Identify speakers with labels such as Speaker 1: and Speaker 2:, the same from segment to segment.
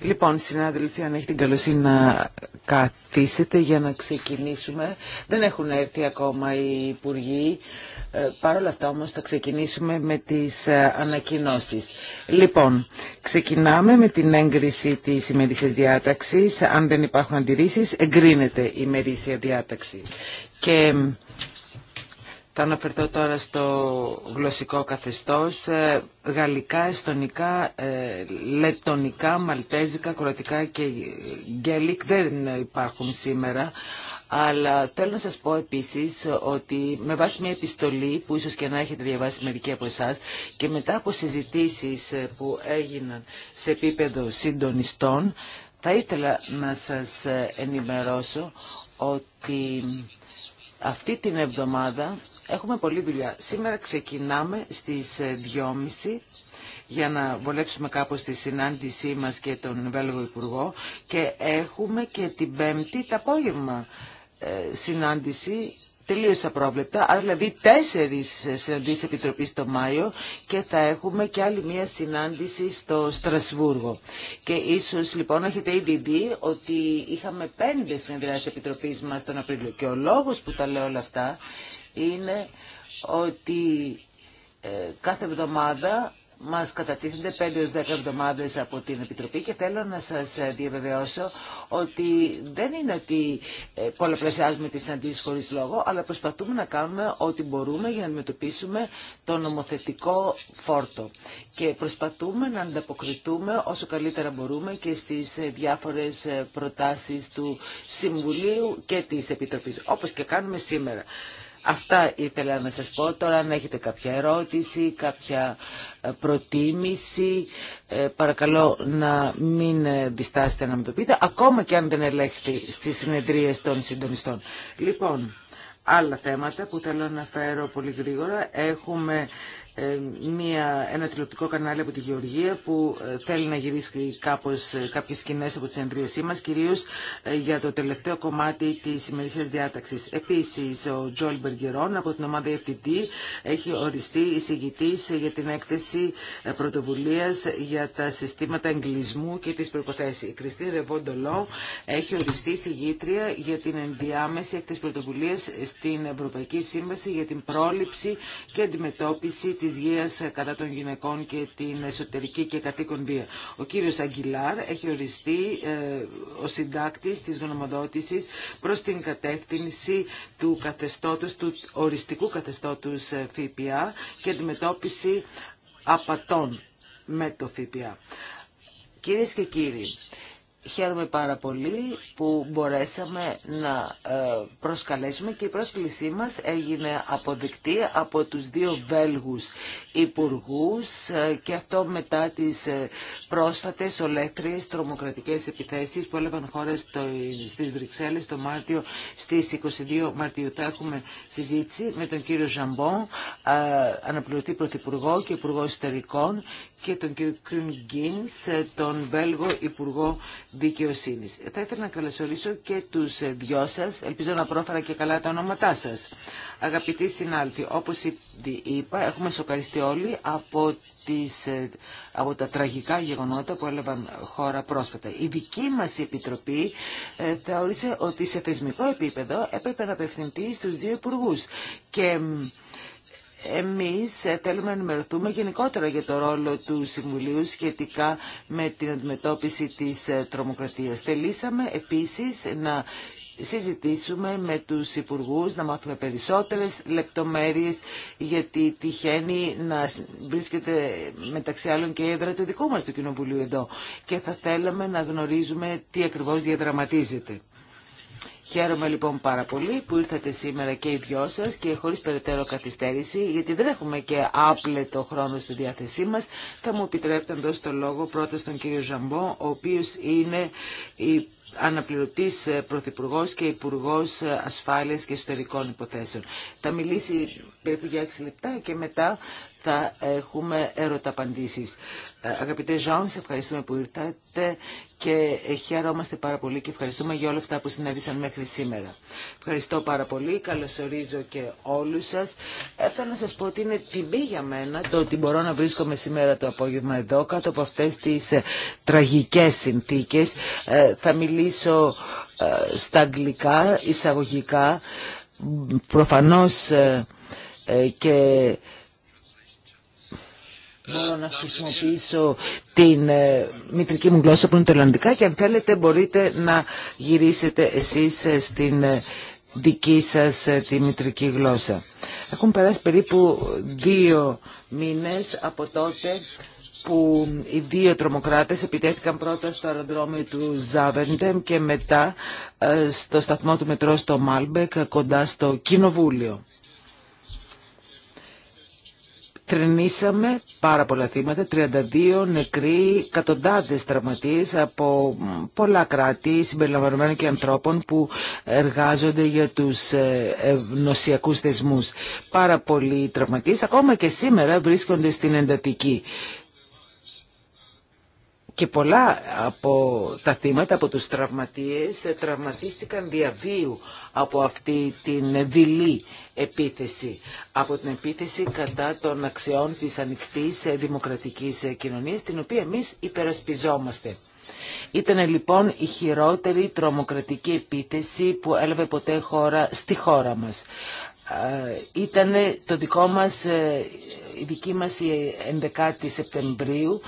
Speaker 1: Λοιπόν, συνάδελφοι, αν έχετε την καλοσύνη να καθίσετε για να ξεκινήσουμε. Δεν έχουν έρθει ακόμα οι υπουργοί. Ε, παρ' όλα αυτά όμως θα ξεκινήσουμε με τις ε, ανακοινώσεις. Λοιπόν, ξεκινάμε με την έγκριση της ημερήσιας διάταξης. Αν δεν υπάρχουν αντιρρήσεις, εγκρίνεται η ημερήσια διάταξη. Και θα αναφερθώ τώρα στο γλωσσικό καθεστώς, ε, γαλλικά, εστονικά, ε, λετονικά, μαλτέζικα, κροατικά και γκέλικ δεν υπάρχουν σήμερα. Αλλά θέλω να σας πω επίσης ότι με βάση μια επιστολή που ίσως και να έχετε διαβάσει μερικοί από εσά και μετά από συζητήσεις ε, που έγιναν σε επίπεδο συντονιστών, θα ήθελα να σας ενημερώσω ότι αυτή την εβδομάδα Έχουμε πολλή δουλειά. Σήμερα ξεκινάμε στις 2.30 ε, για να βολέψουμε κάπως τη συνάντησή μας και τον Βέλγο Υπουργό και έχουμε και την Πέμπτη τα απόγευμα ε, συνάντηση τελείως απρόβλεπτα, άρα δηλαδή τέσσερις ε, συναντήσεις επιτροπής το Μάιο και θα έχουμε και άλλη μία συνάντηση στο Στρασβούργο. Και ίσως λοιπόν έχετε ήδη δει ότι είχαμε πέντε συνεδριάσεις επιτροπής μας τον Απρίλιο και ο λόγος που τα λέω όλα αυτά είναι ότι ε, κάθε εβδομάδα μας κατατίθενται 5-10 εβδομάδες από την Επιτροπή και θέλω να σας ε, διαβεβαιώσω ότι δεν είναι ότι ε, πολλαπλασιάζουμε τις συναντήσεις χωρίς λόγο, αλλά προσπαθούμε να κάνουμε ό,τι μπορούμε για να αντιμετωπίσουμε το νομοθετικό φόρτο. Και προσπαθούμε να ανταποκριτούμε όσο καλύτερα μπορούμε και στις διάφορες προτάσεις του Συμβουλίου και της Επιτροπής, όπως και κάνουμε σήμερα. Αυτά ήθελα να σας πω. Τώρα αν έχετε κάποια ερώτηση, κάποια ε, προτίμηση, ε, παρακαλώ να μην ε, διστάσετε να με το πείτε, ακόμα και αν δεν ελέγχετε στις συνεδρίες των συντονιστών. Λοιπόν, άλλα θέματα που θέλω να φέρω πολύ γρήγορα. Έχουμε ε, μια, ένα τηλεοπτικό κανάλι από τη Γεωργία που ε, θέλει να γυρίσει κάπως ε, κάποιες σκηνές από τις ενδρίασή μας, κυρίως για το τελευταίο κομμάτι της ημερησίας διάταξης. Επίσης, ο Τζόλ Μπεργκερών... από την ομάδα FTT έχει οριστεί εισηγητής για την έκθεση πρωτοβουλίας για τα συστήματα εγκλισμού και τις προϋποθέσεις. Η Κριστή Ρεβόντολό έχει οριστεί εισηγήτρια για την ενδιάμεση έκθεση πρωτοβουλίας στην Ευρωπαϊκή Σύμβαση για την πρόληψη και αντιμετώπιση της υγεία κατά των γυναικών και την εσωτερική και κατοίκον βία. Ο κύριος Αγγιλάρ έχει οριστεί ο ε, συντάκτης της γνωμοδότησης προς την κατεύθυνση του καθεστώτος, του οριστικού καθεστώτους ε, ΦΠΑ και αντιμετώπιση απατών με το ΦΠΑ. Κυρίες και κύριοι, Χαίρομαι πάρα πολύ που μπορέσαμε να ε, προσκαλέσουμε και η πρόσκλησή μας έγινε αποδεκτή από τους δύο Βέλγους υπουργούς ε, και αυτό μετά τις ε, πρόσφατες ολέκτριες τρομοκρατικές επιθέσεις που έλαβαν χώρες στις Βρυξέλλες το Μάρτιο στις 22 Μαρτίου. Θα έχουμε συζήτηση με τον κύριο Ζαμπόν, αναπληρωτή πρωθυπουργό και υπουργό εσωτερικών και τον κύριο Κρουν τον Βέλγο υπουργό δικαιοσύνης. Θα ήθελα να καλωσορίσω και τους ε, δυο σας, ελπίζω να πρόφερα και καλά τα ονόματά σας. Αγαπητοί συνάλφοι, όπως είπα, έχουμε σοκαριστεί όλοι από, τις, ε, από τα τραγικά γεγονότα που έλαβαν χώρα πρόσφατα. Η δική μας Επιτροπή ε, θεώρησε ότι σε θεσμικό επίπεδο έπρεπε να απευθυνθεί στους δύο υπουργού. Και εμείς θέλουμε να ενημερωθούμε γενικότερα για το ρόλο του Συμβουλίου σχετικά με την αντιμετώπιση της ε, τρομοκρατίας. Θελήσαμε επίσης να συζητήσουμε με τους υπουργούς, να μάθουμε περισσότερες λεπτομέρειες, γιατί τυχαίνει να βρίσκεται μεταξύ άλλων και η έδρα του δικού μας του Κοινοβουλίου εδώ. Και θα θέλαμε να γνωρίζουμε τι ακριβώς διαδραματίζεται. Χαίρομαι λοιπόν πάρα πολύ που ήρθατε σήμερα και οι δυο σα και χωρίς περαιτέρω καθυστέρηση, γιατί δεν έχουμε και άπλετο χρόνο στη διάθεσή μας. Θα μου επιτρέπετε να δώσω το λόγο πρώτα στον κύριο Ζαμπό, ο οποίος είναι η αναπληρωτής Πρωθυπουργό και Υπουργό Ασφάλειας και Ιστορικών Υποθέσεων. Θα μιλήσει περίπου για 6 λεπτά και μετά θα έχουμε ερωταπαντήσεις. Ε, αγαπητέ Ζαν, σε ευχαριστούμε που ήρθατε και χαίρομαστε πάρα πολύ και ευχαριστούμε για όλα αυτά που συνέβησαν μέχρι σήμερα. Ευχαριστώ πάρα πολύ, καλωσορίζω και όλους σας. Ε, θέλω να σας πω ότι είναι τιμή για μένα το ότι μπορώ να βρίσκομαι σήμερα το απόγευμα εδώ κάτω από αυτές τις ε, τραγικές συνθήκες. Θα μιλήσω στα αγγλικά, εισαγωγικά, προφανώς και μπορώ να χρησιμοποιήσω την ε, μητρική μου γλώσσα που είναι το και αν θέλετε μπορείτε να γυρίσετε εσείς ε, στην ε, δική σας τη μητρική γλώσσα. Έχουν περάσει περίπου δύο μήνες από τότε που οι δύο τρομοκράτες επιτέθηκαν πρώτα στο αεροδρόμιο του Ζάβεντεμ και μετά στο σταθμό του μετρό στο Μάλμπεκ κοντά στο Κοινοβούλιο. Τρενήσαμε πάρα πολλά θύματα, 32 νεκροί, εκατοντάδε τραυματίες από πολλά κράτη συμπεριλαμβανομένων και ανθρώπων που εργάζονται για τους ε, ε, νοσιακούς θεσμούς. Πάρα πολλοί τραυματίες, ακόμα και σήμερα βρίσκονται στην εντατική και πολλά από τα θύματα, από τους τραυματίες, ε, τραυματίστηκαν διαβίου από αυτή την δειλή επίθεση, από την επίθεση κατά των αξιών της ανοιχτής ε, δημοκρατικής ε, κοινωνίας, την οποία εμείς υπερασπιζόμαστε. Ήταν λοιπόν η χειρότερη τρομοκρατική επίθεση που έλαβε ποτέ χώρα στη χώρα μας ήταν το δικό μας, η δική μας 11η Σεπτεμβρίου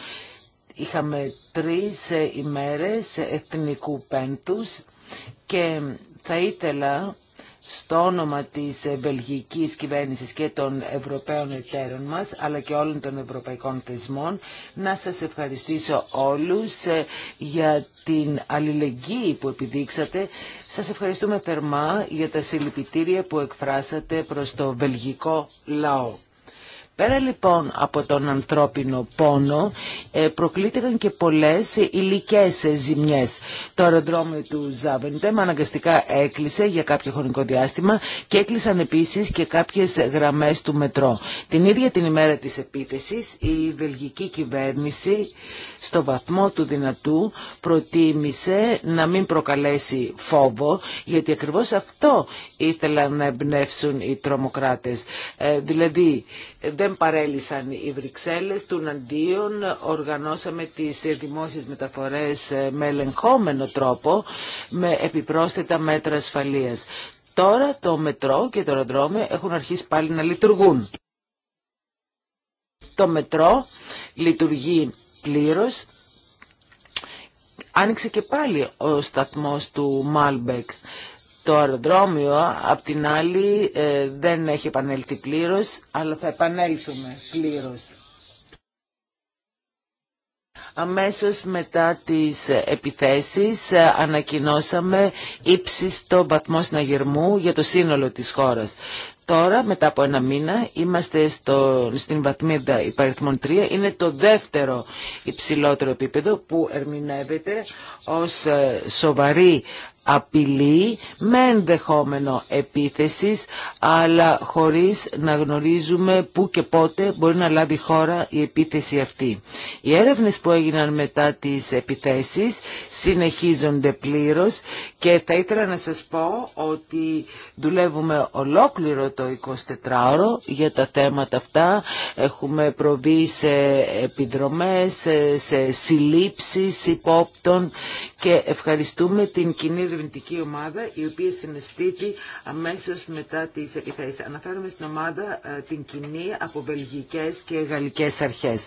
Speaker 1: Είχαμε τρεις ε, ημέρες εθνικού πέντους και θα ήθελα στο όνομα της ε, βελγικής κυβέρνησης και των Ευρωπαίων εταίρων μας, αλλά και όλων των ευρωπαϊκών θεσμών, να σας ευχαριστήσω όλους ε, για την αλληλεγγύη που επιδείξατε. Σας ευχαριστούμε θερμά για τα συλληπιτήρια που εκφράσατε προς το βελγικό λαό. Πέρα λοιπόν από τον ανθρώπινο πόνο ε, προκλήθηκαν και πολλές υλικέ ζημιές. Το αεροδρόμιο του Ζαβεντέ αναγκαστικά έκλεισε για κάποιο χρονικό διάστημα και έκλεισαν επίσης και κάποιες γραμμές του μετρό. Την ίδια την ημέρα της επίθεσης η βελγική κυβέρνηση στο βαθμό του δυνατού προτίμησε να μην προκαλέσει φόβο γιατί ακριβώς αυτό ήθελαν να εμπνεύσουν οι τρομοκράτες. Ε, δηλαδή δεν παρέλυσαν οι Βρυξέλλες, του αντίον οργανώσαμε τις δημόσιες μεταφορές ε, με ελεγχόμενο τρόπο, με επιπρόσθετα μέτρα ασφαλείας. Τώρα το μετρό και το αεροδρόμιο έχουν αρχίσει πάλι να λειτουργούν. Το μετρό λειτουργεί πλήρως. Άνοιξε και πάλι ο σταθμός του Μάλμπεκ. Το αεροδρόμιο απ' την άλλη ε, δεν έχει επανέλθει πλήρως, αλλά θα επανέλθουμε πλήρως. Αμέσως μετά τις επιθέσεις ε, ανακοινώσαμε ύψιστο βαθμό συναγερμού για το σύνολο της χώρας. Τώρα, μετά από ένα μήνα, είμαστε στο, στην βαθμίδα υπαριθμών 3. Είναι το δεύτερο υψηλότερο επίπεδο που ερμηνεύεται ως ε, σοβαρή απειλή με ενδεχόμενο επίθεσης αλλά χωρίς να γνωρίζουμε πού και πότε μπορεί να λάβει η χώρα η επίθεση αυτή. Οι έρευνες που και ποτε μπορει να λαβει χωρα η μετά τις επιθέσεις συνεχίζονται πλήρως και θα ήθελα να σας πω ότι δουλεύουμε ολόκληρο το 24ωρο για τα θέματα αυτά. Έχουμε προβεί σε επιδρομές, σε συλλήψεις υπόπτων και ευχαριστούμε την κοινή κυβερνητική ομάδα η οποία συναισθήθη αμέσω μετά τι επιθέσει. Αναφέρομαι στην ομάδα ε, την κοινή από βελγικέ και γαλλικέ αρχέ.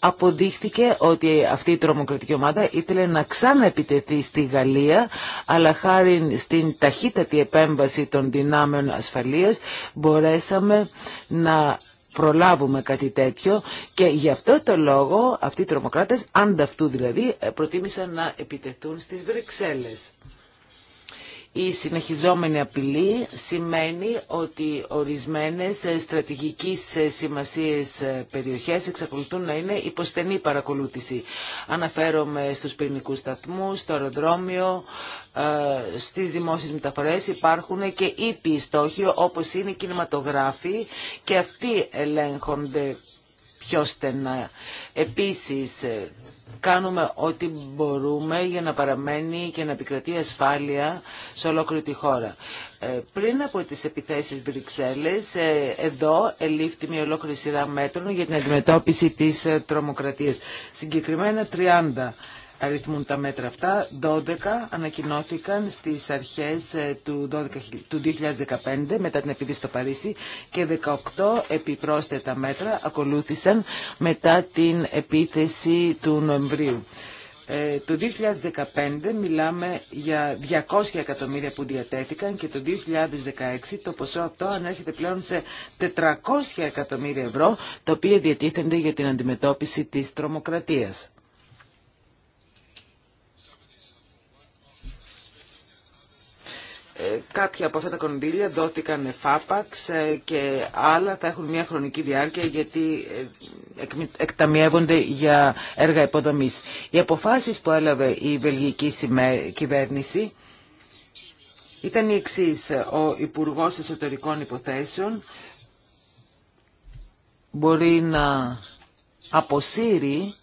Speaker 1: Αποδείχθηκε ότι αυτή η τρομοκρατική ομάδα ήθελε να ξαναεπιτεθεί στη Γαλλία αλλά χάρη στην ταχύτατη επέμβαση των δυνάμεων ασφαλεία μπορέσαμε να προλάβουμε κάτι τέτοιο και γι' αυτό το λόγο αυτοί οι τρομοκράτες, ανταυτού δηλαδή, ε, προτίμησαν να επιτεθούν στις Βρυξέλλες. Η συνεχιζόμενη απειλή σημαίνει ότι ορισμένες στρατηγικής σημασίες περιοχές εξακολουθούν να είναι υποστενή παρακολούθηση. Αναφέρομαι στους πυρηνικούς σταθμούς, στο αεροδρόμιο, ε, στις δημόσιες μεταφορές υπάρχουν και ήπιοι στόχοι όπως είναι οι κινηματογράφοι και αυτοί ελέγχονται πιο στενά. Επίσης, κάνουμε ό,τι μπορούμε για να παραμένει και να επικρατεί ασφάλεια σε ολόκληρη τη χώρα. Ε, πριν από τις επιθέσεις Βρυξέλλες, ε, εδώ ελήφθη μια ολόκληρη σειρά μέτρων για την αντιμετώπιση της ε, τρομοκρατίας. Συγκεκριμένα 30 αριθμούν τα μέτρα αυτά. 12 ανακοινώθηκαν στις αρχές ε, του 2015 μετά την επίδυση στο Παρίσι και 18 επιπρόσθετα μέτρα ακολούθησαν μετά την επίθεση του Νοεμβρίου. Ε, το 2015 μιλάμε για 200 εκατομμύρια που διατέθηκαν και το 2016 το ποσό αυτό ανέρχεται πλέον σε 400 εκατομμύρια ευρώ, τα οποία διατίθενται για την αντιμετώπιση της τρομοκρατίας. Ε, κάποια από αυτά τα κονδύλια δόθηκαν φάπαξ ε, και άλλα θα έχουν μια χρονική διάρκεια γιατί ε, εκταμιεύονται για έργα υποδομής. Οι αποφάσεις που έλαβε η βελγική κυβέρνηση ήταν η εξή. Ο Υπουργός Εσωτερικών Υποθέσεων μπορεί να αποσύρει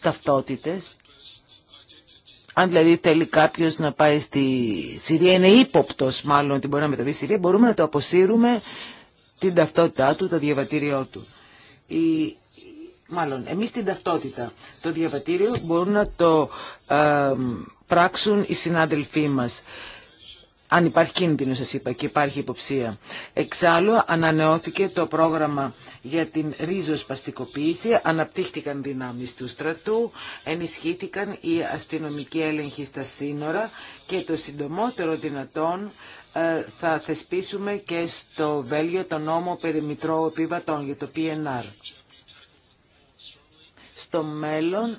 Speaker 1: ταυτότητες αν δηλαδή θέλει κάποιο να πάει στη Συρία, είναι ύποπτο μάλλον ότι μπορεί να μεταβεί στη Συρία, μπορούμε να το αποσύρουμε την ταυτότητά του, το διαβατήριό του. Η, μάλλον, εμείς την ταυτότητα, το διαβατήριο μπορούν να το ε, πράξουν οι συνάδελφοί μας αν υπάρχει κίνδυνο, σας είπα, και υπάρχει υποψία. Εξάλλου, ανανεώθηκε το πρόγραμμα για την ρίζοσπαστικοποίηση, αναπτύχθηκαν δυνάμεις του στρατού, ενισχύθηκαν οι αστυνομικοί έλεγχοι στα σύνορα και το συντομότερο δυνατόν ε, θα θεσπίσουμε και στο Βέλγιο το νόμο περί μητρώου επιβατών για το PNR. Στο μέλλον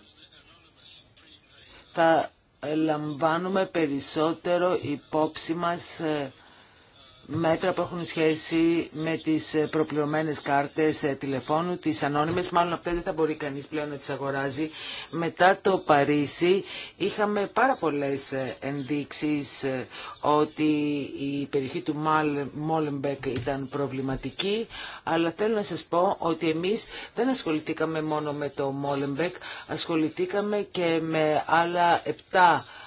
Speaker 1: θα λαμβάνουμε περισσότερο υπόψη μας ε, μέτρα που έχουν σχέση με τις ε, προπληρωμένες κάρτες ε, τηλεφώνου, τις ανώνυμες, μάλλον αυτές δεν θα μπορεί κανείς πλέον να τις αγοράζει. Μετά το Παρίσι είχαμε πάρα πολλές ε, ενδείξεις ότι η περιοχή του Μόλεμπεκ ήταν προβληματική, αλλά θέλω να σας πω ότι εμείς δεν ασχοληθήκαμε μόνο με το Μόλεμπεκ, ασχοληθήκαμε και με άλλα 7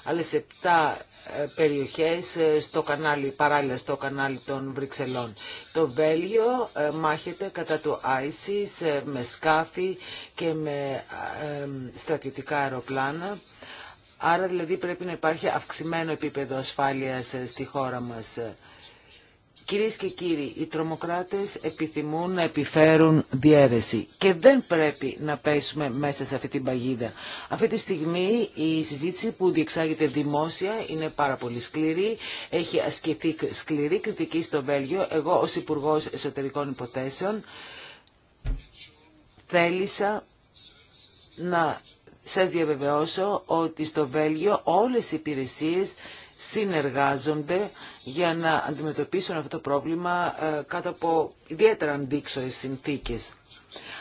Speaker 1: άλλες 7 ε, περιοχές ε, στο κανάλι, παράλληλα στο κανάλι των Βρυξελών. Το Βέλγιο ε, μάχεται κατά το ISIS με σκάφη και με στρατιωτικά αεροπλάνα. Άρα δηλαδή πρέπει να υπάρχει αυξημένο επίπεδο ασφάλειας στη χώρα μας. Κυρίε και κύριοι, οι τρομοκράτες επιθυμούν να επιφέρουν διαίρεση και δεν πρέπει να πέσουμε μέσα σε αυτή την παγίδα. Αυτή τη στιγμή η συζήτηση που διεξάγεται δημόσια είναι πάρα πολύ σκληρή. Έχει ασκηθεί σκληρή κριτική στο Βέλγιο. Εγώ ως υπουργό Εσωτερικών Υποθέσεων θέλησα να σας διαβεβαιώσω ότι στο Βέλγιο όλες οι υπηρεσίες συνεργάζονται για να αντιμετωπίσουν αυτό το πρόβλημα ε, κάτω από ιδιαίτερα αντίξωες συνθήκες.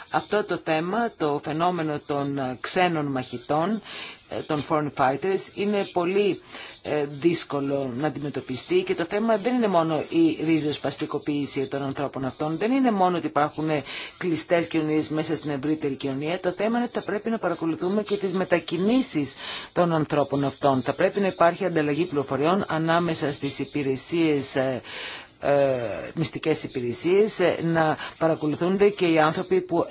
Speaker 1: Αυτό το θέμα, το φαινόμενο των ε, ξένων μαχητών, ε, των foreign fighters είναι πολύ ε, δύσκολο να αντιμετωπιστεί και το θέμα δεν είναι μόνο η ρίζοσπαστικοποίηση των ανθρώπων αυτών, δεν είναι μόνο ότι υπάρχουν ε, κλειστέ κοινωνίε μέσα στην ευρύτερη κοινωνία. Το θέμα είναι ότι θα πρέπει να παρακολουθούμε και τι μετακινήσει των ανθρώπων αυτών. Θα πρέπει να υπάρχει ανταλλαγή πληροφοριών ανάμεσα στι υπηρεσίε μυστικές υπηρεσίες να παρακολουθούνται και οι άνθρωποι που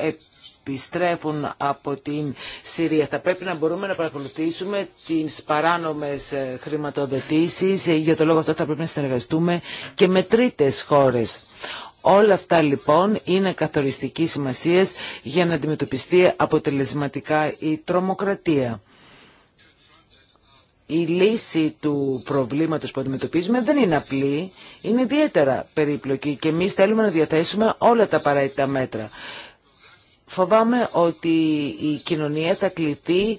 Speaker 1: επιστρέφουν από την Συρία. Θα πρέπει να μπορούμε να παρακολουθήσουμε τις παράνομες ε, χρηματοδοτήσεις. Ε, για το λόγο αυτό θα πρέπει να συνεργαστούμε και με τρίτες χώρες. Όλα αυτά λοιπόν είναι καθοριστική σημασία για να αντιμετωπιστεί αποτελεσματικά η τρομοκρατία. Η λύση του προβλήματος που αντιμετωπίζουμε δεν είναι απλή, είναι ιδιαίτερα περίπλοκη και εμεί θέλουμε να διαθέσουμε όλα τα απαραίτητα μέτρα. Φοβάμαι ότι η κοινωνία θα κληθεί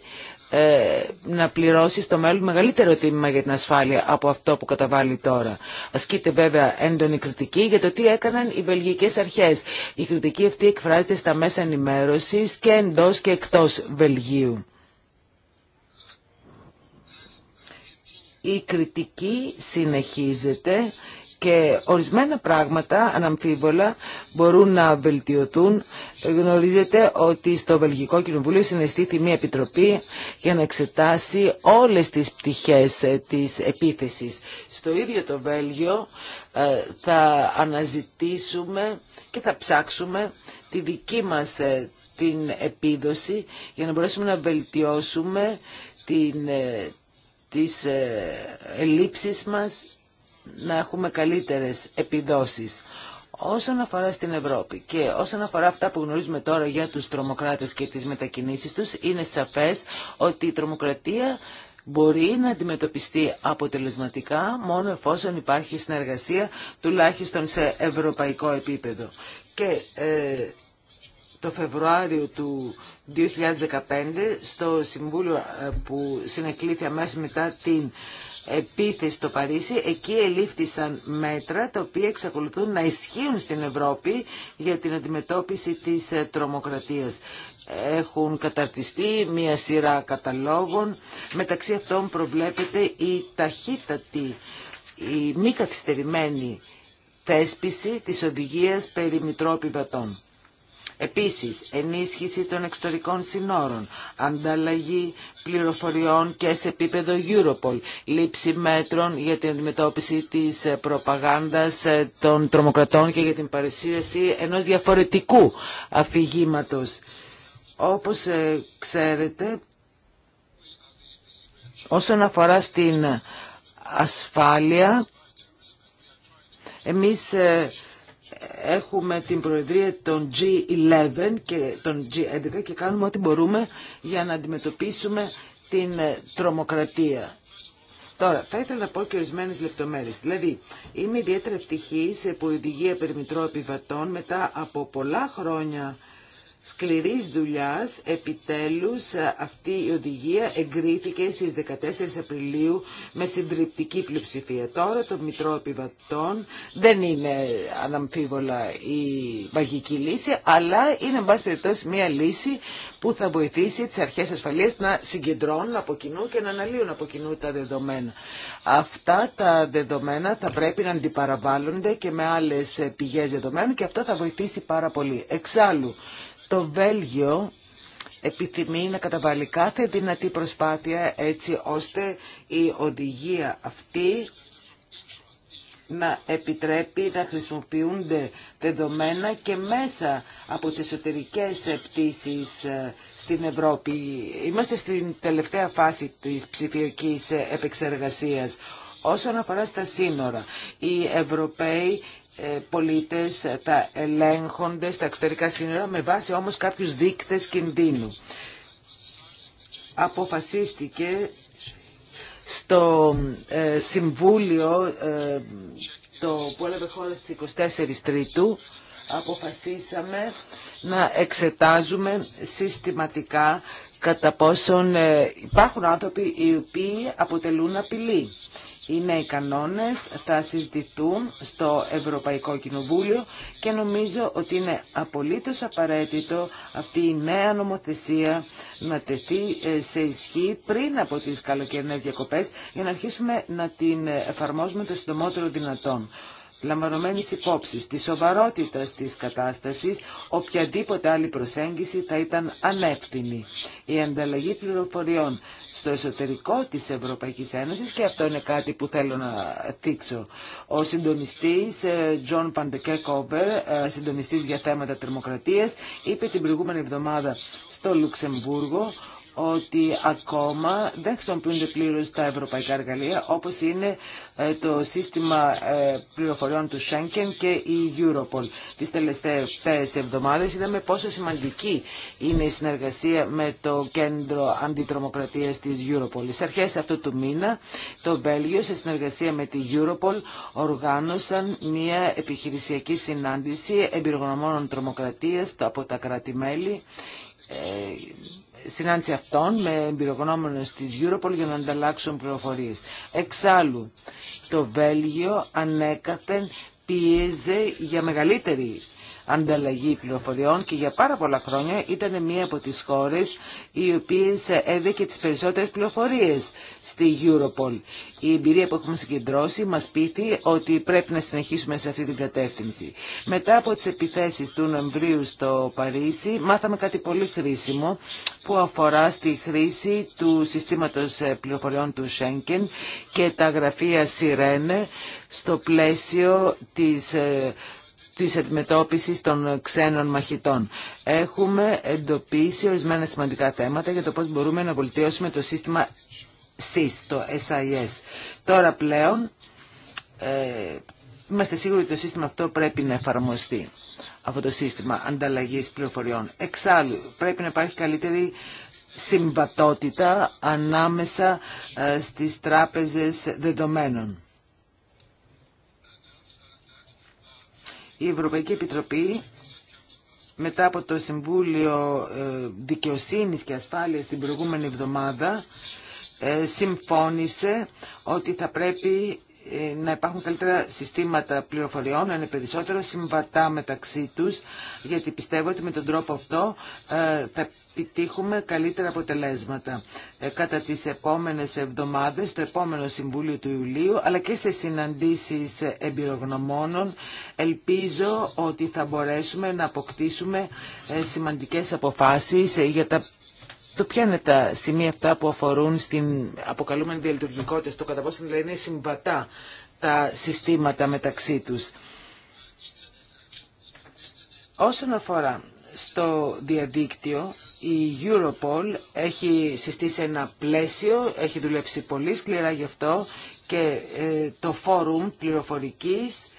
Speaker 1: ε, να πληρώσει στο μέλλον μεγαλύτερο τίμημα για την ασφάλεια από αυτό που καταβάλει τώρα. Ασκείται βέβαια έντονη κριτική για το τι έκαναν οι βελγικές αρχές. Η κριτική αυτή εκφράζεται στα μέσα ενημέρωσης και εντός και εκτός Βελγίου. Η κριτική συνεχίζεται και ορισμένα πράγματα αναμφίβολα μπορούν να βελτιωθούν. Γνωρίζετε ότι στο Βελγικό Κοινοβούλιο συναισθήθη μια επιτροπή για να εξετάσει όλες τις πτυχές ε, της επίθεσης. Στο ίδιο το Βέλγιο ε, θα αναζητήσουμε και θα ψάξουμε τη δική μας ε, την επίδοση για να μπορέσουμε να βελτιώσουμε την, τις ελλείψεις μας να έχουμε καλύτερες επιδόσεις. Όσον αφορά στην Ευρώπη και όσον αφορά αυτά που γνωρίζουμε τώρα για τους τρομοκράτες και τις μετακινήσεις τους, είναι σαφές ότι η τρομοκρατία μπορεί να αντιμετωπιστεί αποτελεσματικά μόνο εφόσον υπάρχει συνεργασία τουλάχιστον σε ευρωπαϊκό επίπεδο. Και ε, το Φεβρουάριο του 2015 στο Συμβούλιο ε, που συνεκλήθη αμέσως μετά την επίθεση στο Παρίσι, εκεί ελήφθησαν μέτρα τα οποία εξακολουθούν να ισχύουν στην Ευρώπη για την αντιμετώπιση της ε, τρομοκρατίας. Έχουν καταρτιστεί μία σειρά καταλόγων, μεταξύ αυτών προβλέπεται η ταχύτατη, η μη καθυστερημένη θέσπιση της οδηγίας περί Μητρόπιβατών. Επίσης, ενίσχυση των εξωτερικών συνόρων, ανταλλαγή πληροφοριών και σε επίπεδο Europol, λήψη μέτρων για την αντιμετώπιση της προπαγάνδας ε, των τρομοκρατών και για την παρουσίαση ενός διαφορετικού αφηγήματος. Όπως ε, ξέρετε, όσον αφορά στην ασφάλεια, εμείς ε, έχουμε την προεδρία των G11 και των G11 και κάνουμε ό,τι μπορούμε για να αντιμετωπίσουμε την ε, τρομοκρατία. Τώρα, θα ήθελα να πω και ορισμένε λεπτομέρειε. Δηλαδή, είμαι ιδιαίτερα ευτυχή που η οδηγία επιβατών μετά από πολλά χρόνια σκληρής δουλειάς επιτέλους ε, αυτή η οδηγία εγκρίθηκε στις 14 Απριλίου με συντριπτική πλειοψηφία. Τώρα το Μητρό Επιβατών δεν είναι αναμφίβολα η μαγική λύση, αλλά είναι εν πάση περιπτώσει μια λύση που θα βοηθήσει τις αρχές ασφαλείας να συγκεντρώνουν από κοινού και να αναλύουν από κοινού τα δεδομένα. Αυτά τα δεδομένα θα πρέπει να αντιπαραβάλλονται και με άλλες πηγές δεδομένων και αυτό θα βοηθήσει πάρα πολύ. Εξάλλου, το Βέλγιο επιθυμεί να καταβάλει κάθε δυνατή προσπάθεια έτσι ώστε η οδηγία αυτή να επιτρέπει να χρησιμοποιούνται δεδομένα και μέσα από τις εσωτερικές πτήσεις ε, στην Ευρώπη. Είμαστε στην τελευταία φάση της ψηφιακής επεξεργασίας. Όσον αφορά στα σύνορα, οι Ευρωπαίοι ε, πολίτες τα ελέγχονται στα εξωτερικά σύνορα με βάση όμως κάποιους δείκτες κινδύνου. Αποφασίστηκε στο ε, Συμβούλιο ε, το που έλαβε χώρα στις 24 Τρίτου αποφασίσαμε να εξετάζουμε συστηματικά κατά πόσον ε, υπάρχουν άνθρωποι οι οποίοι αποτελούν απειλή. Οι νέοι κανόνες θα συζητηθούν στο Ευρωπαϊκό Κοινοβούλιο και νομίζω ότι είναι απολύτως απαραίτητο αυτή η νέα νομοθεσία να τεθεί ε, σε ισχύ πριν από τις καλοκαιρινές διακοπές για να αρχίσουμε να την ε, εφαρμόζουμε το συντομότερο δυνατόν λαμβανομένης υπόψη της σοβαρότητας της κατάστασης, οποιαδήποτε άλλη προσέγγιση θα ήταν ανεύθυνη. Η ανταλλαγή πληροφοριών στο εσωτερικό της Ευρωπαϊκής Ένωσης και αυτό είναι κάτι που θέλω να θίξω. Ο συντονιστής ε, John Παντεκέκοβερ, συντονιστής για θέματα τρομοκρατίας, είπε την προηγούμενη εβδομάδα στο Λουξεμβούργο ότι ακόμα δεν χρησιμοποιούνται πλήρω τα ευρωπαϊκά εργαλεία όπω είναι ε, το σύστημα ε, πληροφοριών του Schengen και η Europol. τι τελευταίε εβδομάδε. είδαμε πόσο σημαντική είναι η συνεργασία με το Κέντρο αντιτρομοκρατία της Europol. Στι αρχές αυτού του μήνα το Βέλγιο σε συνεργασία με τη Europol οργάνωσαν μια επιχειρησιακή συνάντηση εμπειρογνωμόνων τρομοκρατία από τα κράτη-μέλη ε, συνάντηση αυτών με εμπειρογνώμονες της Europol για να ανταλλάξουν πληροφορίες. Εξάλλου, το Βέλγιο ανέκαθεν πίεζε για μεγαλύτερη ανταλλαγή πληροφοριών και για πάρα πολλά χρόνια ήταν μία από τις χώρες οι οποίες έδεκε τις περισσότερες πληροφορίες στη Europol. Η εμπειρία που έχουμε συγκεντρώσει μας πείθει ότι πρέπει να συνεχίσουμε σε αυτή την κατεύθυνση. Μετά από τις επιθέσεις του Νοεμβρίου στο Παρίσι μάθαμε κάτι πολύ χρήσιμο που αφορά στη χρήση του συστήματος πληροφοριών του Schengen και τα γραφεία Sirene στο πλαίσιο της ε, της αντιμετώπισης των ξένων μαχητών. Έχουμε εντοπίσει ορισμένα σημαντικά θέματα για το πώς μπορούμε να βελτιώσουμε το σύστημα SIS, το SIS. Τώρα πλέον ε, είμαστε σίγουροι ότι το σύστημα αυτό πρέπει να εφαρμοστεί από το σύστημα ανταλλαγής πληροφοριών. Εξάλλου, πρέπει να υπάρχει καλύτερη συμβατότητα ανάμεσα ε, στις τράπεζες δεδομένων. η Ευρωπαϊκή Επιτροπή μετά από το Συμβούλιο ε, Δικαιοσύνης και Ασφάλειας την προηγούμενη εβδομάδα ε, συμφώνησε ότι θα πρέπει ε, να υπάρχουν καλύτερα συστήματα πληροφοριών, να είναι περισσότερο συμβατά μεταξύ τους, γιατί πιστεύω ότι με τον τρόπο αυτό θα επιτύχουμε καλύτερα αποτελέσματα ε, κατά τις επόμενες εβδομάδες, το επόμενο Συμβούλιο του Ιουλίου, αλλά και σε συναντήσεις ε, εμπειρογνωμόνων. Ελπίζω ότι θα μπορέσουμε να αποκτήσουμε ε, σημαντικές αποφάσεις για τα το ποια είναι τα σημεία αυτά που αφορούν στην αποκαλούμενη διαλειτουργικότητα, στο κατά πόσο δηλαδή είναι συμβατά τα συστήματα μεταξύ τους. Όσον αφορά στο διαδίκτυο, η Europol έχει συστήσει ένα πλαίσιο, έχει δουλέψει πολύ σκληρά γι' αυτό και ε, το φόρουμ πληροφορικής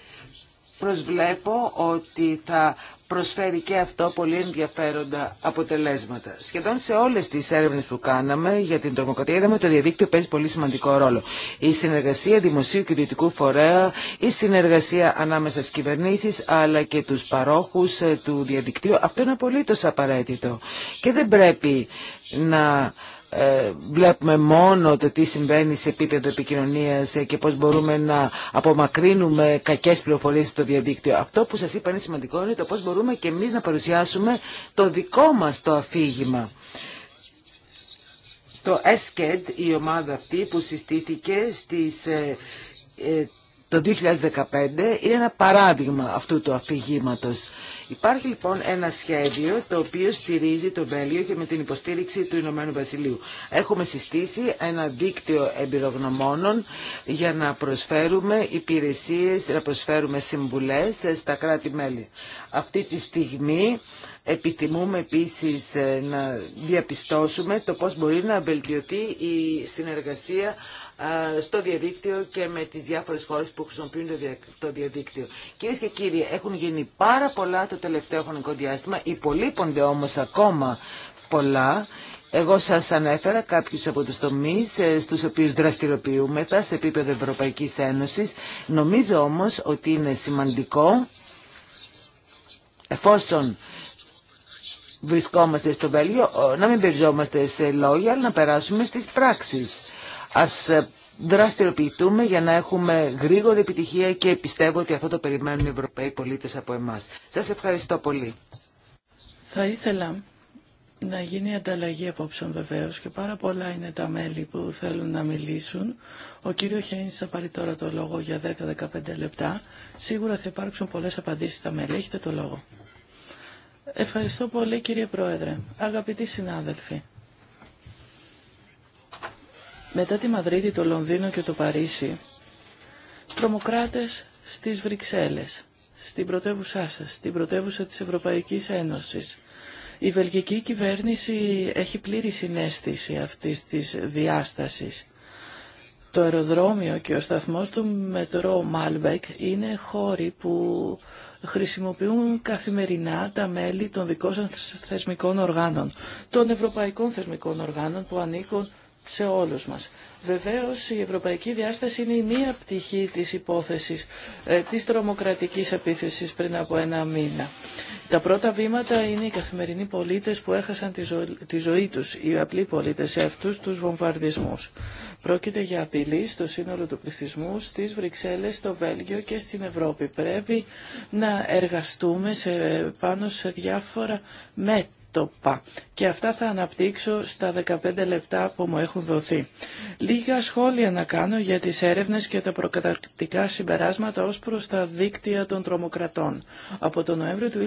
Speaker 1: προσβλέπω ότι θα προσφέρει και αυτό πολύ ενδιαφέροντα αποτελέσματα. Σχεδόν σε όλες τις έρευνε που κάναμε για την τρομοκρατία είδαμε το διαδίκτυο παίζει πολύ σημαντικό ρόλο. Η συνεργασία δημοσίου και ιδιωτικού φορέα, η συνεργασία ανάμεσα στι κυβερνήσει, αλλά και τους παρόχους ε, του διαδικτύου, αυτό είναι απολύτω απαραίτητο. Και δεν πρέπει να ε, βλέπουμε μόνο το τι συμβαίνει σε επίπεδο επικοινωνίας ε, και πώς μπορούμε να απομακρύνουμε κακές πληροφορίες από το διαδίκτυο. Αυτό που σας είπα είναι σημαντικό είναι το πώς μπορούμε και εμείς να παρουσιάσουμε το δικό μας το αφήγημα. Το ESCED, η ομάδα αυτή που συστήθηκε στις, ε, το 2015, είναι ένα παράδειγμα αυτού του αφηγήματος. Υπάρχει λοιπόν ένα σχέδιο το οποίο στηρίζει το Βέλγιο και με την υποστήριξη του Ηνωμένου Βασιλείου. Έχουμε συστήσει ένα δίκτυο εμπειρογνωμόνων για να προσφέρουμε υπηρεσίες, να προσφέρουμε συμβουλές στα κράτη-μέλη. Αυτή τη στιγμή Επιθυμούμε επίσης ε, να διαπιστώσουμε το πώς μπορεί να βελτιωθεί η συνεργασία στο διαδίκτυο και με τις διάφορες χώρες που χρησιμοποιούν το διαδίκτυο. Κυρίε και κύριοι, έχουν γίνει πάρα πολλά το τελευταίο χρονικό διάστημα, υπολείπονται όμως ακόμα πολλά. Εγώ σας ανέφερα κάποιους από τους τομείς ε, στους οποίους δραστηριοποιούμεθα σε επίπεδο Ευρωπαϊκής Ένωσης. Νομίζω όμως ότι είναι σημαντικό, εφόσον βρισκόμαστε στο Βέλγιο, να μην περιζόμαστε σε λόγια, αλλά να περάσουμε στις πράξεις. Ας ε, δραστηριοποιηθούμε για να έχουμε γρήγορη επιτυχία και πιστεύω ότι αυτό το περιμένουν οι Ευρωπαίοι πολίτες από εμάς. Σας ευχαριστώ πολύ.
Speaker 2: Θα ήθελα να γίνει ανταλλαγή απόψεων βεβαίω και πάρα πολλά είναι τα μέλη που θέλουν να μιλήσουν. Ο κύριο Χέιν θα πάρει τώρα το λόγο για 10-15 λεπτά. Σίγουρα θα υπάρξουν πολλέ απαντήσει στα μέλη. Έχετε το λόγο. Ευχαριστώ πολύ κύριε Πρόεδρε. Αγαπητοί συνάδελφοι. Μετά τη Μαδρίτη, το Λονδίνο και το Παρίσι, τρομοκράτες στις Βρυξέλλες, στην πρωτεύουσά σας, στην πρωτεύουσα της Ευρωπαϊκής Ένωσης. Η βελγική κυβέρνηση έχει πλήρη συνέστηση αυτής της διάστασης. Το αεροδρόμιο και ο σταθμός του μετρό Μάλμπεκ είναι χώροι που χρησιμοποιούν καθημερινά τα μέλη των δικών θεσμικών οργάνων, των ευρωπαϊκών θεσμικών οργάνων που ανήκουν σε όλους μας. Βεβαίως η ευρωπαϊκή διάσταση είναι η μία πτυχή της υπόθεσης ε, της τρομοκρατικής επίθεσης πριν από ένα μήνα. Τα πρώτα βήματα είναι οι καθημερινοί πολίτες που έχασαν τη, ζωή τους, οι απλοί πολίτες σε αυτούς τους βομβαρδισμούς. Πρόκειται για απειλή στο σύνολο του πληθυσμού, στις Βρυξέλλες, στο Βέλγιο και στην Ευρώπη. Πρέπει να εργαστούμε σε, πάνω σε διάφορα μέτρα και αυτά θα αναπτύξω στα 15 λεπτά που μου έχουν δοθεί. Λίγα σχόλια να κάνω για τις έρευνες και τα προκαταρκτικά συμπεράσματα ως προς τα δίκτυα των τρομοκρατών. Από τον Νοέμβριο του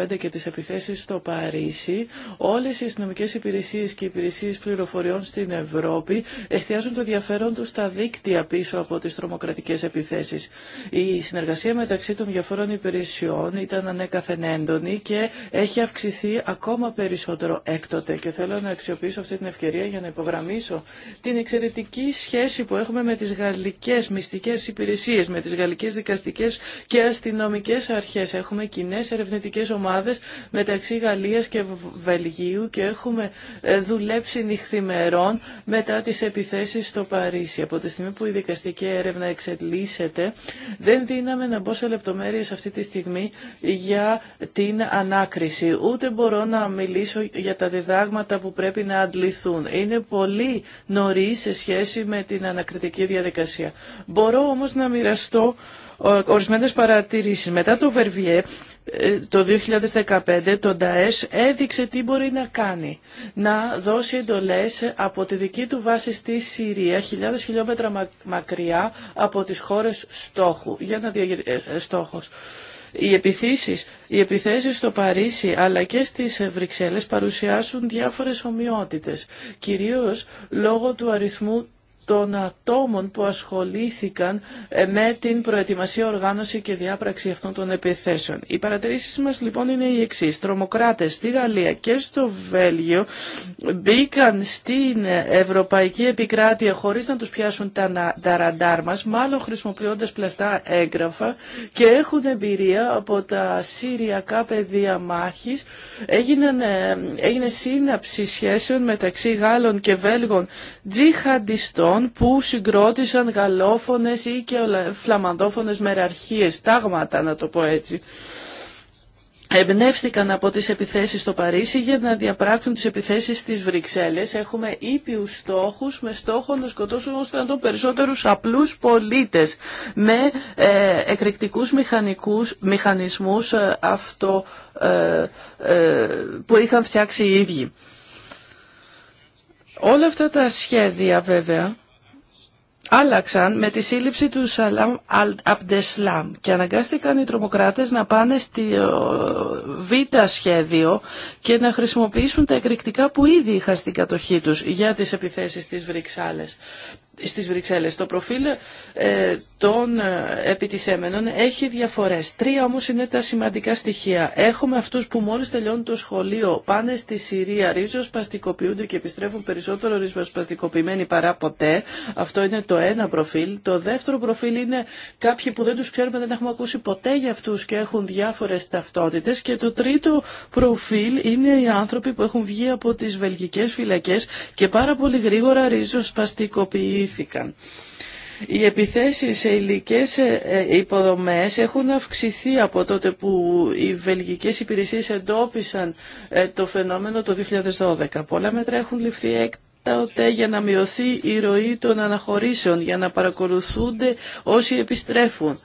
Speaker 2: 2015 και τις επιθέσεις στο Παρίσι, όλες οι αστυνομικές υπηρεσίες και υπηρεσίες πληροφοριών στην Ευρώπη εστιάζουν το ενδιαφέρον τους στα δίκτυα πίσω από τις τρομοκρατικές επιθέσεις. Η συνεργασία μεταξύ των διαφόρων υπηρεσιών ήταν ανέκαθεν έντονη και έχει αυξηθεί ακόμα περισσότερο έκτοτε και θέλω να αξιοποιήσω αυτή την ευκαιρία για να υπογραμμίσω την εξαιρετική σχέση που έχουμε με τις γαλλικές μυστικές υπηρεσίες, με τις γαλλικές δικαστικές και αστυνομικές αρχές. Έχουμε κοινέ ερευνητικές ομάδες μεταξύ Γαλλίας και Βελγίου και έχουμε ε, δουλέψει νυχθημερών μετά τις επιθέσεις στο Παρίσι. Από τη στιγμή που η δικαστική έρευνα εξελίσσεται, δεν δίναμε να μπω σε λεπτομέρειες αυτή τη στιγμή για την ανάκριση. Ούτε μπορώ να μιλήσω για τα διδάγματα που πρέπει να αντληθούν. Είναι πολύ νωρί σε σχέση με την ανακριτική διαδικασία. Μπορώ όμως να μοιραστώ ε, ορισμένες παρατηρήσεις. Μετά το Βερβιέ το 2015 το ΝΤΑΕΣ έδειξε τι μπορεί να κάνει. Να δώσει εντολές από τη δική του βάση στη Συρία, χιλιάδες χιλιόμετρα μακριά από τις χώρες στόχου, για να ε, ε, στόχος οι επιθέσεις, οι επιθέσεις στο Παρίσι αλλά και στις Βρυξέλλες παρουσιάσουν διάφορες ομοιότητες, κυρίως λόγω του αριθμού των ατόμων που ασχολήθηκαν ε, με την προετοιμασία, οργάνωση και διάπραξη αυτών των επιθέσεων. Οι παρατηρήσει μας λοιπόν είναι οι εξή. Τρομοκράτε στη Γαλλία και στο Βέλγιο μπήκαν στην ευρωπαϊκή επικράτεια χωρί να τους πιάσουν τα, τα ραντάρ μα, μάλλον χρησιμοποιώντα πλαστά έγγραφα και έχουν εμπειρία από τα σύριακά πεδία μάχη, ε, έγινε σύναψη σχέσεων μεταξύ Γάλλων και Βέλγων τζιχαντιστών που συγκρότησαν γαλλόφωνες ή και φλαμανδόφωνες μεραρχίες, τάγματα να το πω έτσι. Εμπνεύστηκαν από τις επιθέσεις στο Παρίσι για να διαπράξουν τις επιθέσεις στις Βρυξέλλες. Έχουμε ήπιους στόχους με στόχο να σκοτώσουν όσο να περισσότερους απλούς πολίτες με ε, εκρηκτικούς μηχανικούς, μηχανισμούς ε, αυτό, ε, ε, που είχαν φτιάξει οι ίδιοι. Όλα αυτά τα σχέδια βέβαια άλλαξαν με τη σύλληψη του Σαλάμ Απντεσλάμ και αναγκάστηκαν οι τρομοκράτες να πάνε στη ε, β' σχέδιο και να χρησιμοποιήσουν τα εκρηκτικά που ήδη είχαν στην κατοχή τους για τις επιθέσεις στις Βρυξάλλες στις Βρυξέλλες. Το προφίλ ε, των ε, επιτιθέμενων έχει διαφορές. Τρία όμως είναι τα σημαντικά στοιχεία. Έχουμε αυτούς που μόλις τελειώνουν το σχολείο, πάνε στη Συρία, ριζοσπαστικοποιούνται και επιστρέφουν περισσότερο ριζοσπαστικοποιημένοι παρά ποτέ. Αυτό είναι το ένα προφίλ. Το δεύτερο προφίλ είναι κάποιοι που δεν τους ξέρουμε, δεν έχουμε ακούσει ποτέ για αυτούς και έχουν διάφορες ταυτότητες. Και το τρίτο προφίλ είναι οι άνθρωποι που έχουν βγει από τις βελγικές φυλακές και πάρα πολύ γρήγορα ριζοσπαστικοποιούνται οι επιθέσεις σε υλικές ε, ε, υποδομές έχουν αυξηθεί από τότε που οι βελγικές υπηρεσίες εντόπισαν ε, το φαινόμενο το 2012. Πολλά μέτρα έχουν ληφθεί έκτοτε για να μειωθεί η ροή των αναχωρήσεων, για να παρακολουθούνται όσοι επιστρέφουν.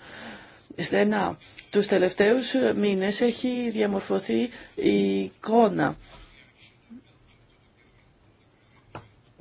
Speaker 2: Στενά, τους τελευταίους μήνες έχει διαμορφωθεί η εικόνα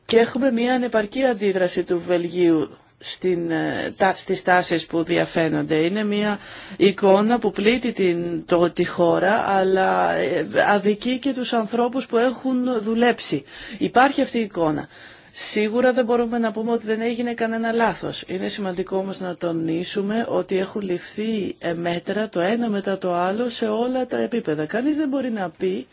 Speaker 2: Και έχουμε μια ανεπαρκή αντίδραση του Βελγίου στην, ε, τα, στις τάσεις που διαφαίνονται. Είναι μια εικόνα που πλήττει την, το, τη χώρα, αλλά ε, αδικεί και τους ανθρώπους που έχουν δουλέψει. Υπάρχει αυτή η εικόνα. Σίγουρα δεν μπορούμε να πούμε ότι δεν έγινε κανένα λάθος. Είναι σημαντικό όμως να τονίσουμε ότι έχουν ληφθεί ε, μέτρα το ένα μετά το άλλο σε όλα τα επίπεδα. Κανείς δεν μπορεί να πει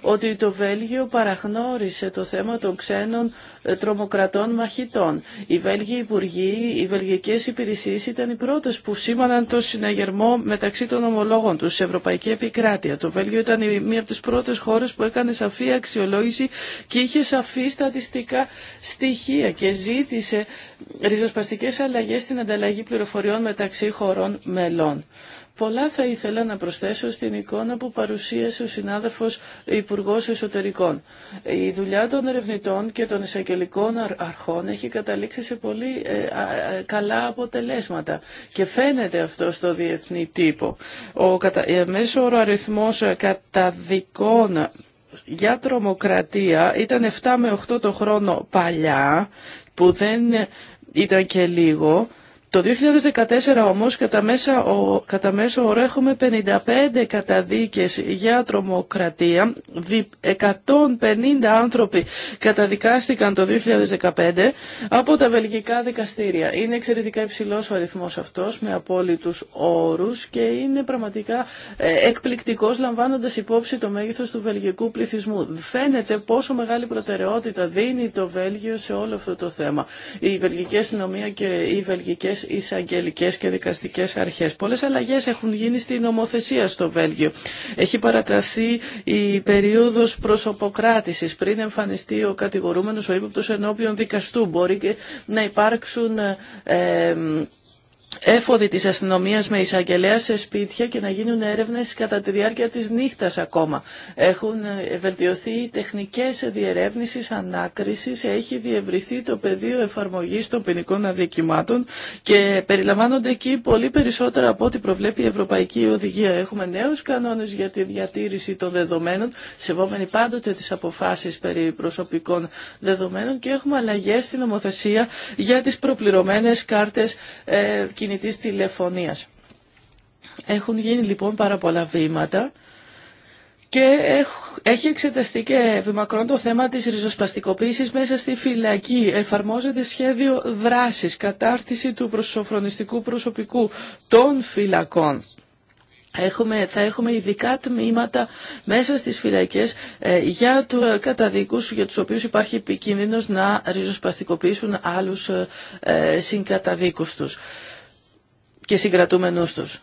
Speaker 2: ότι το Βέλγιο παραγνώρισε το θέμα των ξένων ε, τρομοκρατών μαχητών. Οι Βέλγοι υπουργοί, οι βελγικές υπηρεσίες ήταν οι πρώτες που σήμαναν το συναγερμό μεταξύ των ομολόγων τους σε ευρωπαϊκή επικράτεια. Το Βέλγιο ήταν μία από τις πρώτες χώρες που έκανε σαφή αξιολόγηση και είχε σαφή στατιστικά στοιχεία και ζήτησε ριζοσπαστικές αλλαγές στην ανταλλαγή πληροφοριών μεταξύ χωρών μελών. Πολλά θα ήθελα να προσθέσω στην εικόνα που παρουσίασε ο συνάδελφος Υπουργό Εσωτερικών. Η δουλειά των ερευνητών και των εισαγγελικών αρχών έχει καταλήξει σε πολύ ε, καλά αποτελέσματα και φαίνεται αυτό στο διεθνή τύπο. Ο ε, μέσο όρο αριθμός ε, καταδικών για τρομοκρατία ήταν 7 με 8 το χρόνο παλιά που δεν ήταν και λίγο το 2014 όμως κατά, μέσα, ο, κατά μέσο όρο έχουμε 55 καταδίκες για τρομοκρατία. 150 άνθρωποι καταδικάστηκαν το 2015 από τα βελγικά δικαστήρια. Είναι εξαιρετικά υψηλός ο αριθμός αυτός με απόλυτους όρους και είναι πραγματικά ε, εκπληκτικός λαμβάνοντας υπόψη το μέγεθος του βελγικού πληθυσμού. Φαίνεται πόσο μεγάλη προτεραιότητα δίνει το Βέλγιο σε όλο αυτό το θέμα. Η βελγική αστυνομία και οι βελγικές εισαγγελικέ και δικαστικές αρχές. Πολλέ αλλαγές έχουν γίνει στην νομοθεσία στο Βέλγιο. Έχει παραταθεί η περίοδος προσωποκράτηση πριν εμφανιστεί ο κατηγορούμενος, ο ύποπτο ενώπιον δικαστού. Μπορεί να υπάρξουν... Ε, έφοδοι της αστυνομίας με εισαγγελέα σε σπίτια και να γίνουν έρευνες κατά τη διάρκεια της νύχτας ακόμα. Έχουν ε, βελτιωθεί οι τεχνικές διερεύνησης, ανάκρισης, έχει διευρυθεί το πεδίο εφαρμογής των ποινικών αδικημάτων και περιλαμβάνονται εκεί πολύ περισσότερα από ό,τι προβλέπει η Ευρωπαϊκή Οδηγία. Έχουμε νέους κανόνες για τη διατήρηση των δεδομένων, σεβόμενοι πάντοτε τις αποφάσεις περί προσωπικών δεδομένων και έχουμε αλλαγές στην νομοθεσία για τις προπληρωμένες κάρτες ε, κινητής τηλεφωνίας. Έχουν γίνει λοιπόν πάρα πολλά βήματα και έχει εξεταστεί και βημακρόν το θέμα της ριζοσπαστικοποίησης μέσα στη φυλακή. Εφαρμόζεται σχέδιο δράσης, κατάρτιση του προσωφρονιστικού προσωπικού των φυλακών. Έχουμε, θα έχουμε ειδικά τμήματα μέσα στις φυλακές ε, για του ε, καταδίκους για τους οποίους υπάρχει επικίνδυνος να ριζοσπαστικοποιήσουν άλλους ε, ε συγκαταδίκους τους και συγκρατούμενούς τους.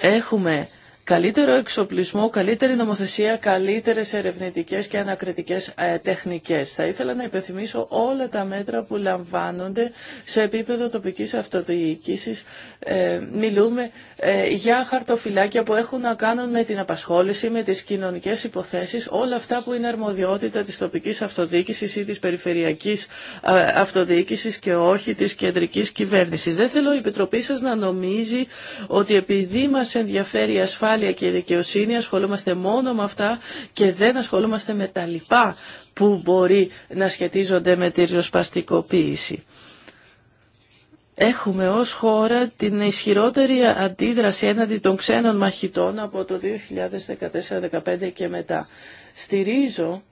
Speaker 2: Έχουμε καλύτερο εξοπλισμό, καλύτερη νομοθεσία, καλύτερε ερευνητικέ και ανακριτικές ε, τεχνικέ. Θα ήθελα να υπενθυμίσω όλα τα μέτρα που λαμβάνονται σε επίπεδο τοπικής αυτοδιοίκησης. Ε, μιλούμε ε, για χαρτοφυλάκια που έχουν να κάνουν με την απασχόληση, με τι κοινωνικέ υποθέσει, όλα αυτά που είναι αρμοδιότητα τη τοπική αυτοδιοίκηση ή τη περιφερειακή αυτοδιοίκηση και όχι τη κεντρική κυβέρνηση. Δεν θέλω η της περιφερειακης αυτοδιοικηση και οχι τη κεντρικη κυβερνηση δεν θελω η επιτροπη σα να νομίζει ότι επειδή μα ενδιαφέρει ασφάλεια ασφάλεια και δικαιοσύνη, ασχολούμαστε μόνο με αυτά και δεν ασχολούμαστε με τα λοιπά που μπορεί να σχετίζονται με τη ριζοσπαστικοποίηση. Έχουμε ως χώρα την ισχυρότερη αντίδραση έναντι των ξένων μαχητών από το 2014-2015 και μετά. Στηρίζω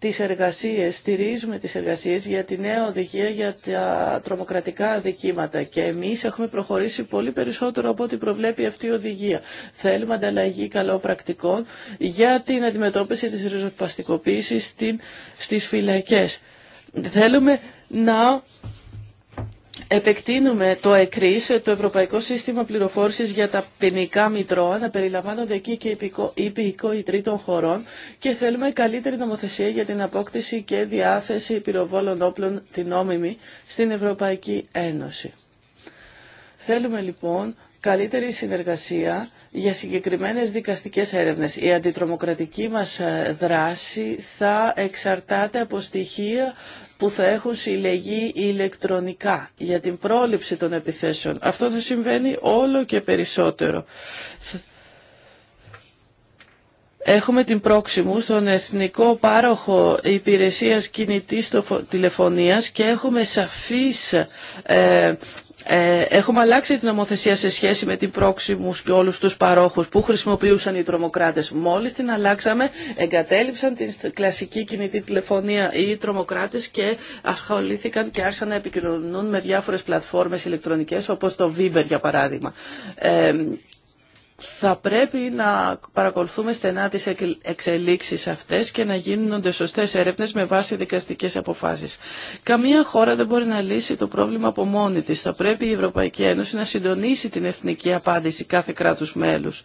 Speaker 2: τις εργασίες, στηρίζουμε τις εργασίες για τη νέα οδηγία για τα τρομοκρατικά αδικήματα και εμείς έχουμε προχωρήσει πολύ περισσότερο από ό,τι προβλέπει αυτή η οδηγία. Θέλουμε ανταλλαγή καλόπρακτικών πρακτικό για την αντιμετώπιση της ριζοσπαστικοποίησης στις φυλακές. Θέλουμε να επεκτείνουμε το ΕΚΡΙΣ, το Ευρωπαϊκό Σύστημα Πληροφόρησης για τα ποινικά μητρώα, να περιλαμβάνονται εκεί και υπηκόοι τρίτων χωρών και θέλουμε καλύτερη νομοθεσία για την απόκτηση και διάθεση πυροβόλων όπλων την νόμιμη στην Ευρωπαϊκή Ένωση. Θέλουμε λοιπόν καλύτερη συνεργασία για συγκεκριμένες δικαστικές έρευνες. Η αντιτρομοκρατική μας ε, δράση θα εξαρτάται από στοιχεία που θα έχουν συλλεγεί ηλεκτρονικά για την πρόληψη των επιθέσεων. Αυτό θα συμβαίνει όλο και περισσότερο. Έχουμε την μου στον εθνικό πάροχο υπηρεσίας κινητής τηλεφωνίας και έχουμε σαφείς ε, ε, έχουμε αλλάξει την νομοθεσία σε σχέση με την πρόξιμου και όλου τους παρόχους που χρησιμοποιούσαν οι τρομοκράτε. Μόλις την αλλάξαμε, εγκατέλειψαν την κλασική κινητή τηλεφωνία οι τρομοκράτε, και ασχολήθηκαν και άρχισαν να επικοινωνούν με διάφορες πλατφόρμες ηλεκτρονικές όπως το Viber για παράδειγμα. Ε, θα πρέπει να παρακολουθούμε στενά τις εξελίξεις αυτές και να γίνονται σωστές έρευνες με βάση δικαστικές αποφάσεις. Καμία χώρα δεν μπορεί να λύσει το πρόβλημα από μόνη της. Θα πρέπει η Ευρωπαϊκή Ένωση να συντονίσει την εθνική απάντηση κάθε κράτους μέλους.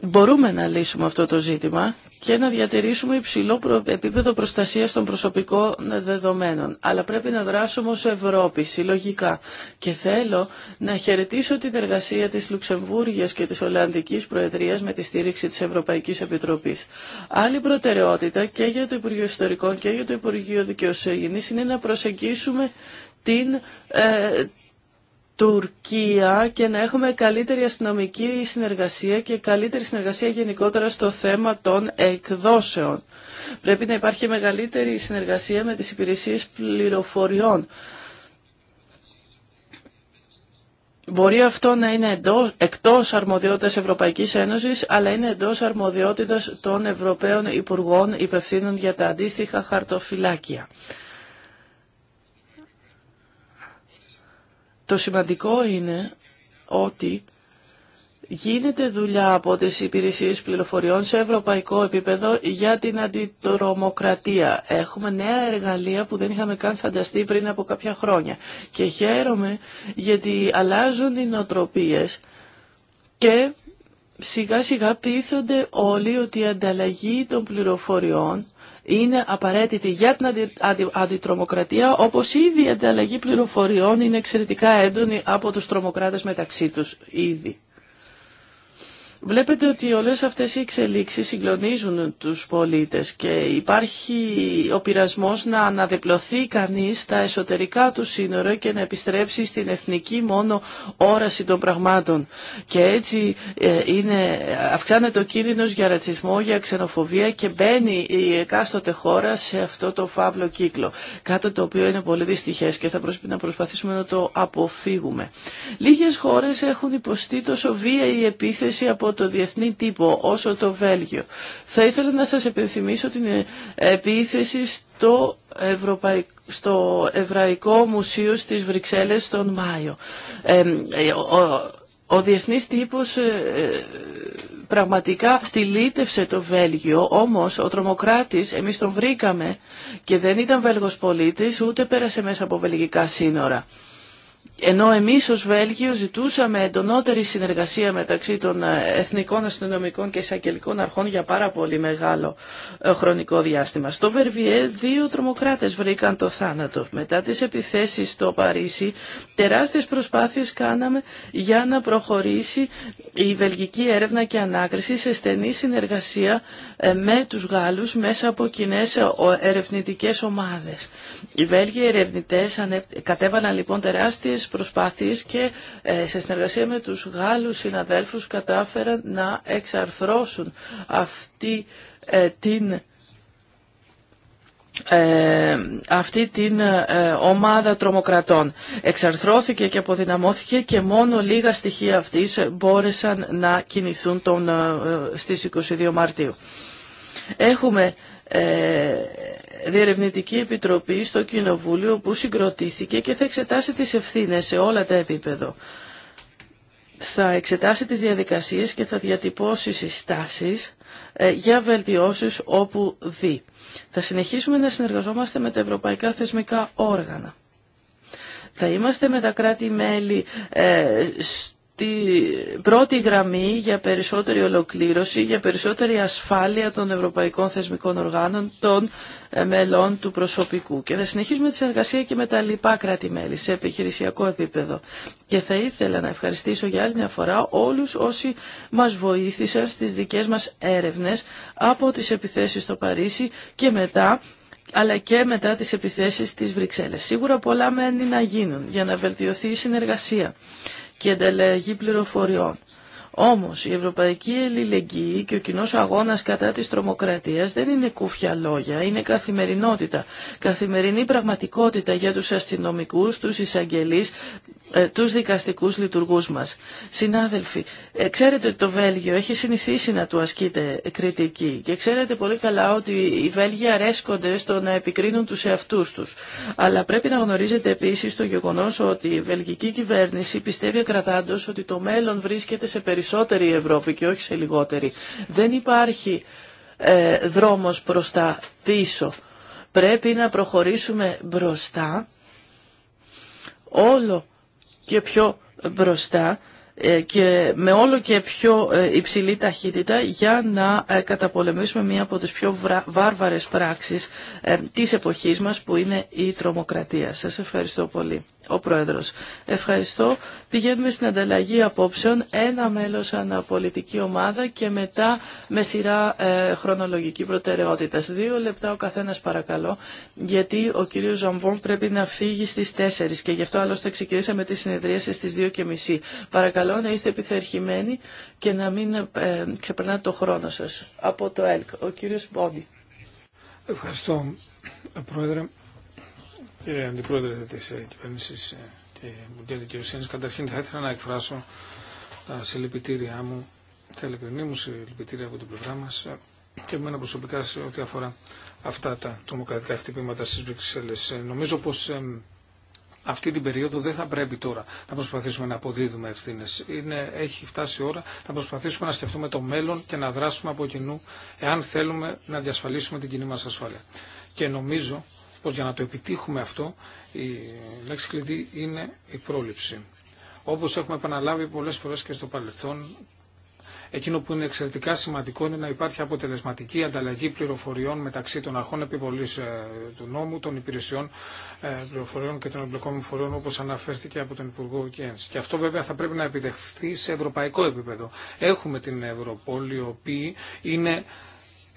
Speaker 2: Μπορούμε να λύσουμε αυτό το ζήτημα και να διατηρήσουμε υψηλό επίπεδο προστασίας των προσωπικών ε, δεδομένων. Αλλά πρέπει να δράσουμε ως Ευρώπη, συλλογικά. Και θέλω να χαιρετήσω την εργασία της Λουξεμβούργιας και της Ολλανδικής Προεδρίας με τη στήριξη της Ευρωπαϊκής Επιτροπής. Άλλη προτεραιότητα και για το Υπουργείο Ιστορικών και για το Υπουργείο Δικαιοσύνης είναι να προσεγγίσουμε την, ε, Τουρκία και να έχουμε καλύτερη αστυνομική συνεργασία και καλύτερη συνεργασία γενικότερα στο θέμα των εκδόσεων. Πρέπει να υπάρχει μεγαλύτερη συνεργασία με τις υπηρεσίες πληροφοριών. Μπορεί αυτό να είναι εντός, εκτός αρμοδιότητας Ευρωπαϊκής Ένωσης, αλλά είναι εντός αρμοδιότητας των Ευρωπαίων Υπουργών υπευθύνων για τα αντίστοιχα χαρτοφυλάκια. Το σημαντικό είναι ότι γίνεται δουλειά από τις υπηρεσίες πληροφοριών σε ευρωπαϊκό επίπεδο για την αντιτρομοκρατία. Έχουμε νέα εργαλεία που δεν είχαμε καν φανταστεί πριν από κάποια χρόνια. Και χαίρομαι γιατί αλλάζουν οι νοοτροπίες και σιγά σιγά πείθονται όλοι ότι η ανταλλαγή των πληροφοριών είναι απαραίτητη για την αντι, αντι, αντιτρομοκρατία, όπως ήδη η ανταλλαγή πληροφοριών είναι εξαιρετικά έντονη από τους τρομοκράτες μεταξύ τους ήδη. Βλέπετε ότι όλες αυτές οι εξελίξεις συγκλονίζουν τους πολίτες και υπάρχει ο πειρασμός να αναδεπλωθεί κανείς στα εσωτερικά του σύνορα και να επιστρέψει στην εθνική μόνο όραση των πραγμάτων. Και έτσι ε, είναι, αυξάνεται ο κίνδυνος για ρατσισμό, για ξενοφοβία και μπαίνει η εκάστοτε χώρα σε αυτό το φαύλο κύκλο. Κάτω το οποίο είναι πολύ δυστυχές και θα πρέπει να προσπαθήσουμε να το αποφύγουμε. Λίγες χώρες έχουν υποστεί τόσο βία η επίθεση από το διεθνή τύπο όσο το Βέλγιο. Θα ήθελα να σας επιθυμίσω την ε, επίθεση στο Ευρωπαϊκό στο Εβραϊκό Μουσείο στις Βρυξέλλες τον Μάιο. Ε, ο, ο, διεθνής τύπος ε, πραγματικά στυλίτευσε το Βέλγιο, όμως ο τρομοκράτης, εμείς τον βρήκαμε και δεν ήταν Βέλγος πολίτης, ούτε πέρασε μέσα από βελγικά σύνορα. Ενώ εμείς ως Βέλγιο ζητούσαμε εντονότερη συνεργασία μεταξύ των ε, εθνικών αστυνομικών και εισαγγελικών αρχών για πάρα πολύ μεγάλο ε, χρονικό διάστημα. Στο Βερβιέ δύο τρομοκράτες βρήκαν το θάνατο. Μετά τις επιθέσεις στο Παρίσι τεράστιες προσπάθειες κάναμε για να προχωρήσει η βελγική έρευνα και ανάκριση σε στενή συνεργασία ε, με τους Γάλλους μέσα από κοινέ ερευνητικές ομάδες. Οι Βέλγοι ερευνητές κατέβαλαν λοιπόν τεράστιες προσπάθειες και ε, σε συνεργασία με τους Γάλλους συναδέλφους κατάφεραν να εξαρθρώσουν αυτή ε, την ε, αυτή την ομάδα τρομοκρατών. Εξαρθρώθηκε και αποδυναμώθηκε και μόνο λίγα στοιχεία αυτής μπόρεσαν να κινηθούν τον, στις 22 Μαρτίου. Έχουμε Διερευνητική Επιτροπή στο Κοινοβούλιο που συγκροτήθηκε και θα εξετάσει τις ευθύνες σε όλα τα επίπεδα. Θα εξετάσει τις διαδικασίες και θα διατυπώσει συστάσεις ε, για βελτιώσεις όπου δει. Θα συνεχίσουμε να συνεργαζόμαστε με τα ευρωπαϊκά θεσμικά όργανα. Θα είμαστε με τα κράτη-μέλη ε, τη πρώτη γραμμή για περισσότερη ολοκλήρωση, για περισσότερη ασφάλεια των ευρωπαϊκών θεσμικών οργάνων των ε, μελών του προσωπικού. Και θα συνεχίσουμε τη συνεργασία και με τα λοιπά κράτη-μέλη σε επιχειρησιακό επίπεδο. Και θα ήθελα να ευχαριστήσω για άλλη μια φορά όλους όσοι μας βοήθησαν στις δικές μας έρευνες από τις επιθέσεις στο Παρίσι και μετά αλλά και μετά τις επιθέσεις στις Βρυξέλλες. Σίγουρα πολλά μένει να γίνουν για να βελτιωθεί η συνεργασία και ανταλλαγή πληροφοριών. Όμως η ευρωπαϊκή ελληνική και ο κοινός αγώνας κατά της τρομοκρατίας δεν είναι κούφια λόγια, είναι καθημερινότητα. Καθημερινή πραγματικότητα για τους αστυνομικούς, τους εισαγγελείς, ε, τους δικαστικούς λειτουργούς μας. Συνάδελφοι, ε, ξέρετε ότι το Βέλγιο έχει συνηθίσει να του ασκείται κριτική και ξέρετε πολύ καλά ότι οι Βέλγοι αρέσκονται στο να επικρίνουν τους εαυτούς τους. Αλλά πρέπει να γνωρίζετε επίσης το γεγονός ότι η βελγική κυβέρνηση πιστεύει ακρατάντως ότι το μέλλον βρίσκεται σε περισσότερη Ευρώπη και όχι σε λιγότερη. Δεν υπάρχει ε, δρόμος προς τα πίσω. Πρέπει να προχωρήσουμε μπροστά όλο και πιο μπροστά ε, και με όλο και πιο ε, υψηλή ταχύτητα για να ε, καταπολεμήσουμε μία από τις πιο βάρβαρες πράξεις της εποχής μας που είναι η τρομοκρατία. Σας ευχαριστώ πολύ. Ο Πρόεδρος. Ευχαριστώ. Πηγαίνουμε στην ανταλλαγή απόψεων ένα μέλος αναπολιτική ομάδα και μετά με σειρά χρονολογική προτεραιότητα. Δύο λεπτά ο καθένας παρακαλώ γιατί ο κύριος Ζαμπόν πρέπει να φύγει στις 4 και γι' αυτό άλλωστε ξεκινήσαμε τη συνεδρίαση στις 2.30. Παρακαλώ καλό να είστε επιθερχημένοι και να μην ε, ξεπερνάτε το χρόνο σας. Από το ΕΛΚ, ο κύριος
Speaker 3: Μπόντι. Ευχαριστώ, Πρόεδρε. Κύριε Αντιπρόεδρε της ε, Κυβέρνησης ε, και Υπουργέ Δικαιοσύνης, καταρχήν θα ήθελα να εκφράσω συλληπιτήριά μου, τα ελεπινή μου συλληπιτήρια από την πλευρά μα, και εμένα προσωπικά σε ό,τι αφορά αυτά τα τρομοκρατικά χτυπήματα στις Βρυξέλλες. Νομίζω πως αυτή την περίοδο δεν θα πρέπει τώρα να προσπαθήσουμε να αποδίδουμε ευθύνε. Έχει φτάσει η ώρα να προσπαθήσουμε να σκεφτούμε το μέλλον και να δράσουμε από κοινού εάν θέλουμε να διασφαλίσουμε την κοινή μα ασφάλεια. Και νομίζω πω για να το επιτύχουμε αυτό η λέξη κλειδί είναι η πρόληψη. Όπω έχουμε επαναλάβει πολλέ φορέ και στο παρελθόν Εκείνο που είναι εξαιρετικά σημαντικό είναι να υπάρχει αποτελεσματική ανταλλαγή πληροφοριών μεταξύ των αρχών επιβολή ε, του νόμου, των υπηρεσιών ε, πληροφοριών και των εμπλεκόμενων φορέων, όπω αναφέρθηκε από τον Υπουργό Κέντ. Και αυτό βέβαια θα πρέπει να επιδεχθεί σε ευρωπαϊκό επίπεδο. Έχουμε την Ευρωπόλη, η οποία είναι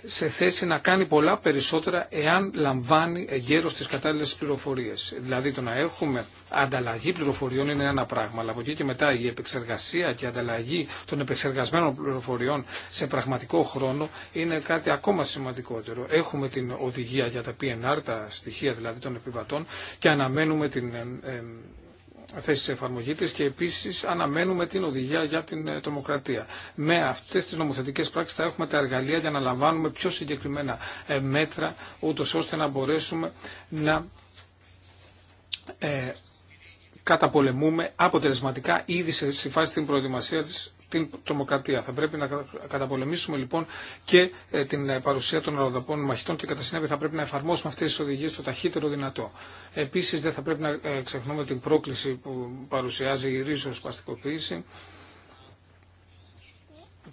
Speaker 3: σε θέση να κάνει πολλά περισσότερα εάν λαμβάνει γέρο τις κατάλληλες πληροφορίες. Δηλαδή το να έχουμε ανταλλαγή πληροφοριών είναι ένα πράγμα, αλλά από εκεί και μετά η επεξεργασία και η ανταλλαγή των επεξεργασμένων πληροφοριών σε πραγματικό χρόνο είναι κάτι ακόμα σημαντικότερο. Έχουμε την οδηγία για τα PNR, τα στοιχεία δηλαδή των επιβατών και αναμένουμε την ε, ε, θέση σε εφαρμογή και επίσης αναμένουμε την οδηγία για την ε, τρομοκρατία. Με αυτές τις νομοθετικές πράξεις θα έχουμε τα εργαλεία για να λαμβάνουμε πιο συγκεκριμένα ε, μέτρα ούτως ώστε να μπορέσουμε να ε, καταπολεμούμε αποτελεσματικά ήδη σε φάση την προετοιμασία της την τρομοκρατία. Θα πρέπει να καταπολεμήσουμε λοιπόν και ε, την ε, παρουσία των αλλοδαπών μαχητών και κατά συνέπεια θα πρέπει να εφαρμόσουμε αυτέ τι οδηγίε το ταχύτερο δυνατό. Επίση δεν θα πρέπει να ε, ξεχνούμε την πρόκληση που παρουσιάζει η ρίζο παστικοποίηση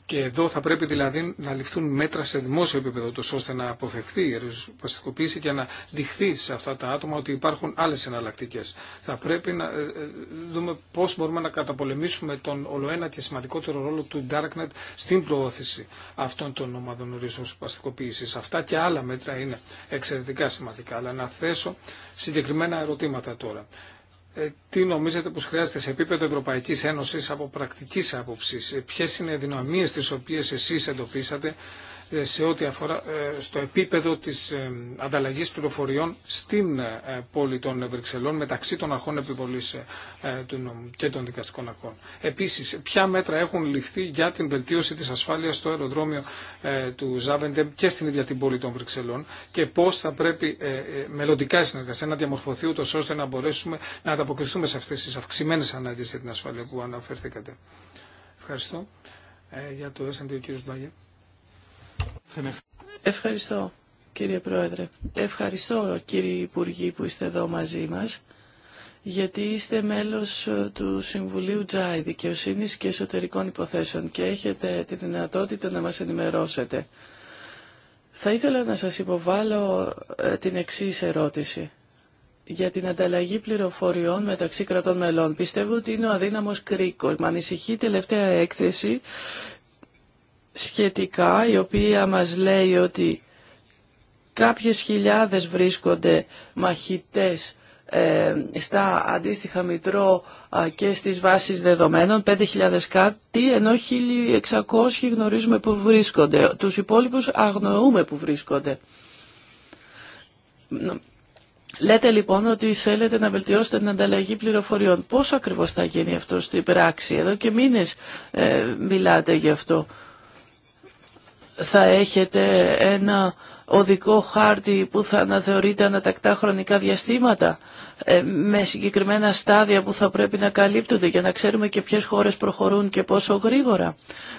Speaker 3: και εδώ θα πρέπει δηλαδή να ληφθούν μέτρα σε δημόσιο επίπεδο, τους, ώστε να αποφευθεί η ριζοσπαστικοποίηση και να διχθεί σε αυτά τα άτομα ότι υπάρχουν άλλε εναλλακτικέ. Θα πρέπει να ε, ε, δούμε πώ μπορούμε να καταπολεμήσουμε τον ολοένα και σημαντικότερο ρόλο του Darknet στην προώθηση αυτών των ομάδων ριζοσπαστικοποίηση. Αυτά και άλλα μέτρα είναι εξαιρετικά σημαντικά. Αλλά να θέσω συγκεκριμένα ερωτήματα τώρα. Ε, τι νομίζετε πως χρειάζεται σε επίπεδο Ευρωπαϊκής Ένωσης από πρακτικής άποψης, ε, ποιες είναι οι δυναμίες τις οποίες εσείς εντοπίσατε σε ό,τι αφορά ε, στο επίπεδο της ε, ανταλλαγής πληροφοριών στην ε, πόλη των Βρυξελών μεταξύ των αρχών επιβολής του νόμου και των δικαστικών αρχών. Επίσης, ποια μέτρα έχουν ληφθεί για την βελτίωση της ασφάλειας στο αεροδρόμιο του Ζάβεντεμ και στην ίδια την πόλη των Βρυξελών και πώς θα πρέπει μελλοντικά η συνεργασία να διαμορφωθεί ούτως ώστε να μπορέσουμε να ανταποκριθούμε σε αυτές τις αυξημένες ανάγκες για την ασφάλεια που αναφέρθηκατε. Ευχαριστώ. για το S&D ο Ευχαριστώ
Speaker 2: κύριε Πρόεδρε. Ευχαριστώ κύριοι Υπουργοί που είστε εδώ μαζί μας γιατί είστε μέλος ε, του Συμβουλίου Τζάι Δικαιοσύνη και Εσωτερικών Υποθέσεων και έχετε τη δυνατότητα να μας ενημερώσετε. Θα ήθελα να σας υποβάλω ε, την εξής ερώτηση για την ανταλλαγή πληροφοριών μεταξύ κρατών μελών. Πιστεύω ότι είναι ο αδύναμος κρίκος. με ανησυχεί η τελευταία έκθεση σχετικά η οποία μας λέει ότι κάποιες χιλιάδες βρίσκονται μαχητές ε, στα αντίστοιχα μητρό και στις βάσεις δεδομένων, 5.000 κάτι, ενώ 1.600 γνωρίζουμε που βρίσκονται. Τους υπόλοιπους αγνοούμε που βρίσκονται. Λέτε λοιπόν ότι θέλετε να βελτιώσετε την ανταλλαγή πληροφοριών. Πώς ακριβώς θα γίνει αυτό στην πράξη. Εδώ και μήνες ε, μιλάτε γι' αυτό θα έχετε ένα οδικό χάρτη που θα αναθεωρείται ανατακτά χρονικά διαστήματα ε, με συγκεκριμένα στάδια που θα πρέπει να καλύπτονται για να ξέρουμε και ποιες χώρες προχωρούν και πόσο γρήγορα.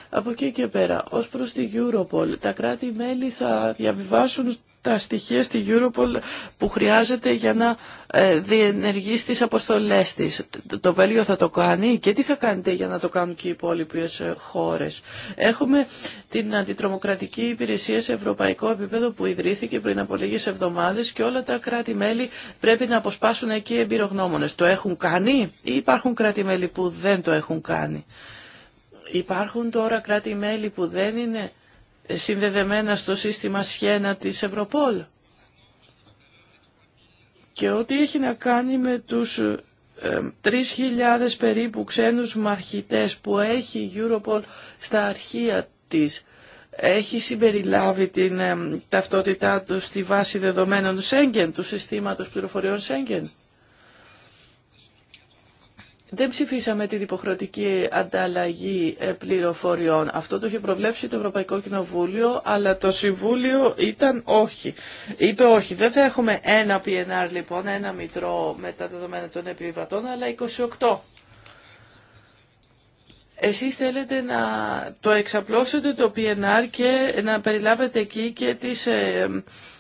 Speaker 2: Από εκεί και πέρα, ως προς τη Europol, τα κράτη-μέλη θα διαβιβάσουν τα στοιχεία στη Europol που χρειάζεται για να ε, διενεργεί στις αποστολές της. Το Βέλγιο θα το κάνει και τι θα κάνετε για να το κάνουν και οι υπόλοιπες ε, χώρες. Έχουμε την αντιτρομοκρατική υπηρεσία σε ευρωπαϊκό επίπεδο που ιδρύθηκε πριν από λίγες εβδομάδες και όλα τα κράτη-μέλη πρέπει να αποσπάσουν εκεί εμπειρογνώμονες. Το έχουν κάνει ή υπάρχουν κράτη-μέλη που δεν το έχουν κάνει. Υπάρχουν τώρα κράτη-μέλη που δεν είναι συνδεδεμένα στο σύστημα σχένα της Ευρωπόλ και ό,τι έχει να κάνει με τους 3.000 περίπου ξένους μαρχητές που έχει η Europol στα αρχεία της έχει συμπεριλάβει την ταυτότητά του στη βάση δεδομένων Σέγγεν, του συστήματος πληροφοριών Σέγγεν. Δεν ψηφίσαμε την υποχρεωτική ανταλλαγή ε, πληροφοριών. Αυτό το είχε προβλέψει το Ευρωπαϊκό Κοινοβούλιο, αλλά το Συμβούλιο ήταν όχι. Είπε όχι. Δεν θα έχουμε ένα PNR λοιπόν, ένα μητρό με τα δεδομένα των επιβατών, αλλά 28. Εσείς θέλετε να το εξαπλώσετε το PNR και να περιλάβετε εκεί και τις ε,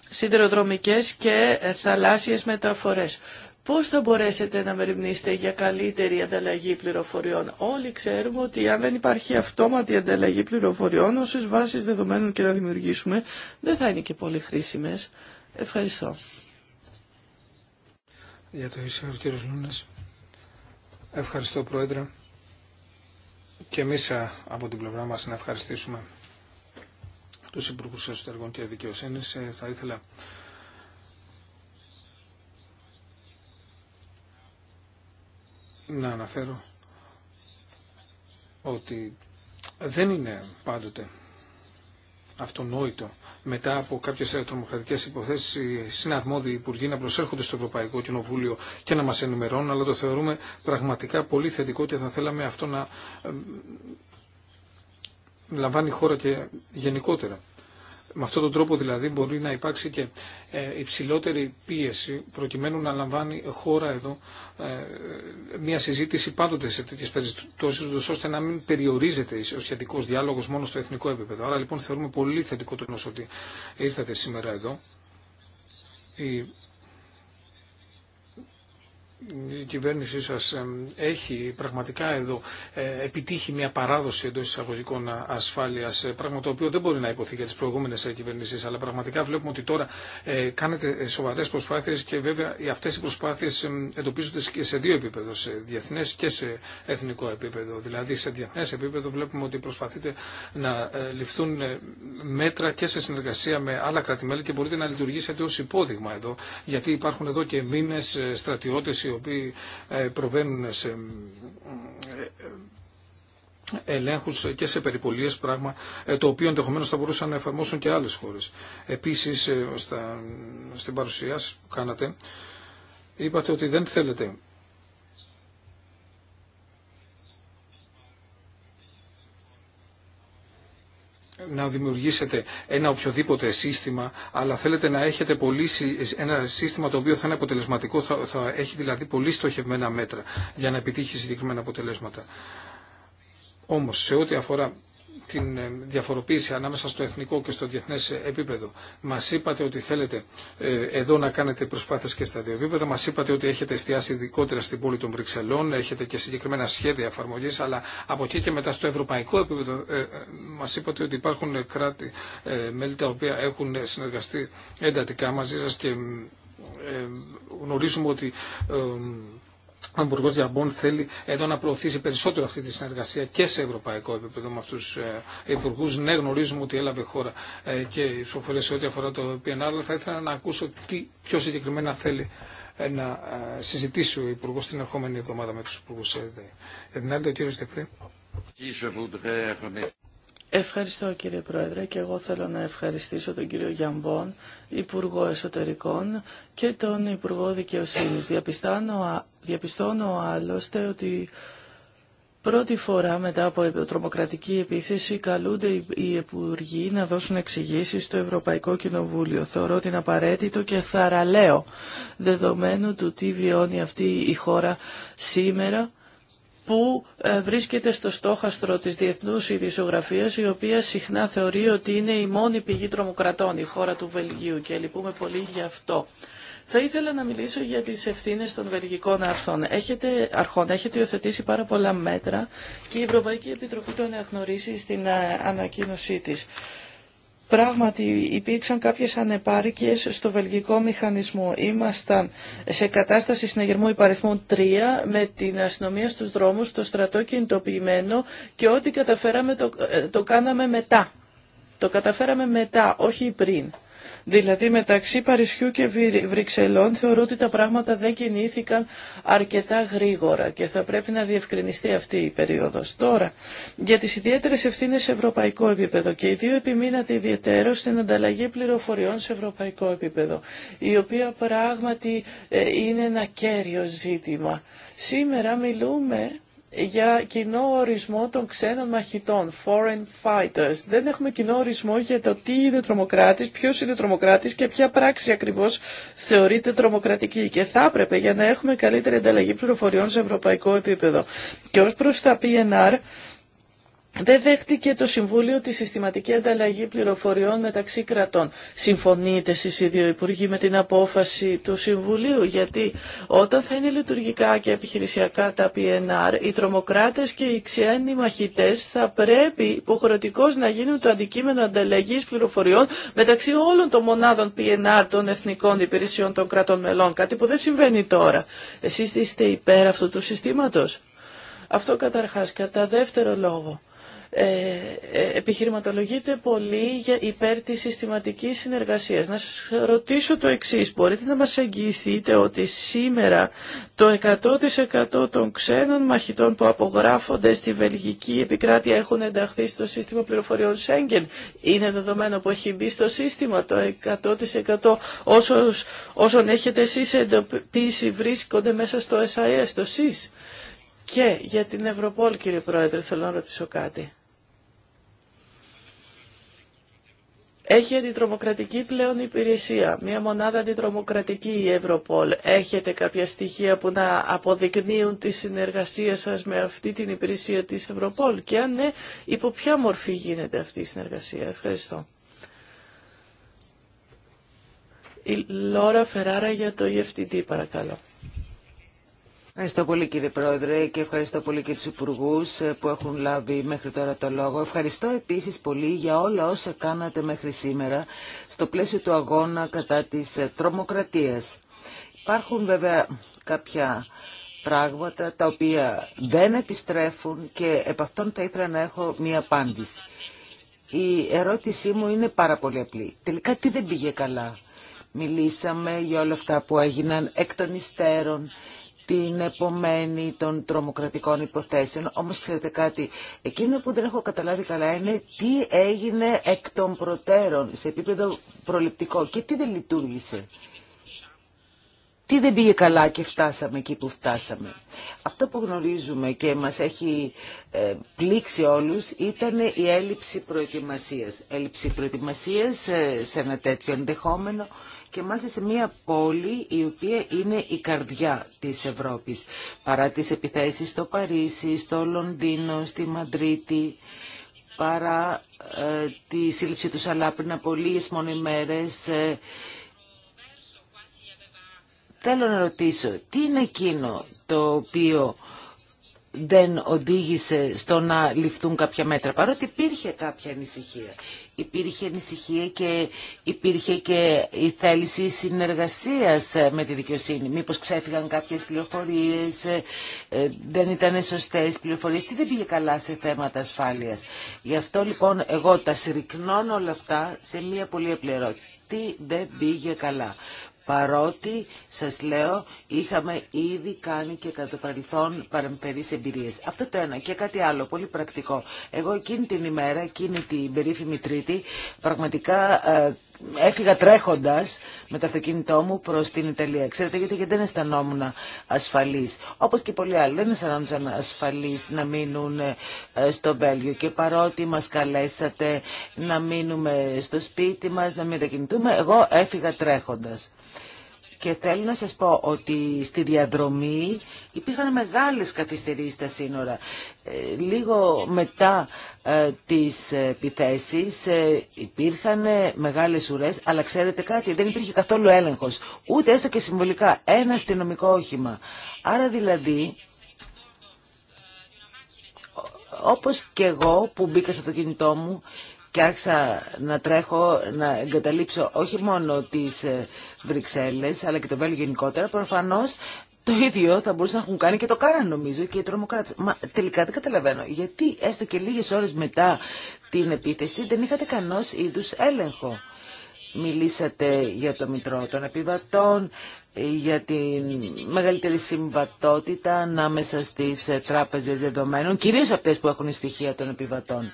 Speaker 2: σιδηροδρομικές και ε, θαλάσσιες μεταφορές. Πώς θα μπορέσετε να μεριμνήσετε για καλύτερη ανταλλαγή πληροφοριών. Όλοι ξέρουμε ότι αν δεν υπάρχει αυτόματη ανταλλαγή πληροφοριών, όσε βάσεις δεδομένων και να δημιουργήσουμε, δεν θα είναι και πολύ χρήσιμες. Ευχαριστώ.
Speaker 3: Για το ίσιο, ο κύριος Ευχαριστώ, Πρόεδρε. Και εμείς από την πλευρά μας να ευχαριστήσουμε τους Υπουργούς Εσωτερικών και Δικαιοσύνης. Ε, θα ήθελα να αναφέρω ότι δεν είναι πάντοτε αυτονόητο μετά από κάποιες τρομοκρατικές υποθέσεις οι συναρμόδιοι υπουργοί να προσέρχονται στο Ευρωπαϊκό Κοινοβούλιο και να μας ενημερώνουν, αλλά το θεωρούμε πραγματικά πολύ θετικό και θα θέλαμε αυτό να ε, λαμβάνει η χώρα και γενικότερα με αυτόν τον τρόπο δηλαδή μπορεί να υπάρξει και ε, υψηλότερη πίεση προκειμένου να λαμβάνει χώρα εδώ ε, μια συζήτηση πάντοτε σε τέτοιε περιπτώσει, ώστε να μην περιορίζεται ο σχετικό διάλογο μόνο στο εθνικό επίπεδο. Άρα λοιπόν θεωρούμε πολύ θετικό το ότι ήρθατε σήμερα εδώ. Η η κυβέρνησή σας έχει πραγματικά εδώ ε, επιτύχει μια παράδοση εντός εισαγωγικών ε, ασφάλειας, ε, πράγμα το οποίο δεν μπορεί να υποθεί για τις προηγούμενες κυβερνήσεις, αλλά πραγματικά βλέπουμε ότι τώρα κάνετε σοβαρές προσπάθειες και βέβαια αυτές οι προσπάθειες εντοπίζονται και σε δύο επίπεδο, σε διεθνές και σε εθνικό επίπεδο. Δηλαδή σε διεθνές επίπεδο βλέπουμε ότι προσπαθείτε να ληφθούν μέτρα και σε συνεργασία με άλλα κράτη-μέλη και μπορείτε να λειτουργήσετε ως υπόδειγμα εδώ, γιατί υπάρχουν εδώ και μήνες στρατιώτες οι οποίοι ε, προβαίνουν σε ε, ελέγχους και σε περιπολίες πράγμα ε, το οποίο ενδεχομένω θα μπορούσαν να εφαρμόσουν και άλλες χώρες. Επίσης στην παρουσίαση που κάνατε είπατε ότι δεν θέλετε να δημιουργήσετε ένα οποιοδήποτε σύστημα, αλλά θέλετε να έχετε πολύ, ένα σύστημα το οποίο θα είναι αποτελεσματικό, θα, θα έχει δηλαδή πολύ στοχευμένα μέτρα για να επιτύχει συγκεκριμένα αποτελέσματα. Όμως, σε ό,τι αφορά την ε, διαφοροποίηση ανάμεσα στο εθνικό και στο διεθνές επίπεδο. Μας είπατε ότι θέλετε ε, εδώ να κάνετε προσπάθειες και στα δύο επίπεδα. Μας είπατε ότι έχετε εστιάσει ειδικότερα στην πόλη των Βρυξελών, έχετε και συγκεκριμένα σχέδια εφαρμογή, αλλά από εκεί και μετά στο ευρωπαϊκό επίπεδο ε, μας είπατε ότι υπάρχουν κράτη μέλη τα οποία έχουν συνεργαστεί εντατικά μαζί σα και γνωρίζουμε ότι ο Υπουργό Διαμπών θέλει εδώ να προωθήσει περισσότερο αυτή τη συνεργασία και σε ευρωπαϊκό επίπεδο με αυτού του ε, υπουργού. Ναι, γνωρίζουμε ότι έλαβε χώρα ε, και η σε ό,τι αφορά το PNR, αλλά θα ήθελα να ακούσω τι πιο συγκεκριμένα θέλει ε, να συζητήσει ο Υπουργό την ερχόμενη εβδομάδα με του Υπουργού
Speaker 2: κύριο
Speaker 3: Ευχαριστώ κύριε Πρόεδρε και εγώ θέλω να ευχαριστήσω τον κύριο Γιαμπόν,
Speaker 2: Υπουργό Εσωτερικών και τον Υπουργό Δικαιοσύνης. διαπιστώνω άλλωστε ότι πρώτη φορά μετά από τρομοκρατική επίθεση καλούνται οι Υπουργοί να δώσουν εξηγήσει στο Ευρωπαϊκό Κοινοβούλιο. Θεωρώ ότι είναι απαραίτητο και θαραλέο δεδομένου του τι βιώνει αυτή η χώρα σήμερα που ε, βρίσκεται στο στόχαστρο της διεθνούς ειδησιογραφίας η οποία συχνά θεωρεί ότι είναι η μόνη πηγή τρομοκρατών η χώρα του Βελγίου και λυπούμε πολύ γι' αυτό. Θα ήθελα να μιλήσω για τις ευθύνες των βελγικών αρχών. Έχετε, αρχών, έχετε υιοθετήσει πάρα πολλά μέτρα και η Ευρωπαϊκή Επιτροπή το αναγνωρίσει στην ε, ανακοίνωσή της. Πράγματι υπήρξαν κάποιες ανεπάρκειες στο βελγικό μηχανισμό. Ήμασταν σε κατάσταση συνεγερμού υπαριθμών 3 με την αστυνομία στους δρόμους, το στρατό κινητοποιημένο και ό,τι καταφέραμε το, ε, το κάναμε μετά. Το καταφέραμε μετά, όχι πριν. Δηλαδή μεταξύ Παρισιού και Βρυξελών θεωρώ ότι τα πράγματα δεν κινήθηκαν αρκετά γρήγορα και θα πρέπει να διευκρινιστεί αυτή η περίοδος. Τώρα, για τις ιδιαίτερες ευθύνες σε ευρωπαϊκό επίπεδο και οι δύο επιμείνατε ιδιαίτερο στην ανταλλαγή πληροφοριών σε ευρωπαϊκό επίπεδο, η οποία πράγματι ε, είναι ένα κέριο ζήτημα. Σήμερα μιλούμε για κοινό ορισμό των ξένων μαχητών, foreign fighters. Δεν έχουμε κοινό ορισμό για το τι είναι τρομοκράτης, ποιος είναι τρομοκράτης και ποια πράξη ακριβώς θεωρείται τρομοκρατική. Και θα έπρεπε για να έχουμε καλύτερη ανταλλαγή πληροφοριών σε ευρωπαϊκό επίπεδο. Και ως προς τα PNR, δεν δέχτηκε το Συμβούλιο τη συστηματική ανταλλαγή πληροφοριών μεταξύ κρατών. Συμφωνείτε εσεί οι δύο Υπουργοί με την απόφαση του Συμβουλίου, γιατί όταν θα είναι λειτουργικά και επιχειρησιακά τα PNR, οι τρομοκράτε και οι ξένοι μαχητέ θα πρέπει υποχρεωτικώς να γίνουν το αντικείμενο ανταλλαγή πληροφοριών μεταξύ όλων των μονάδων PNR των εθνικών υπηρεσιών των κρατών μελών, κάτι που δεν συμβαίνει τώρα. Εσεί είστε υπέρ αυτού του συστήματο. Αυτό καταρχάς, κατά δεύτερο λόγο. Ε, ε, επιχειρηματολογείται πολύ για υπέρ της συστηματικής συνεργασίας. Να σας ρωτήσω το εξής. Μπορείτε να μας εγγυηθείτε ότι σήμερα το 100% των ξένων μαχητών που απογράφονται στη βελγική επικράτεια έχουν ενταχθεί στο σύστημα πληροφοριών Σέγγεν. Είναι δεδομένο που έχει μπει στο σύστημα το 100% όσων έχετε εσείς εντοπίσει βρίσκονται μέσα στο SIS, το SIS. Και για την Ευρωπόλ, κύριε Πρόεδρε, θέλω να ρωτήσω κάτι. Έχει αντιτρομοκρατική πλέον υπηρεσία, μια μονάδα αντιτρομοκρατική η Ευρωπόλ. Έχετε κάποια στοιχεία που να αποδεικνύουν τη συνεργασία σας με αυτή την υπηρεσία της Ευρωπόλ και αν ναι, υπό ποια μορφή γίνεται αυτή η συνεργασία. Ευχαριστώ. Η Λόρα Φεράρα για το EFTD παρακαλώ.
Speaker 1: Ευχαριστώ πολύ κύριε Πρόεδρε και ευχαριστώ πολύ και τους υπουργού ε, που έχουν λάβει μέχρι τώρα το λόγο. Ευχαριστώ επίσης πολύ για όλα όσα κάνατε μέχρι σήμερα στο πλαίσιο του αγώνα κατά της ε, τρομοκρατίας. Υπάρχουν βέβαια κάποια πράγματα τα οποία δεν επιστρέφουν και επ' αυτών θα ήθελα να έχω μία απάντηση. Η ερώτησή μου είναι πάρα πολύ απλή. Τελικά τι δεν πήγε καλά. Μιλήσαμε για όλα αυτά που έγιναν εκ των υστέρων, την επομένη των τρομοκρατικών υποθέσεων. Όμως ξέρετε κάτι, εκείνο που δεν έχω καταλάβει καλά είναι τι έγινε εκ των προτέρων σε επίπεδο προληπτικό και τι δεν λειτουργήσε. Τι δεν πήγε καλά και φτάσαμε εκεί που φτάσαμε. Αυτό που γνωρίζουμε και μας έχει ε, πλήξει όλους ήταν η έλλειψη προετοιμασίας. Έλλειψη προετοιμασίας ε, σε ένα τέτοιο ενδεχόμενο και μάλιστα σε μια πόλη η οποία είναι η καρδιά της Ευρώπης. Παρά τις επιθέσεις στο Παρίσι, στο Λονδίνο, στη Μαντρίτη, παρά ε, τη σύλληψη του Σαλά πριν από λίγες μόνο ημέρες, ε, θέλω να ρωτήσω, τι είναι εκείνο το οποίο δεν οδήγησε στο να ληφθούν κάποια μέτρα, παρότι υπήρχε κάποια ανησυχία. Υπήρχε ανησυχία και υπήρχε και η θέληση συνεργασίας ε, με τη δικαιοσύνη. Μήπως ξέφυγαν κάποιες πληροφορίες, ε, ε, δεν ήταν σωστές πληροφορίες, τι δεν πήγε καλά σε θέματα ασφάλειας. Γι' αυτό λοιπόν εγώ τα συρρυκνώνω όλα αυτά σε μία πολύ απλή ερώτηση. Τι δεν πήγε καλά παρότι σας λέω είχαμε ήδη κάνει και κατά το παρελθόν παρεμπερίες εμπειρίες. Αυτό το ένα και κάτι άλλο πολύ πρακτικό. Εγώ εκείνη την ημέρα, εκείνη την περίφημη Τρίτη, πραγματικά ε, έφυγα τρέχοντας με το αυτοκίνητό μου προς την Ιταλία. Ξέρετε γιατί, δεν αισθανόμουν ασφαλής. Όπως και πολλοί άλλοι δεν αισθανόμουν ασφαλής να μείνουν ε, στο Βέλγιο. Και παρότι μας καλέσατε να μείνουμε στο σπίτι μας, να μην τα κινητούμε, εγώ έφυγα τρέχοντας. Και θέλω να σας πω ότι στη διαδρομή υπήρχαν μεγάλες καθυστερήσεις στα σύνορα. Ε, λίγο μετά ε, τις επιθέσεις ε, υπήρχαν μεγάλες ουρές, αλλά ξέρετε κάτι, δεν υπήρχε καθόλου έλεγχος, ούτε έστω και συμβολικά, ένα αστυνομικό όχημα. Άρα δηλαδή όπως και εγώ που μπήκα στο αυτοκίνητό μου, και άρχισα να τρέχω να εγκαταλείψω όχι μόνο τις ε, Βρυξέλλες αλλά και το Βέλγιο γενικότερα, προφανώς το ίδιο θα μπορούσαν να έχουν κάνει και το Κάραν νομίζω και οι τρομοκράτε. Μα τελικά δεν καταλαβαίνω. Γιατί έστω και λίγες ώρες μετά την επίθεση δεν είχατε κανός είδους έλεγχο. Μιλήσατε για το Μητρό των Επιβατών, ε, για τη μεγαλύτερη συμβατότητα ανάμεσα στις ε, τράπεζες δεδομένων, κυρίως αυτές που έχουν στοιχεία των επιβατών.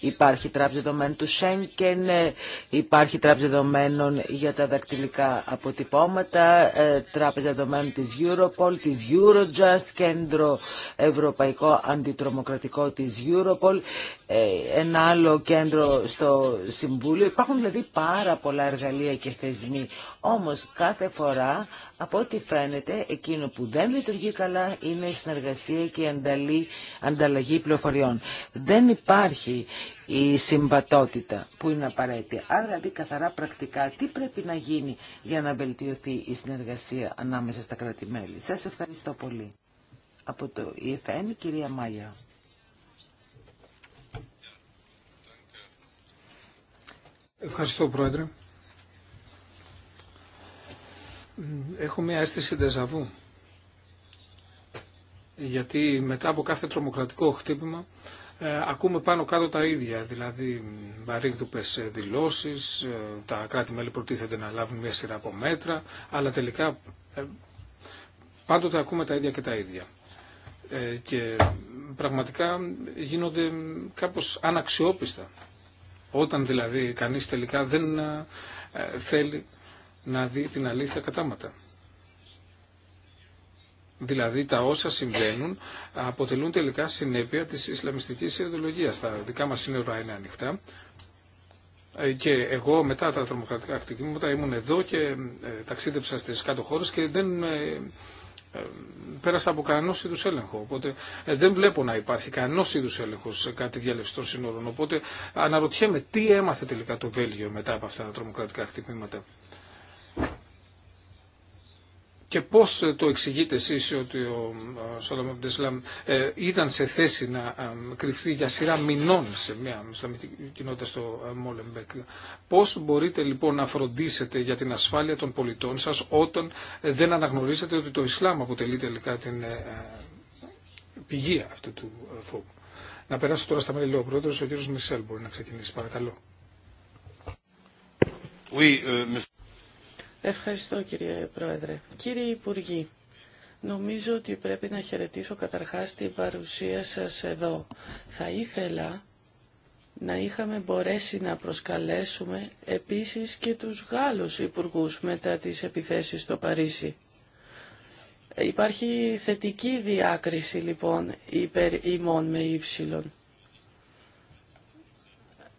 Speaker 1: Υπάρχει τράπεζα δεδομένων του Σέγκεν, ε, υπάρχει τράπεζα δεδομένων για τα δακτυλικά αποτυπώματα, ε, τράπεζα δεδομένων της Europol, της Eurojust, κέντρο ευρωπαϊκό αντιτρομοκρατικό της Europol, ε, ένα άλλο κέντρο στο Συμβούλιο. Υπάρχουν δηλαδή πάρα πολλά εργαλεία και θεσμοί. Όμως κάθε φορά από ό,τι φαίνεται, εκείνο που δεν λειτουργεί καλά είναι η συνεργασία και η ανταλή, ανταλλαγή πληροφοριών. Δεν υπάρχει η συμπατότητα που είναι απαραίτητη. Άρα, δηλαδή, καθαρά πρακτικά, τι πρέπει να γίνει για να βελτιωθεί η συνεργασία ανάμεσα στα κράτη-μέλη. Σας ευχαριστώ πολύ. Από το ΙΕΦΕΝ, e κυρία Μάγια.
Speaker 3: Ευχαριστώ, Πρόεδρε. Έχω μια αίσθηση ντεζαβού. Γιατί μετά από κάθε τρομοκρατικό χτύπημα ε, ακούμε πάνω κάτω τα ίδια, δηλαδή βαρύγδουπες δηλώσεις, ε, τα κράτη-μέλη προτίθεται να λάβουν μια σειρά από μέτρα, αλλά τελικά ε, πάντοτε ακούμε τα ίδια και τα ίδια. Και πραγματικά γίνονται κάπως αναξιόπιστα, όταν δηλαδή κανείς τελικά δεν θέλει να δει την αλήθεια κατάματα. Δηλαδή τα όσα συμβαίνουν αποτελούν τελικά συνέπεια της Ισλαμιστικής ιδεολογίας. Τα δικά μας σύνορα είναι ανοιχτά ε, και εγώ μετά τα τρομοκρατικά χτυπήματα ήμουν εδώ και ε, ταξίδεψα στις κάτω χώρες και δεν ε, πέρασα από κανένα είδου έλεγχο. Οπότε δεν βλέπω να υπάρχει κανένα είδου έλεγχο σε κάτι διαλευστό σύνορων. Οπότε αναρωτιέμαι τι έμαθε τελικά το Βέλγιο μετά από αυτά τα τρομοκρατικά χτυπήματα. Και πώς το εξηγείτε εσείς ότι ο Σόλαμ Αμπτεσλάμ ε, ήταν σε θέση να ε, κρυφθεί για σειρά μηνών σε μια Ισλαμική κοινότητα στο ε, Μόλεμπεκ. Πώς μπορείτε λοιπόν να φροντίσετε για την ασφάλεια των πολιτών σας όταν δεν αναγνωρίσετε ότι το Ισλάμ αποτελεί τελικά την πηγή αυτού του φόβου. Να περάσω τώρα στα μέλη, ο πρόεδρος, ο κύριος Μισελ μπορεί να ξεκινήσει, παρακαλώ. Oui, euh...
Speaker 2: Ευχαριστώ κύριε Πρόεδρε. Κύριε Υπουργή, νομίζω ότι πρέπει να χαιρετήσω καταρχάς την παρουσία σας εδώ. Θα ήθελα να είχαμε μπορέσει να προσκαλέσουμε επίσης και τους Γάλλους υπουργούς μετά τις επιθέσεις στο Παρίσι. Υπάρχει θετική διάκριση λοιπόν υπέρ ημών με ύψιλον.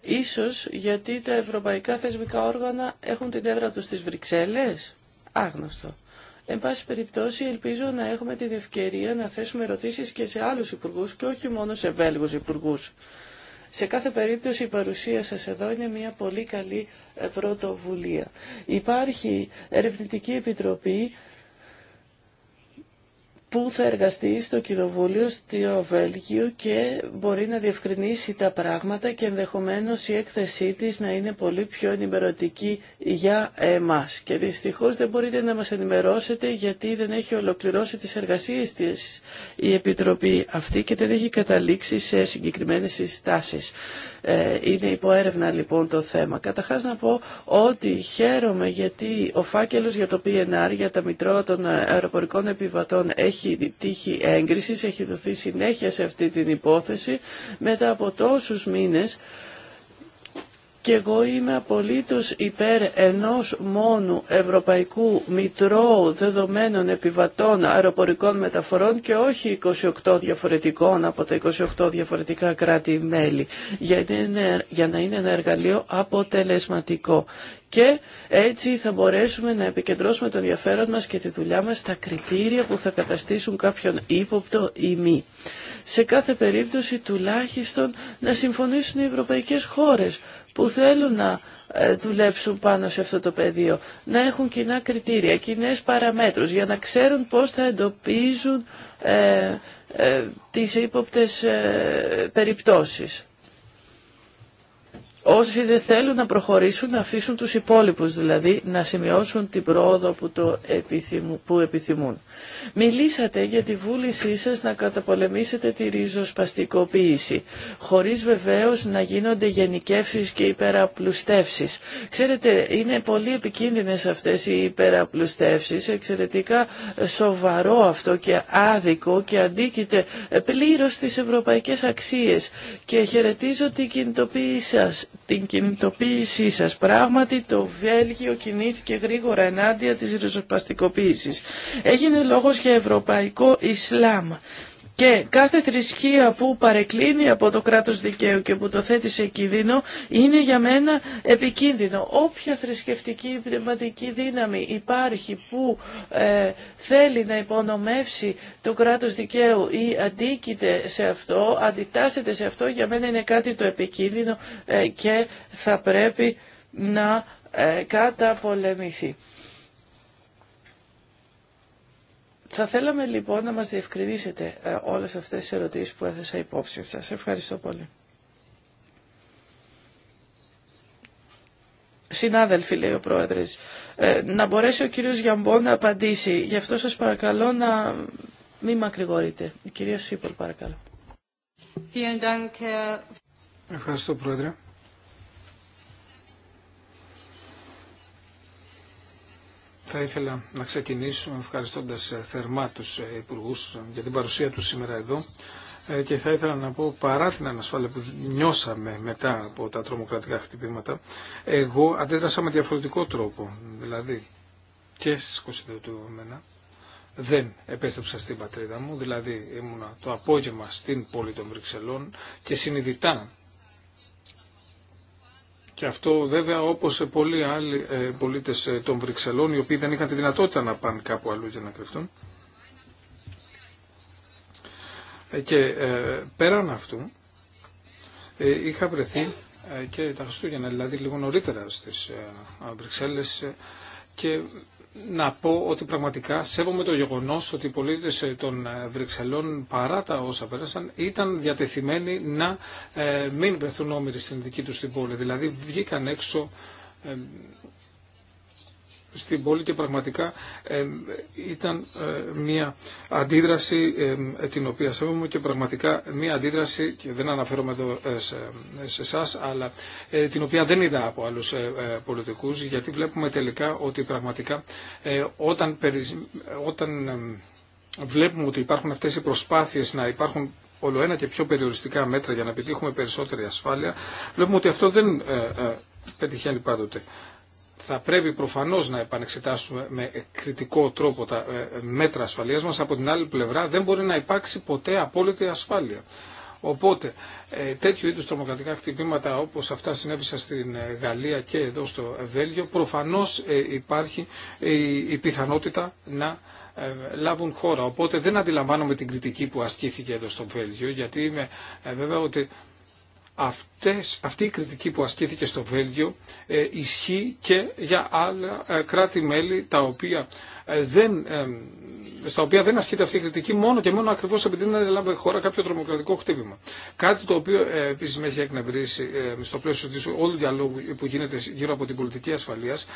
Speaker 2: Ίσως γιατί τα ευρωπαϊκά θεσμικά όργανα έχουν την έδρα τους στις Βρυξέλλες. Άγνωστο. Εν πάση περιπτώσει, ελπίζω να έχουμε την ευκαιρία να θέσουμε ερωτήσεις και σε άλλους υπουργούς και όχι μόνο σε Βέλγους υπουργούς. Σε κάθε περίπτωση η παρουσία σας εδώ είναι μια πολύ καλή ε, πρωτοβουλία. Υπάρχει Ερευνητική Επιτροπή που θα εργαστεί στο κοινοβούλιο στο Βέλγιο και μπορεί να διευκρινίσει τα πράγματα και ενδεχομένως η έκθεσή της να είναι πολύ πιο ενημερωτική για εμάς. Και δυστυχώς δεν μπορείτε να μας ενημερώσετε γιατί δεν έχει ολοκληρώσει τις εργασίες της η Επιτροπή αυτή και δεν έχει καταλήξει σε συγκεκριμένες συστάσεις. Ε, είναι υπό έρευνα λοιπόν το θέμα. Καταρχάς να πω ότι χαίρομαι γιατί ο φάκελος για το PNR, για τα μητρώα των ε, αεροπορικών επιβατών έχει τύχει έγκριση, έχει δοθεί συνέχεια σε αυτή την υπόθεση μετά από τόσους μήνες και εγώ είμαι απολύτως υπέρ ενός μόνου Ευρωπαϊκού Μητρώου Δεδομένων Επιβατών Αεροπορικών Μεταφορών και όχι 28 διαφορετικών από τα 28 διαφορετικά κράτη-μέλη για να είναι ένα εργαλείο αποτελεσματικό. Και έτσι θα μπορέσουμε να επικεντρώσουμε τον ενδιαφέρον μας και τη δουλειά μας στα κριτήρια που θα καταστήσουν κάποιον ύποπτο ή μη. Σε κάθε περίπτωση τουλάχιστον να συμφωνήσουν οι ευρωπαϊκές χώρες που θέλουν να ε, δουλέψουν πάνω σε αυτό το πεδίο, να έχουν κοινά κριτήρια, κοινέ παραμέτρους για να ξέρουν πώς θα εντοπίζουν ε, ε, τις ύποπτες ε, περιπτώσεις. Όσοι δεν θέλουν να προχωρήσουν να αφήσουν τους υπόλοιπους, δηλαδή να σημειώσουν την πρόοδο που, το που επιθυμούν. Μιλήσατε για τη βούλησή σας να καταπολεμήσετε τη ριζοσπαστικοποίηση, χωρίς βεβαίως να γίνονται γενικεύσεις και υπεραπλουστεύσεις. Ξέρετε, είναι πολύ επικίνδυνες αυτές οι υπεραπλουστεύσεις, εξαιρετικά σοβαρό αυτό και άδικο και αντίκειται πλήρως στις ευρωπαϊκές αξίες και χαιρετίζω την κινητοποίησή την κινητοποίησή σας. Πράγματι το Βέλγιο κινήθηκε γρήγορα ενάντια της ριζοσπαστικοποίησης. Έγινε λόγος για ευρωπαϊκό Ισλάμ. Και κάθε θρησκεία που παρεκκλίνει από το κράτος δικαίου και που το θέτει σε κίνδυνο είναι για μένα επικίνδυνο. Όποια θρησκευτική ή πνευματική δύναμη υπάρχει που ε, θέλει να υπονομεύσει το κράτος δικαίου ή αντίκειται σε αυτό, αντιτάσσεται σε αυτό, για μένα είναι κάτι το επικίνδυνο ε, και θα πρέπει να ε, καταπολεμηθεί. Θα θέλαμε λοιπόν να μας διευκρινίσετε ε, όλες αυτές τις ερωτήσεις που έθεσα υπόψη σας. Ευχαριστώ πολύ. Συνάδελφοι, λέει ο Πρόεδρος, ε, να μπορέσει ο κύριος Γιαμπό να απαντήσει. Γι' αυτό σας παρακαλώ να μην μακρηγορείτε. Η κυρία Σίπολ, παρακαλώ.
Speaker 3: Ευχαριστώ, Πρόεδρε. Θα ήθελα να ξεκινήσω ευχαριστώντας ε, θερμά τους ε, υπουργούς ε, για την παρουσία τους σήμερα εδώ και θα ήθελα να πω παρά την ανασφάλεια που νιώσαμε μετά από τα τρομοκρατικά χτυπήματα εγώ αντέδρασα με διαφορετικό τρόπο δηλαδή και στις 22 του δεν επέστρεψα στην πατρίδα μου δηλαδή ήμουνα το απόγευμα στην πόλη των Βρυξελών και συνειδητά και αυτό βέβαια όπως σε πολλοί άλλοι ε, πολίτες ε, των Βρυξελών οι οποίοι δεν είχαν τη δυνατότητα να πάνε κάπου αλλού για να κρυφτούν. Ε, και πέραν αυτού είχα βρεθεί και τα Χριστούγεννα, δηλαδή λίγο νωρίτερα στις Βρυξέλλες και να πω ότι πραγματικά σέβομαι το γεγονός ότι οι πολίτε ε, των ε, Βρυξελών παρά τα όσα πέρασαν ήταν διατεθειμένοι να ε, μην βρεθούν όμοιροι στην δική του την πόλη. Δηλαδή βγήκαν έξω στην πόλη και πραγματικά ήταν ε, μια αντίδραση την οποία σέβομαι και πραγματικά μια αντίδραση και δεν αναφέρομαι εδώ ε, σε εσά αλλά ε, την οποία δεν είδα από άλλους πολιτικούς γιατί βλέπουμε τελικά ότι πραγματικά όταν, όταν βλέπουμε ότι υπάρχουν αυτές οι προσπάθειες να υπάρχουν όλο ένα και πιο περιοριστικά μέτρα για να επιτύχουμε περισσότερη ασφάλεια, βλέπουμε ότι αυτό δεν πετυχαίνει πάντοτε θα πρέπει προφανώς να επανεξετάσουμε με κριτικό τρόπο τα ε, μέτρα ασφαλείας μας, από την άλλη πλευρά δεν μπορεί να υπάρξει ποτέ απόλυτη ασφάλεια. Οπότε ε, τέτοιου είδους τρομοκρατικά χτυπήματα όπως αυτά συνέβησαν στην ε, Γαλλία και εδώ στο Βέλγιο προφανώς υπάρχει η πιθανότητα να λάβουν χώρα. Οπότε δεν αντιλαμβάνομαι την κριτική που ασκήθηκε εδώ στο Βέλγιο, γιατί είμαι βέβαια ότι Αυτές, αυτή η κριτική που ασκήθηκε στο Βέλγιο ε, ισχύει και για άλλα ε, κράτη-μέλη τα οποία ε, δεν, στα οποία δεν ασκείται αυτή η κριτική μόνο και μόνο ακριβώς επειδή δεν έλαβε χώρα κάποιο τρομοκρατικό χτύπημα. Κάτι το οποίο ε, επίσης με έχει εκνευρίσει στο πλαίσιο της όλου διαλόγου που γίνεται γύρω από την πολιτική ασφαλείας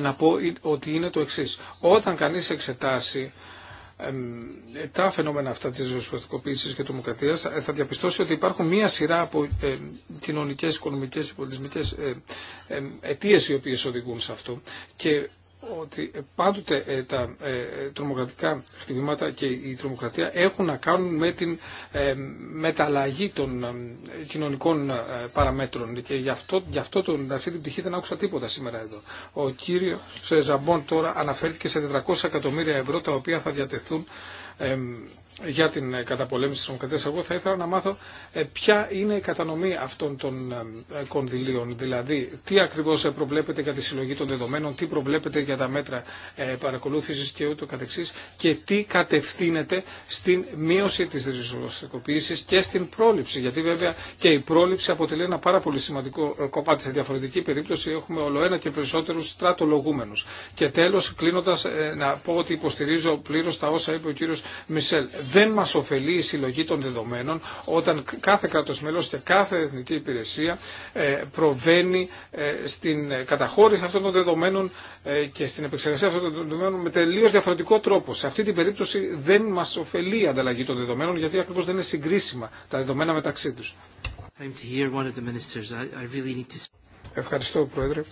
Speaker 3: να πω ότι είναι το εξής. Όταν κανείς εξετάσει τα φαινόμενα αυτά της ρωσικοποίησης και τρομοκρατίας ε, θα διαπιστώσει ότι υπάρχουν μία σειρά από ε, κοινωνικές, οικονομικές και πολιτισμικές ε, ε, αιτίες οι οποίες οδηγούν σε αυτό και ότι πάντοτε ε, τα ε, τρομοκρατικά χτυπήματα και η τρομοκρατία έχουν να κάνουν με την ε, μεταλλαγή των κοινωνικών παραμέτρων και γι' αυτό, γι αυτό τον, αυτή την πτυχή δεν άκουσα τίποτα σήμερα εδώ. Ο κύριο Ζαμπόν τώρα αναφέρθηκε σε 400 εκατομμύρια ευρώ τα οποία θα διατεθούν για την ε, καταπολέμηση της νομοκρατίας εγώ θα ήθελα να μάθω ε, ποια είναι η κατανομή αυτών των ε, κονδυλίων, δηλαδή τι ακριβώς προβλέπετε για τη συλλογή των δεδομένων, τι προβλέπετε για τα μέτρα παρακολούθησης και ούτω καθεξής και τι κατευθύνεται στην μείωση της ριζοσυκοποίησης και στην πρόληψη, γιατί βέβαια και η πρόληψη αποτελεί ένα πάρα πολύ σημαντικό κομμάτι. Σε διαφορετική περίπτωση έχουμε ολοένα και περισσότερους στρατολογούμενους. Και τέλος, κλείνοντας, να πω ότι υποστηρίζω πλήρως τα όσα είπε ο κύριος Μισελ δεν μας ωφελεί η συλλογή των δεδομένων όταν κάθε κράτος μέλος και κάθε εθνική υπηρεσία ε, προβαίνει ε, στην καταχώρηση αυτών των δεδομένων ε, και στην επεξεργασία αυτών των δεδομένων με τελείως διαφορετικό τρόπο. Σε αυτή την περίπτωση δεν μας ωφελεί η ανταλλαγή των δεδομένων γιατί ακριβώς δεν είναι συγκρίσιμα τα δεδομένα μεταξύ τους. Ευχαριστώ, Πρόεδρε.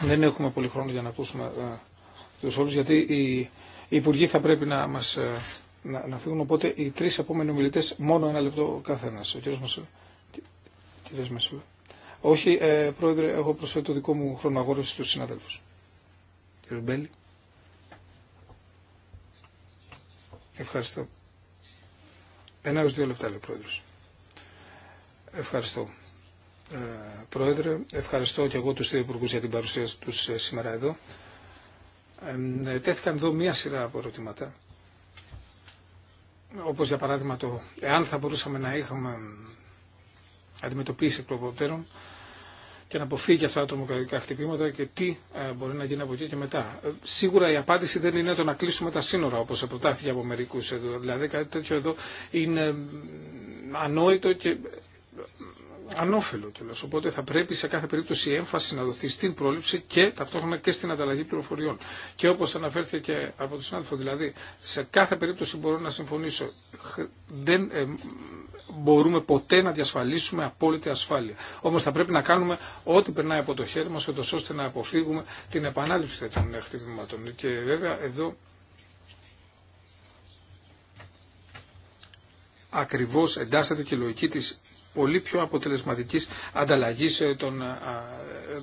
Speaker 3: Δεν έχουμε πολύ χρόνο για να ακούσουμε τους όλους, γιατί η οι υπουργοί θα πρέπει να μα ε, να, να φύγουν. Οπότε οι τρεις επόμενοι ομιλητές, μόνο ένα λεπτό ο καθένας. Ο κύριος Μασούλα. Όχι, ε, πρόεδρε, έχω προσφέρει το δικό μου χρόνο αγόρευση στους συναδέλφους. Κύριος Μπέλη. Ευχαριστώ. Ένα έως δύο λεπτά, λέει ο πρόεδρος. Ευχαριστώ. Ε, πρόεδρε, ευχαριστώ και εγώ τους δύο υπουργούς για την παρουσία τους ε, σήμερα εδώ. Ε, τέθηκαν εδώ μία σειρά από ερωτήματα. Όπως για παράδειγμα το εάν θα μπορούσαμε να είχαμε αντιμετωπίσει εκπροβότερων και να αποφύγει αυτά τα τρομοκρατικά χτυπήματα και τι ε, μπορεί να γίνει από εκεί και μετά. Ε, σίγουρα η απάντηση δεν είναι το να κλείσουμε τα σύνορα όπως προτάθηκε από μερικού εδώ. Δηλαδή κάτι τέτοιο εδώ είναι ανόητο και ανώφελο κιόλα. Οπότε θα πρέπει σε κάθε περίπτωση η έμφαση να δοθεί στην πρόληψη και ταυτόχρονα και στην ανταλλαγή πληροφοριών. Και όπω αναφέρθηκε και από τον συνάδελφο, δηλαδή σε κάθε περίπτωση μπορώ να συμφωνήσω. Δεν ε, μπορούμε ποτέ να διασφαλίσουμε απόλυτη ασφάλεια. Όμω θα πρέπει να κάνουμε ό,τι περνάει από το χέρι μα, ώστε να αποφύγουμε την επανάληψη τέτοιων χτυπημάτων. Και βέβαια εδώ ακριβώς εντάσσεται και η λογική της πολύ πιο αποτελεσματικής ανταλλαγής ε, των ε,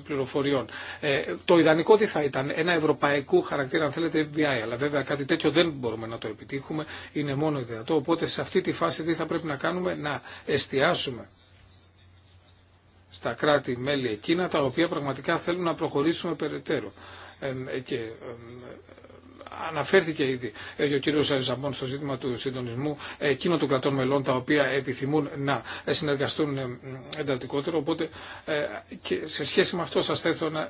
Speaker 3: πληροφοριών. Ε, το ιδανικό τι θα ήταν, ένα ευρωπαϊκού χαρακτήρα αν θέλετε FBI, αλλά βέβαια κάτι τέτοιο δεν μπορούμε να το επιτύχουμε, είναι μόνο ιδεατό. Οπότε σε αυτή τη φάση τι θα πρέπει να κάνουμε, να εστιάσουμε στα κράτη-μέλη εκείνα τα οποία πραγματικά θέλουν να προχωρήσουμε περαιτέρω. Και αναφέρθηκε ήδη ε, ο κύριος Ζαμπών στο ζήτημα του συντονισμού ε, εκείνων των κρατών μελών τα οποία επιθυμούν να συνεργαστούν ε, εντατικότερο. Οπότε και σε σχέση με αυτό σας θέτω ένα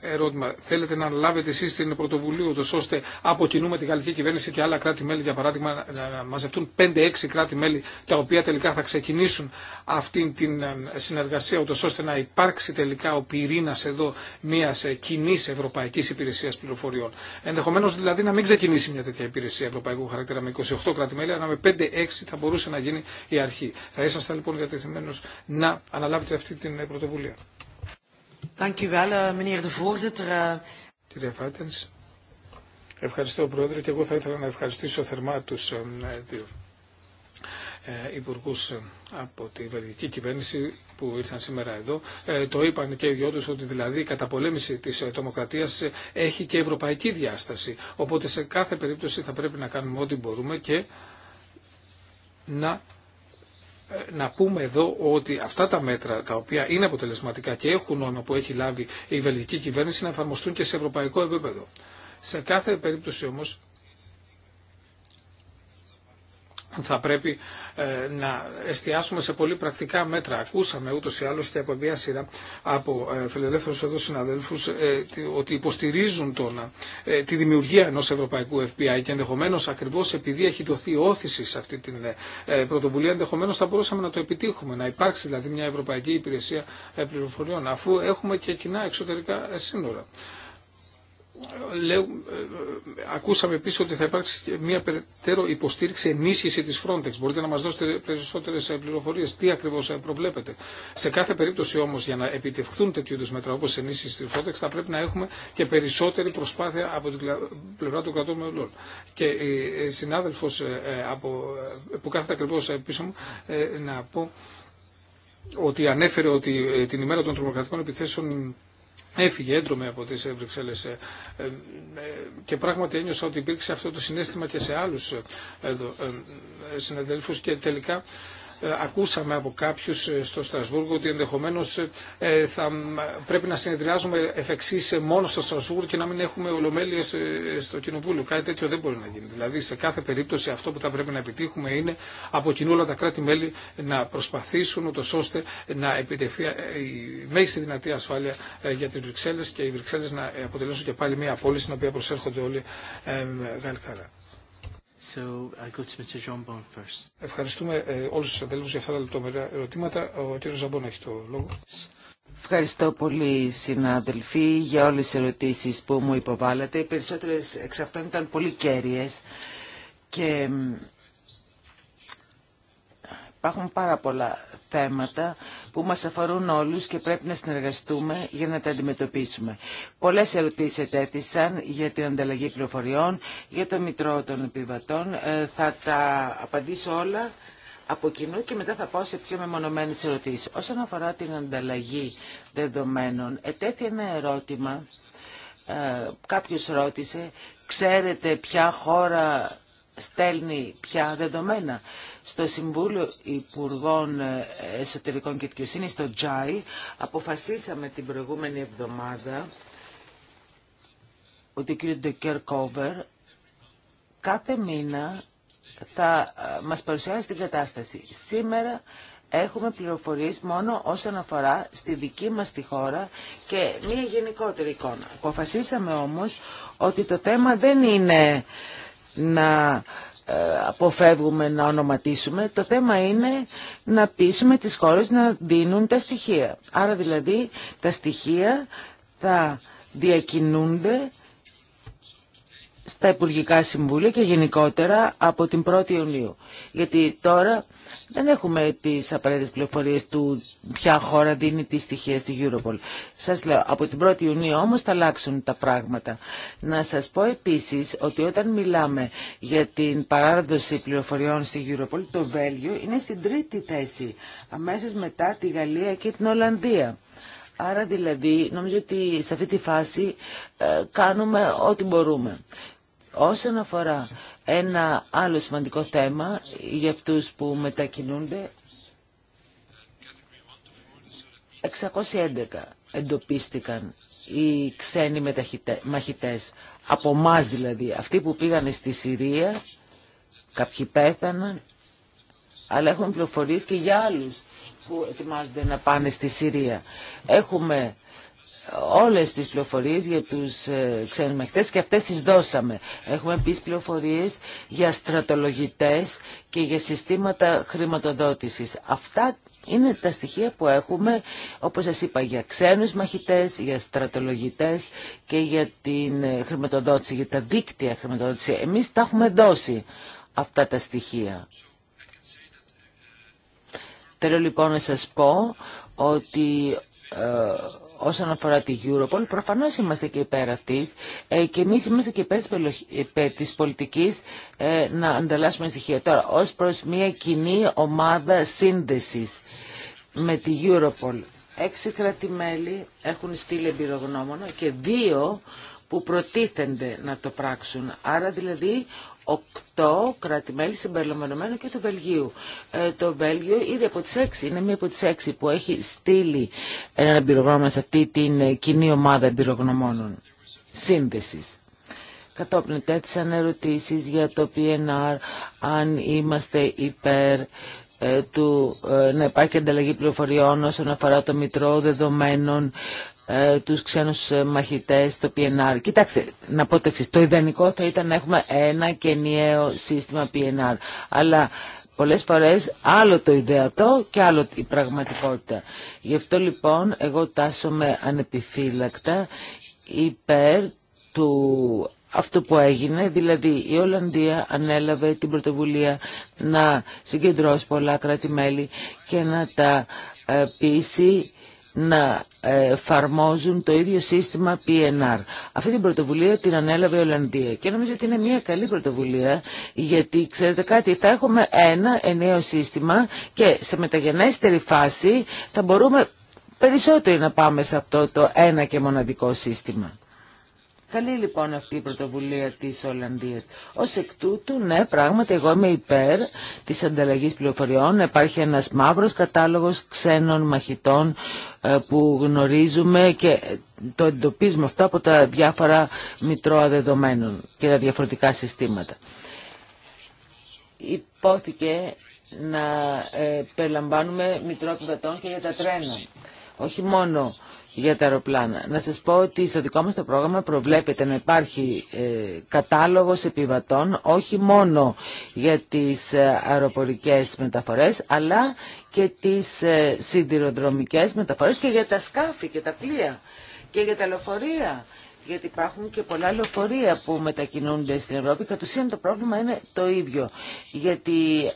Speaker 3: ερώτημα. Θέλετε να λάβετε εσείς την πρωτοβουλία του ώστε από τη γαλλική κυβέρνηση και άλλα κράτη-μέλη για παράδειγμα να μαζευτούν 5-6 κράτη-μέλη τα οποία τελικά θα ξεκινήσουν αυτή την συνεργασία ούτως ώστε να υπάρξει τελικά ο πυρήνας εδώ μιας κοινή ευρωπαϊκής υπηρεσίας πληροφοριών. Ενδεχομένως δηλαδή να μην ξεκινήσει μια τέτοια υπηρεσία ευρωπαϊκού χαρακτήρα με 28 κράτη-μέλη, αλλά με 5-6 θα μπορούσε να γίνει η αρχή. Θα ήσασταν λοιπόν διατεθειμένο να αναλάβετε αυτή την πρωτοβουλία. Eh, ευχαριστώ Πρόεδρε και εγώ θα ήθελα να ευχαριστήσω θερμά τους ε, δύο ε, υπουργού ε, από τη βελγική κυβέρνηση που ήρθαν σήμερα εδώ, ε, το είπαν και οι δυο ότι δηλαδή η καταπολέμηση της τρομοκρατίας έχει και ευρωπαϊκή διάσταση. Οπότε σε κάθε περίπτωση θα πρέπει να κάνουμε ό,τι μπορούμε και να να πούμε εδώ ότι αυτά τα μέτρα τα οποία είναι αποτελεσματικά και έχουν νόημα που έχει λάβει η βελγική κυβέρνηση να εφαρμοστούν και σε ευρωπαϊκό επίπεδο. Σε κάθε περίπτωση όμως θα πρέπει ε, να εστιάσουμε σε πολύ πρακτικά μέτρα. Ακούσαμε ούτω ή άλλω και από μια σειρά από ε, φιλελεύθερου εδώ συναδέλφου ε, ότι υποστηρίζουν τον, ε, τη δημιουργία ενό ευρωπαϊκού FBI και ενδεχομένω ακριβώ επειδή έχει δοθεί όθηση σε αυτή την πρωτοβουλία, ενδεχομένω θα μπορούσαμε να το επιτύχουμε. Να υπάρξει δηλαδή μια ευρωπαϊκή υπηρεσία πληροφοριών, αφού έχουμε και κοινά εξωτερικά σύνορα. Λέω, ε, ε, ακούσαμε επίση ότι θα υπάρξει μια περαιτέρω υποστήριξη, ενίσχυση τη Frontex. Μπορείτε να μα δώσετε περισσότερε πληροφορίε, τι ακριβώ ε, προβλέπετε. Σε κάθε περίπτωση όμω για να επιτευχθούν τέτοιου είδου μέτρα όπω ενίσχυση τη Frontex θα πρέπει να έχουμε και περισσότερη προσπάθεια από την πλευρά των κρατών μελών. Και η συνάδελφος που κάθεται ακριβώ πίσω μου να πω ότι ανέφερε ότι την ημέρα των τρομοκρατικών επιθέσεων έφυγε έντρομε από τις Βρυξέλλες ε, ε, ε, και πράγματι ένιωσα ότι υπήρξε αυτό το συνέστημα και σε άλλους εδώ, συναδέλφους και τελικά ε, ακούσαμε από κάποιους ε, στο Στρασβούργο ότι ενδεχομένως ε, θα πρέπει να συνεδριάζουμε εφ' εξής μόνο στο Στρασβούργο και να μην έχουμε ολομέλειες στο Κοινοβούλιο. Κάτι τέτοιο δεν μπορεί να γίνει. Δηλαδή σε κάθε περίπτωση αυτό που θα πρέπει να επιτύχουμε είναι από κοινού όλα τα κράτη-μέλη να προσπαθήσουν ούτως ώστε να επιτευχθεί η μέγιστη δυνατή ασφάλεια για τις Βρυξέλλες και οι Βρυξέλλες να αποτελέσουν και πάλι μια πόλη στην οποία προσέρχονται όλοι ε, χαρά. So I go to Mr. John first. Ευχαριστούμε ε, όλους τους αδέλφους για αυτά τα λεπτομερά ερωτήματα. Ο κ. Ζαμπόν έχει το λόγο.
Speaker 1: Ευχαριστώ πολύ συναδελφοί για όλες τις ερωτήσεις που μου υποβάλλατε. Οι περισσότερες εξ αυτών ήταν πολύ κέρυες και Υπάρχουν πάρα πολλά θέματα που μας αφορούν όλους και πρέπει να συνεργαστούμε για να τα αντιμετωπίσουμε. Πολλές ερωτήσεις ετέθησαν για την ανταλλαγή πληροφοριών, για το Μητρό των Επιβατών. Ε, θα τα απαντήσω όλα από κοινού και μετά θα πάω σε πιο μεμονωμένες ερωτήσεις. Όσον αφορά την ανταλλαγή δεδομένων, ετέθη ένα ερώτημα, ε, κάποιος ρώτησε, ξέρετε ποια χώρα στέλνει πια δεδομένα. Στο Συμβούλιο Υπουργών Εσωτερικών και Δικαιοσύνη, στο Τζάι, αποφασίσαμε την προηγούμενη εβδομάδα ότι ο κ. Κόβερ κάθε μήνα θα ε, μας παρουσιάσει την κατάσταση. Σήμερα έχουμε πληροφορίες μόνο όσον αφορά στη δική μας τη χώρα και μια γενικότερη εικόνα. Αποφασίσαμε όμως ότι το θέμα δεν είναι να ε, αποφεύγουμε να ονοματίσουμε. Το θέμα είναι να πείσουμε τις χώρες να δίνουν τα στοιχεία. Άρα δηλαδή τα στοιχεία θα διακινούνται στα Υπουργικά Συμβούλια και γενικότερα από την 1η Ιουνίου. Γιατί τώρα δεν έχουμε τις απαραίτητε πληροφορίες του ποια χώρα δίνει τις στοιχεία στη Europol. Σας λέω, από την 1η Ιουνίου όμως θα αλλάξουν τα πράγματα. Να σας πω επίσης ότι όταν μιλάμε για την παράδοση πληροφοριών στη Europol, το Βέλγιο είναι στην τρίτη θέση, αμέσως μετά τη Γαλλία και την Ολλανδία. Άρα δηλαδή νομίζω ότι σε αυτή τη φάση ε, κάνουμε ό,τι μπορούμε. Όσον αφορά ένα άλλο σημαντικό θέμα για αυτούς που μετακινούνται, 611 εντοπίστηκαν οι ξένοι μαχητές, από εμά δηλαδή, αυτοί που πήγανε στη Συρία, κάποιοι πέθαναν, αλλά έχουν πληροφορίες και για άλλους που ετοιμάζονται να πάνε στη Συρία. Έχουμε όλες τις πληροφορίες για τους ε, ξένους μαχητές και αυτές τις δώσαμε. Έχουμε επίσης πληροφορίες για στρατολογητές και για συστήματα χρηματοδότησης. Αυτά είναι τα στοιχεία που έχουμε, όπως σας είπα, για ξένους μαχητές, για στρατολογητές και για την ε, χρηματοδότηση, για τα δίκτυα χρηματοδότηση. Εμείς τα έχουμε δώσει αυτά τα στοιχεία. Θέλω λοιπόν να σας πω ότι ε, όσον αφορά τη Europol, προφανώς είμαστε και υπέρ αυτής ε, και εμείς είμαστε και υπέρ της ε, πολιτικής ε, να ανταλλάσσουμε στοιχεία. Τώρα, ως προς μια κοινή ομάδα σύνδεσης με τη Europol. εξι κρατημέλη έχουν στείλει εμπειρογνώμονα και δύο που προτίθενται να το πράξουν. Άρα δηλαδή οκτώ κράτη-μέλη συμπεριλαμβανομένου και του Βελγίου. Ε, το Βέλγιο ήδη από τις είναι μία από τις έξι που έχει στείλει ένα εμπειρογνώμα σε αυτή την ε, κοινή ομάδα εμπειρογνωμόνων σύνδεσης. Κατόπιν τέτοιες ερωτήσεις για το PNR, αν είμαστε υπέρ ε, του, να υπάρχει ανταλλαγή πληροφοριών όσον αφορά το Μητρό Δεδομένων, ε, τους ξένους ε, μαχητές στο PNR. Κοιτάξτε, να πω το εξής, το ιδανικό θα ήταν να έχουμε ένα και σύστημα PNR. Αλλά πολλές φορές άλλο το ιδεατό και άλλο η πραγματικότητα. Γι' αυτό λοιπόν εγώ τάσομαι ανεπιφύλακτα υπέρ του αυτό που έγινε, δηλαδή η Ολλανδία ανέλαβε την πρωτοβουλία να συγκεντρώσει πολλά κράτη-μέλη και να τα ε, πείσει να εφαρμόζουν το ίδιο σύστημα PNR. Αυτή την πρωτοβουλία την ανέλαβε η Ολλανδία και νομίζω ότι είναι μια καλή πρωτοβουλία γιατί ξέρετε κάτι θα έχουμε ένα ενιαίο σύστημα και σε μεταγενέστερη φάση θα μπορούμε περισσότεροι να πάμε σε αυτό το ένα και μοναδικό σύστημα. Καλή λοιπόν αυτή η πρωτοβουλία της Ολλανδίας. Ως εκ τούτου, ναι, πράγματι, εγώ είμαι υπέρ της ανταλλαγής πληροφοριών. Υπάρχει ένας μαύρος κατάλογος ξένων μαχητών ε, που γνωρίζουμε και το εντοπίζουμε αυτό από τα διάφορα μητρώα δεδομένων και τα διαφορετικά συστήματα. Υπόθηκε να ε, περιλαμβάνουμε μητρώα και για τα τρένα. Όχι μόνο για τα αεροπλάνα. Να σας πω ότι στο δικό μας το πρόγραμμα προβλέπεται να υπάρχει ε, κατάλογος επιβατών όχι μόνο για τις ε, αεροπορικές μεταφορές αλλά και τις ε, σιδηροδρομικές μεταφορές και για τα σκάφη και τα πλοία και για τα λεωφορεία γιατί υπάρχουν και πολλά λεωφορεία που μετακινούνται στην Ευρώπη. Κατ' ουσίαν το πρόβλημα είναι το ίδιο. Γιατί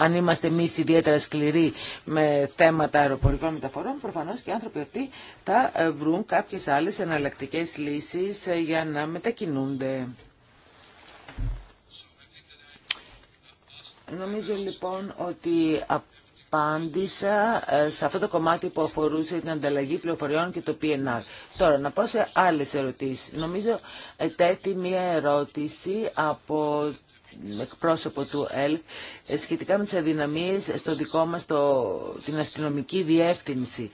Speaker 1: αν είμαστε εμεί ιδιαίτερα σκληροί με θέματα αεροπορικών μεταφορών, προφανώ και οι άνθρωποι αυτοί θα ε, βρουν κάποιε άλλε εναλλακτικέ λύσει ε, για να μετακινούνται. Νομίζω λοιπόν ότι απάντησα ε, σε αυτό το κομμάτι που αφορούσε την ανταλλαγή πληροφοριών και το PNR. Τώρα, να πάω σε άλλες ερωτήσεις. Νομίζω ε, τέτοι μία ερώτηση από εκπρόσωπο του ΕΛΚ ε, σχετικά με τις αδυναμίες στο δικό μας το, την αστυνομική διεύθυνση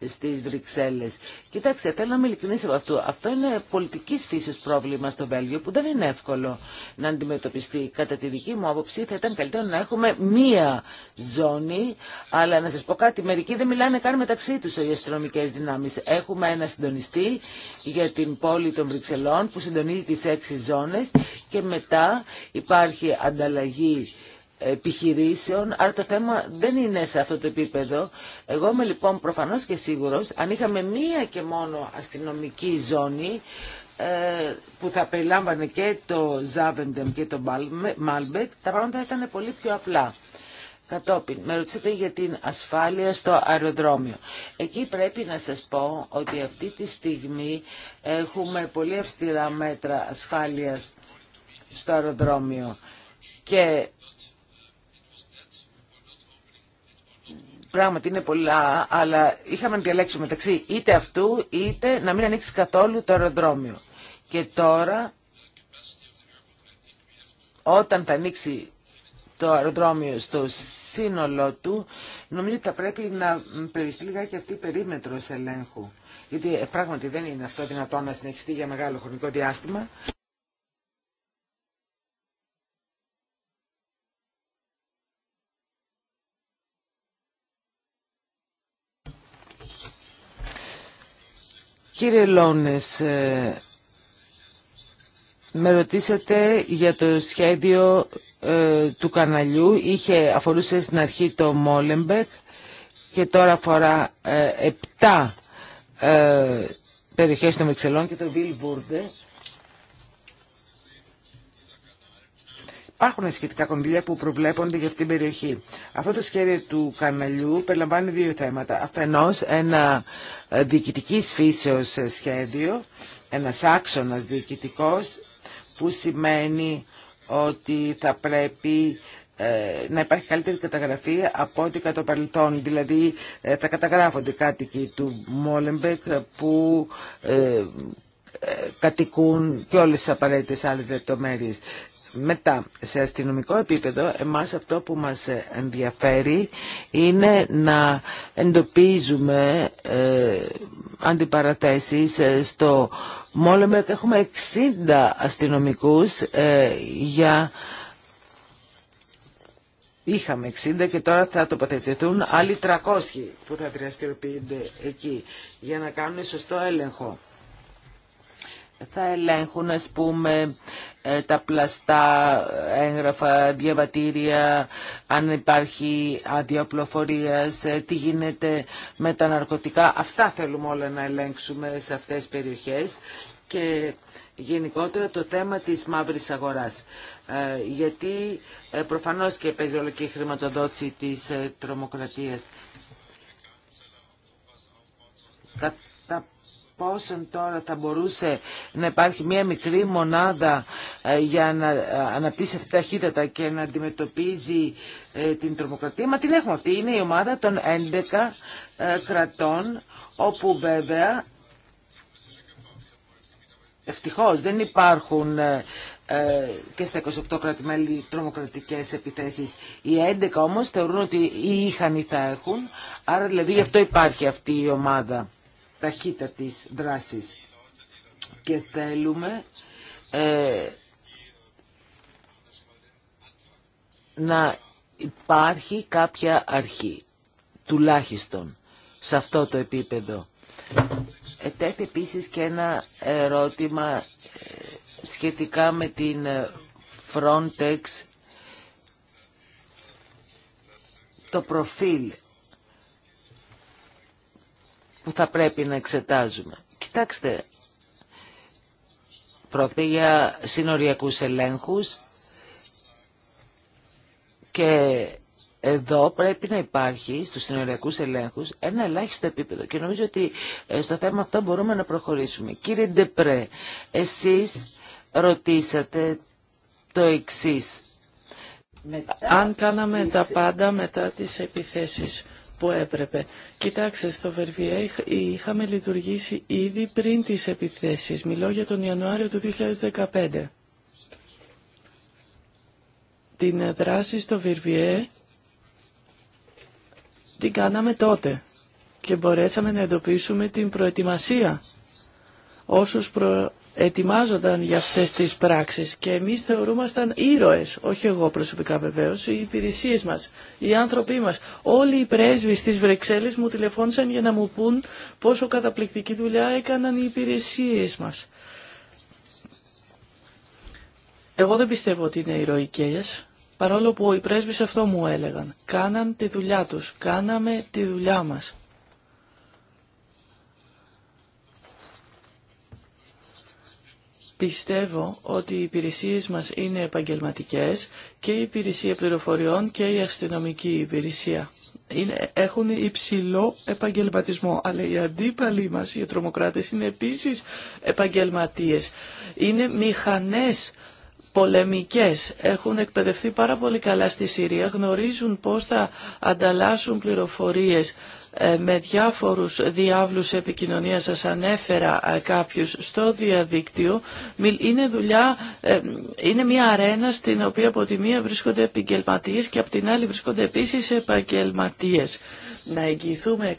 Speaker 1: στις Βρυξέλλες. Κοιτάξτε, θέλω να είμαι από αυτό. Αυτό είναι πολιτικής φύσης πρόβλημα στο Βέλγιο που δεν είναι εύκολο να αντιμετωπιστεί. Κατά τη δική μου άποψη θα ήταν καλύτερο να έχουμε μία ζώνη, αλλά να σας πω κάτι, μερικοί δεν μιλάνε καν μεταξύ τους οι αστυνομικέ δυνάμεις. Έχουμε ένα συντονιστή για την πόλη των Βρυξελών που συντονίζει τις έξι ζώνες και μετά υπάρχει ανταλλαγή επιχειρήσεων, άρα το θέμα δεν είναι σε αυτό το επίπεδο. Εγώ είμαι λοιπόν προφανώς και σίγουρος, αν είχαμε μία και μόνο αστυνομική ζώνη, ε, που θα περιλάμβανε και το Ζάβεντεμ και το Μάλμπεκ, τα πράγματα ήταν πολύ πιο απλά. Κατόπιν, με ρωτήσατε για την ασφάλεια στο αεροδρόμιο. Εκεί πρέπει να σας πω ότι αυτή τη στιγμή έχουμε πολύ αυστηρά μέτρα ασφάλειας στο αεροδρόμιο και Πράγματι είναι πολλά, αλλά είχαμε να διαλέξουμε μεταξύ είτε αυτού είτε να μην ανοίξει καθόλου το αεροδρόμιο. Και τώρα, όταν θα ανοίξει το αεροδρόμιο στο σύνολό του, νομίζω ότι θα πρέπει να περιστεί και αυτή η περίμετρος ελέγχου. Γιατί ε, πράγματι δεν είναι αυτό δυνατό να συνεχιστεί για μεγάλο χρονικό διάστημα. Κύριε Λόνες, ε, με ρωτήσατε για το σχέδιο ε, του καναλιού. Είχε, αφορούσε στην αρχή το Μόλεμπεκ και τώρα αφορά ε, 7 ε, των Μεξελών και το Βιλβούρντε. υπάρχουν σχετικά κονδύλια που προβλέπονται για αυτήν την περιοχή. Αυτό το σχέδιο του καναλιού περιλαμβάνει δύο θέματα. Αφενό ένα ε, διοικητική φύσεως ε, σχέδιο, ένα άξονα διοικητικό, που σημαίνει ότι θα πρέπει ε, να υπάρχει καλύτερη καταγραφή από ό,τι κατά το παρελθόν. Δηλαδή θα καταγράφονται κάτοικοι του Μόλεμπεκ που ε, κατοικούν και όλες τις απαραίτητες άλλες λεπτομέρειες. Μετά, σε αστυνομικό επίπεδο, εμάς αυτό που μας ενδιαφέρει είναι να εντοπίζουμε ε, αντιπαραθέσεις ε, στο Μόλεμε. Έχουμε 60 αστυνομικούς ε, για... Είχαμε 60 και τώρα θα τοποθετηθούν άλλοι 300 που θα δραστηριοποιούνται εκεί για να κάνουν σωστό έλεγχο θα ελέγχουν ας πούμε ε, τα πλαστά έγγραφα, διαβατήρια, αν υπάρχει αδιαπλοφορία, ε, τι γίνεται με τα ναρκωτικά. Αυτά θέλουμε όλα να ελέγξουμε σε αυτές τις περιοχές και γενικότερα το θέμα της μαύρης αγοράς. Ε, γιατί προφανώς και παίζει όλο και η χρηματοδότηση της τρομοκρατίας. πόσον τώρα θα μπορούσε να υπάρχει μια μικρή μονάδα ε, για να ε, αναπτύσσει αυτά ταχύτατα και να αντιμετωπίζει ε, την τρομοκρατία. Μα την έχουμε αυτή. Είναι η ομάδα των 11 κρατών όπου βέβαια ευτυχώς δεν υπάρχουν και στα 28 κρατη τρομοκρατικές επιθέσεις. Οι 11 όμως θεωρούν ότι ή είχαν ή θα έχουν, άρα δηλαδή γι' αυτό υπάρχει αυτή η ομάδα ταχύτατης δράσης και θέλουμε ε, να υπάρχει κάποια αρχή, τουλάχιστον σε αυτό το επίπεδο. Ετέθη επίσης και ένα ερώτημα ε, σχετικά με την ε, Frontex, το προφίλ που θα πρέπει να εξετάζουμε. Κοιτάξτε, πρόκειται για συνοριακούς ελέγχους και εδώ πρέπει να υπάρχει στους συνοριακούς ελέγχους ένα ελάχιστο επίπεδο και νομίζω ότι ε, στο θέμα αυτό μπορούμε να προχωρήσουμε. Κύριε Ντεπρέ, εσείς ρωτήσατε το εξής.
Speaker 2: Αν κάναμε τα πάντα μετά τις επιθέσεις που έπρεπε. Κοιτάξτε, στο Βερβιέ είχαμε λειτουργήσει ήδη πριν τις επιθέσεις. Μιλώ για τον Ιανουάριο του 2015. Την ε, δράση στο Βερβιέ την κάναμε τότε και μπορέσαμε να εντοπίσουμε την προετοιμασία όσους προ ετοιμάζονταν για αυτές τις πράξεις και εμείς θεωρούμασταν ήρωες, όχι εγώ προσωπικά βεβαίως, οι υπηρεσίες μας, οι άνθρωποι μας. Όλοι οι πρέσβεις στις Βρεξέλλες μου τηλεφώνησαν για να μου πούν πόσο καταπληκτική δουλειά έκαναν οι υπηρεσίες μας. Εγώ δεν πιστεύω ότι είναι ηρωικές, παρόλο που οι πρέσβεις αυτό μου έλεγαν. Κάναν τη δουλειά τους, κάναμε τη δουλειά μας. Πιστεύω ότι οι υπηρεσίες μας είναι επαγγελματικές και η υπηρεσία πληροφοριών και η αστυνομική υπηρεσία. Είναι, έχουν υψηλό επαγγελματισμό, αλλά οι αντίπαλοι μας, οι τρομοκράτες, είναι επίσης επαγγελματίες. Είναι μηχανές πολεμικές έχουν εκπαιδευτεί πάρα πολύ καλά στη Συρία, γνωρίζουν πώς θα ανταλλάσσουν πληροφορίες ε, με διάφορους διάβλους επικοινωνίας σας ανέφερα ε, κάποιους στο διαδίκτυο είναι δουλειά, ε, είναι μια αρένα στην οποία από τη μία βρίσκονται επικελματίες και από την άλλη βρίσκονται επίσης επαγγελματίε να εγγυηθούμε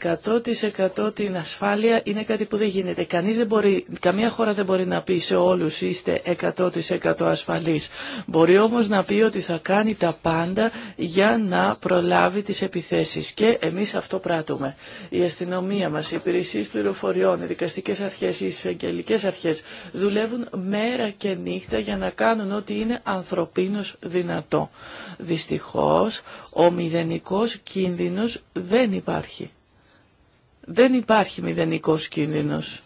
Speaker 2: 100% την ασφάλεια είναι κάτι που δεν γίνεται. Κανείς δεν μπορεί, καμία χώρα δεν μπορεί να πει σε όλους είστε 100% ασφαλείς. Μπορεί όμως να πει ότι θα κάνει τα πάντα για να προλάβει τις επιθέσεις και εμείς αυτό πράττουμε. Η αστυνομία μας, οι υπηρεσίε πληροφοριών, οι δικαστικές αρχές, οι εισαγγελικές αρχές δουλεύουν μέρα και νύχτα για να κάνουν ό,τι είναι ανθρωπίνως δυνατό. Δυστυχώς, ο μηδενικός κίνδυνος δεν υπάρχει. Δεν υπάρχει μηδενικός κίνδυνος.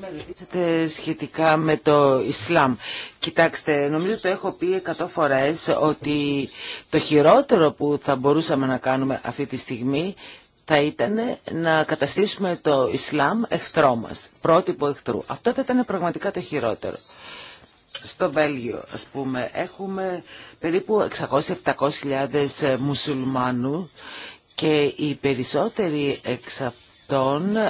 Speaker 1: Με ρωτήσατε σχετικά με το Ισλάμ. Κοιτάξτε, νομίζω το έχω πει εκατό φορές ότι το χειρότερο που θα μπορούσαμε να κάνουμε αυτή τη στιγμή θα ήταν να καταστήσουμε το Ισλάμ εχθρό μας, πρότυπο εχθρού. Αυτό θα ήταν πραγματικά το χειρότερο. Στο Βέλγιο, ας πούμε, έχουμε περίπου 600-700.000 μουσουλμάνου και οι περισσότεροι εξ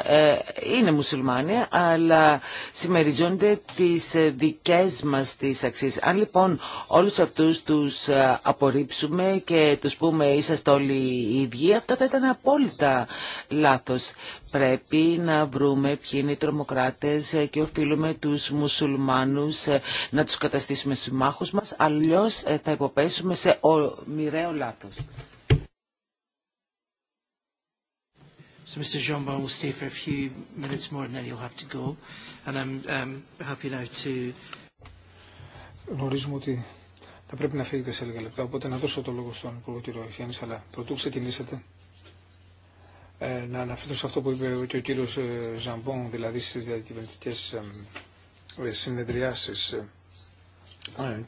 Speaker 1: ε, είναι μουσουλμάνοι αλλά συμμεριζόνται τις ε, δικές μας τις αξίες. Αν λοιπόν όλους αυτούς τους ε, απορρίψουμε και τους πούμε είσαστε όλοι οι ίδιοι αυτό θα ήταν απόλυτα λάθος. Πρέπει να βρούμε ποιοι είναι οι τρομοκράτες και οφείλουμε τους μουσουλμάνους να τους καταστήσουμε συμμάχους μας αλλιώς θα υποπέσουμε σε μοιραίο λάθος. So Mr. Jeanbon will stay for a few minutes more
Speaker 3: and then he'll have to go. And I'm um, happy now to... Γνωρίζουμε ότι θα πρέπει να φύγετε σε λίγα λεπτά, οπότε να δώσω το λόγο στον Υπουργό κύριο Γιάννη, αλλά πρωτού ξεκινήσετε ε, να αναφερθώ σε αυτό που είπε και ο κύριος Ζαμπόν, ε, δηλαδή στις διακυβερνητικές ε, ε, συνεδριάσεις ε,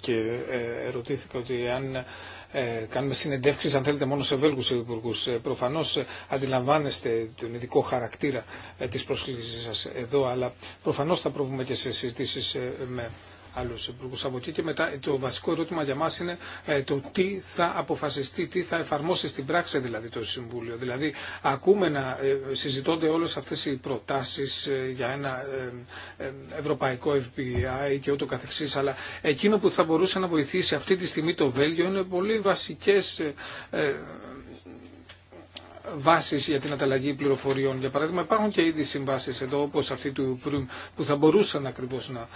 Speaker 3: και ε, ερωτήθηκα ότι αν ε, κάνουμε συνεντεύξεις αν θέλετε μόνο σε Βέλγους υπουργού. Ε, προφανώς ε, αντιλαμβάνεστε τον ειδικό χαρακτήρα της πρόσκλησης σας εδώ αλλά προφανώς θα προβούμε και σε συζητήσεις με άλλου υπουργού από και μετά το βασικό ερώτημα για μα είναι ε, το τι θα αποφασιστεί, τι θα εφαρμόσει στην πράξη δηλαδή το Συμβούλιο. Δηλαδή ακούμε να ε, συζητώνται όλε αυτέ οι προτάσεις ε, για ένα ευρωπαϊκό FBI και ούτω καθεξή. αλλά εκείνο που θα μπορούσε να βοηθήσει αυτή τη στιγμή το Βέλγιο είναι πολύ βασικές βάσεις για την ανταλλαγή πληροφοριών. Για παράδειγμα, υπάρχουν και ήδη συμβάσεις εδώ, όπως αυτή του Προύμ, που θα μπορούσαν ακριβώς να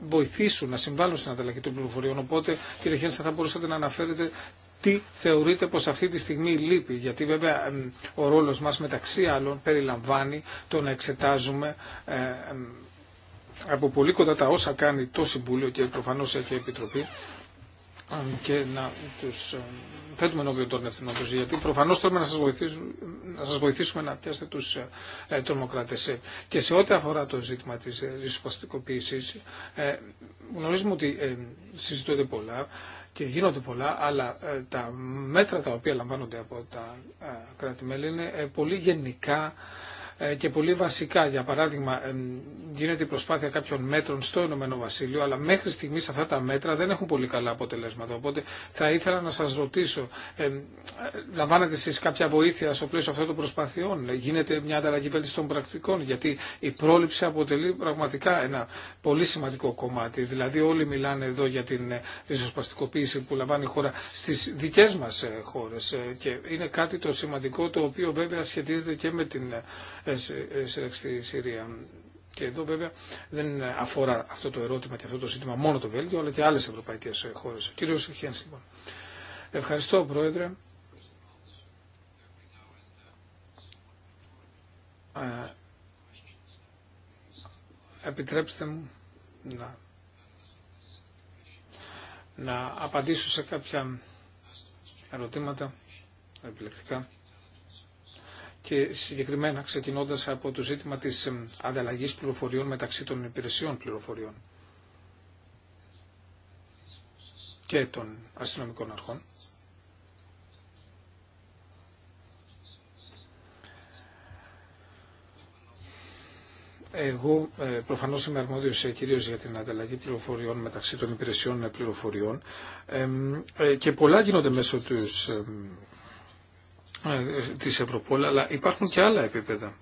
Speaker 3: βοηθήσουν, να συμβάλλουν στην ανταλλαγή των πληροφοριών. Οπότε, κύριε Χένσα, θα μπορούσατε να αναφέρετε τι θεωρείτε πως αυτή τη στιγμή λείπει. Γιατί βέβαια ο ρόλος μας μεταξύ άλλων περιλαμβάνει το να εξετάζουμε ε, από πολύ κοντά τα όσα κάνει το Συμβούλιο και προφανώς και η Επιτροπή και να τους ε, θέτουμε ενώπιον των εθνικό γιατί προφανώ θέλουμε να σα βοηθήσουμε, να βοηθήσουμε να πιάσετε του ε, τρομοκράτε. Ε, και σε ό,τι αφορά το ζήτημα τη ε, ρησοπαστικοποίηση, ε, γνωρίζουμε ότι ε, συζητούνται πολλά και γίνονται πολλά, αλλά ε, τα μέτρα τα οποία λαμβάνονται από τα κράτη-μέλη είναι πολύ γενικά ε, και πολύ βασικά. Για παράδειγμα, ε, γίνεται η προσπάθεια κάποιων μέτρων στο Ηνωμένο Βασίλειο, αλλά μέχρι στιγμή αυτά τα μέτρα δεν έχουν πολύ καλά αποτελέσματα. Οπότε θα ήθελα να σα ρωτήσω, ε, λαμβάνετε εσεί κάποια βοήθεια στο πλαίσιο αυτών των προσπαθειών, γίνεται μια ανταλλαγή των πρακτικών, γιατί η πρόληψη αποτελεί πραγματικά ένα πολύ σημαντικό κομμάτι. Δηλαδή, όλοι μιλάνε εδώ για την ριζοσπαστικοποίηση που λαμβάνει η χώρα στι δικέ μα χώρε. Και είναι κάτι το σημαντικό το οποίο βέβαια σχετίζεται και με την ε, ε, στη Συρία. Και εδώ βέβαια δεν αφορά αυτό το ερώτημα και αυτό το ζήτημα μόνο το Βέλγιο, αλλά και άλλε ευρωπαϊκέ ε, χώρε. Χένς, λοιπόν. Ευχαριστώ, Πρόεδρε. επιτρέψτε μου να, να απαντήσω σε κάποια ερωτήματα επιλεκτικά και συγκεκριμένα ξεκινώντας από το ζήτημα της ανταλλαγής πληροφοριών μεταξύ των υπηρεσιών πληροφοριών και των αστυνομικών αρχών. Εγώ ε, προφανώς είμαι αρμόδιος ε, κυρίως για την ανταλλαγή πληροφοριών μεταξύ των υπηρεσιών ε, πληροφοριών και πολλά γίνονται μέσω τους ε, της Ευρωπόλ, αλλά υπάρχουν και άλλα επίπεδα.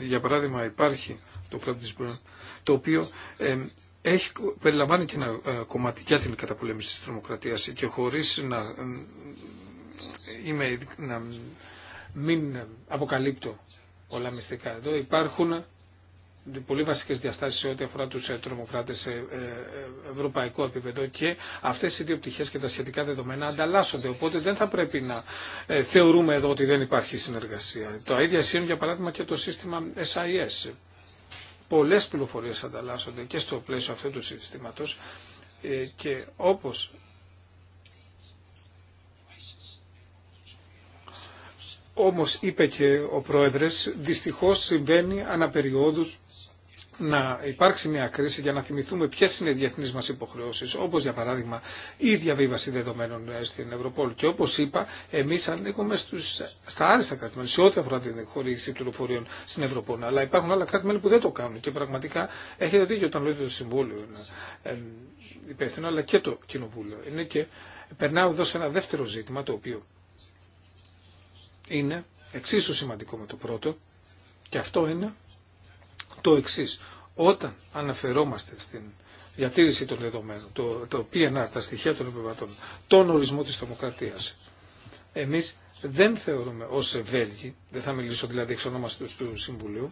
Speaker 3: Για παράδειγμα υπάρχει το κλαμπ της Μπρον, το οποίο έχει, περιλαμβάνει και ένα ε, κομματικά την καταπολέμηση της τρομοκρατίας και χωρίς να, είμαι, να μην αποκαλύπτω όλα μυστικά εδώ, υπάρχουν πολύ βασικές διαστάσεις σε ό,τι αφορά τους ε, τρομοκράτες σε ε, ε, ευρωπαϊκό επίπεδο και αυτές οι δύο πτυχές και τα σχετικά δεδομένα ανταλλάσσονται. Οπότε δεν θα πρέπει να θεωρούμε εδώ ότι δεν υπάρχει συνεργασία. Το ίδιο ισχύουν για παράδειγμα και το σύστημα SIS. Πολλές πληροφορίες ανταλλάσσονται και στο πλαίσιο αυτού του συστήματος και όπως Όμως είπε και ο Πρόεδρες, δυστυχώς συμβαίνει αναπεριόδους να υπάρξει μια κρίση για να θυμηθούμε ποιε είναι οι διεθνεί μα υποχρεώσει, όπω για παράδειγμα η διαβίβαση δεδομένων ε, στην Ευρωπόλ. Και όπω είπα, εμεί ανήκουμε στους, στα άριστα κράτη-μέλη σε ό,τι αφορά την χορήγηση πληροφοριών στην Ευρωπόλ. Αλλά υπάρχουν άλλα κράτη-μέλη που δεν το κάνουν. Και πραγματικά έχετε δίκιο όταν λέτε το Συμβούλιο ε, υπεύθυνο, αλλά και το Κοινοβούλιο. Είναι και περνάω εδώ σε ένα δεύτερο ζήτημα, το οποίο είναι εξίσου σημαντικό με το πρώτο, και αυτό είναι το εξή. Όταν αναφερόμαστε στην διατήρηση των δεδομένων, το, το PNR, τα στοιχεία των επιβατών, τον ορισμό της τομοκρατίας, εμείς δεν θεωρούμε ως Βέλγοι, δεν θα μιλήσω δηλαδή εξ ονόμαστου του Συμβουλίου,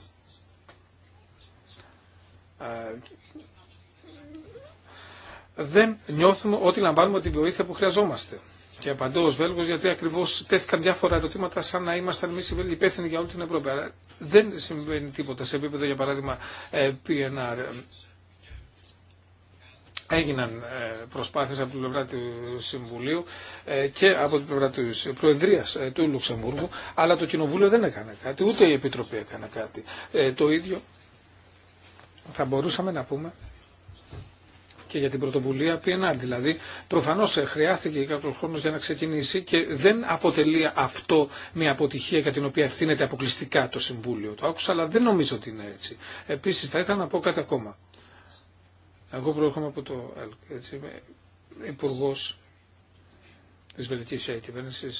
Speaker 3: δεν νιώθουμε ότι λαμβάνουμε τη βοήθεια που χρειαζόμαστε. Και απαντώ ω Βέλγο γιατί ακριβώ τέθηκαν διάφορα ερωτήματα σαν να ήμασταν εμεί οι υπεύθυνοι για όλη την Ευρώπη. δεν συμβαίνει τίποτα σε επίπεδο για παράδειγμα ε, PNR. Έγιναν ε, προσπάθειες από την πλευρά του Συμβουλίου ε, και από την πλευρά τη Προεδρίας του Λουξεμβούργου, αλλά το Κοινοβούλιο δεν έκανε κάτι, ούτε η Επιτροπή έκανε κάτι. Το ίδιο θα μπορούσαμε να πούμε και για την πρωτοβουλία PNR. Δηλαδή, προφανώ ε, χρειάστηκε κάποιο χρόνο για να ξεκινήσει και δεν αποτελεί αυτό μια αποτυχία για την οποία ευθύνεται αποκλειστικά το Συμβούλιο. Το άκουσα, αλλά δεν νομίζω ότι είναι έτσι. Επίση, θα ήθελα να πω κάτι ακόμα. Εγώ προέρχομαι από το ΕΛΚ. Έτσι, είμαι υπουργό τη βελική κυβέρνηση